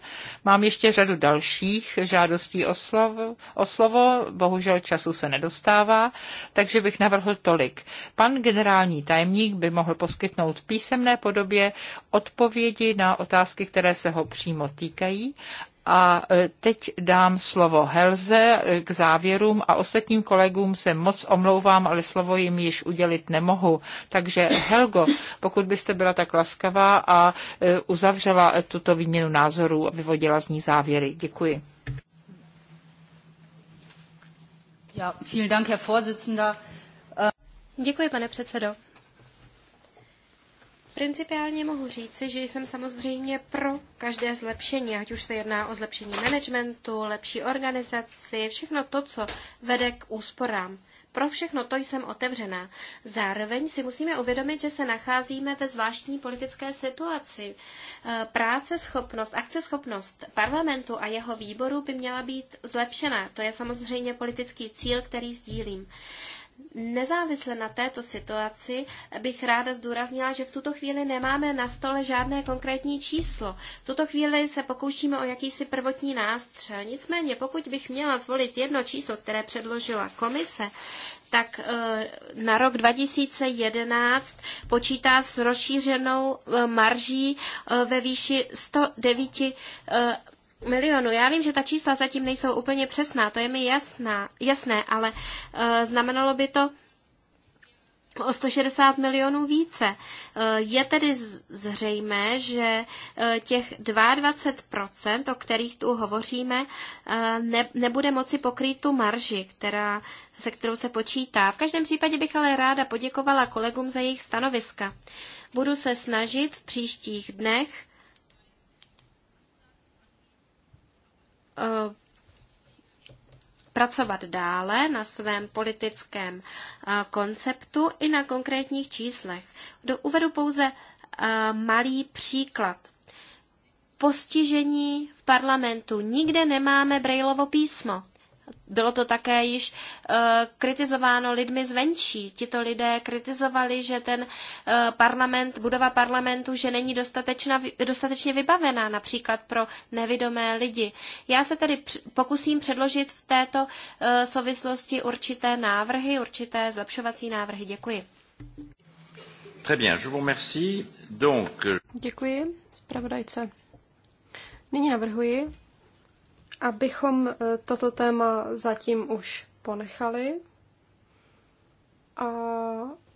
Speaker 1: Mám ještě řadu dalších žádostí o slovo, o slovo, bohužel času se nedostává, takže bych navrhl tolik. Pan generální tajemník by mohl poskytnout v písemné podobě odpovědi na otázky, které se ho přímo týkají a e, teď dám slovo Helze e, k závěrům a ostatním kolegům se moc omlouvám, ale slovo jim již udělit nemohu. Takže Helgo, pokud byste byla tak laskavá a e, uzavřela tuto výměnu názorů a vyvodila z ní závěry. Děkuji.
Speaker 2: Ja, vielen Dank, Herr Vorsitzender. Děkuji, pane předsedo. Principiálně mohu
Speaker 3: říci, že jsem samozřejmě pro každé zlepšení, ať už se jedná o zlepšení managementu, lepší organizaci, všechno to, co vede k úsporám. Pro všechno to jsem otevřená. Zároveň si musíme uvědomit, že se nacházíme ve zvláštní politické situaci. E, Práce, schopnost, akceschopnost parlamentu a jeho výboru by měla být zlepšena. To je samozřejmě politický cíl, který sdílím. Nezávisle na této situaci bych ráda zdůraznila, že v tuto chvíli nemáme na stole žádné konkrétní číslo. V tuto chvíli se pokoušíme o jakýsi prvotní nástřel. Nicméně, pokud bych měla zvolit jedno číslo, které předložila komise, tak eh, na rok 2011 počítá s rozšířenou eh, marží eh, ve výši 109 milionů. Já vím, že ta čísla zatím nejsou úplně přesná, to je mi jasná, jasné, ale uh, znamenalo by to o 160 milionů více. Eh, je tedy zřejmé, že eh, těch 22%, o kterých tu hovoříme, ne, nebude moci pokrýt tu marži, která, se kterou se počítá. V každém případě bych ale ráda poděkovala kolegům za jejich stanoviska. Budu se snažit v příštích dnech Eh, pracovat dále na svém politickém eh, konceptu i na konkrétních číslech. Uvedu pouze eh, malý příklad. Postižení v parlamentu. Nikde nemáme Brailovo písmo. Bylo to také již eh, kritizováno lidmi zvenčí. Tito lidé kritizovali, že ten eh, parlament, budova parlamentu, že není dostatečně vybavená například pro nevidomé lidi. Já se tedy pokusím předložit v této eh, souvislosti určité návrhy, určité
Speaker 2: zlepšovací návrhy. Děkuji.
Speaker 1: Très bien, je vous remercie. Donc... Euh,
Speaker 2: Děkuji, zpravodajce. Nyní navrhuji, abychom eh, toto téma zatím už ponechali. A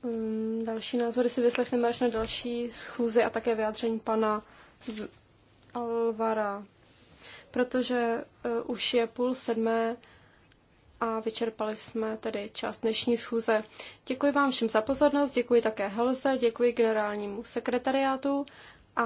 Speaker 2: mm, další názory si vyslechneme až na další schůzi a také vyjádření pana Alvara, protože eh, už je půl sedmé a vyčerpali jsme tedy část dnešní schůze. Děkuji vám všem za pozornost, děkuji také Helze, děkuji generálnímu sekretariátu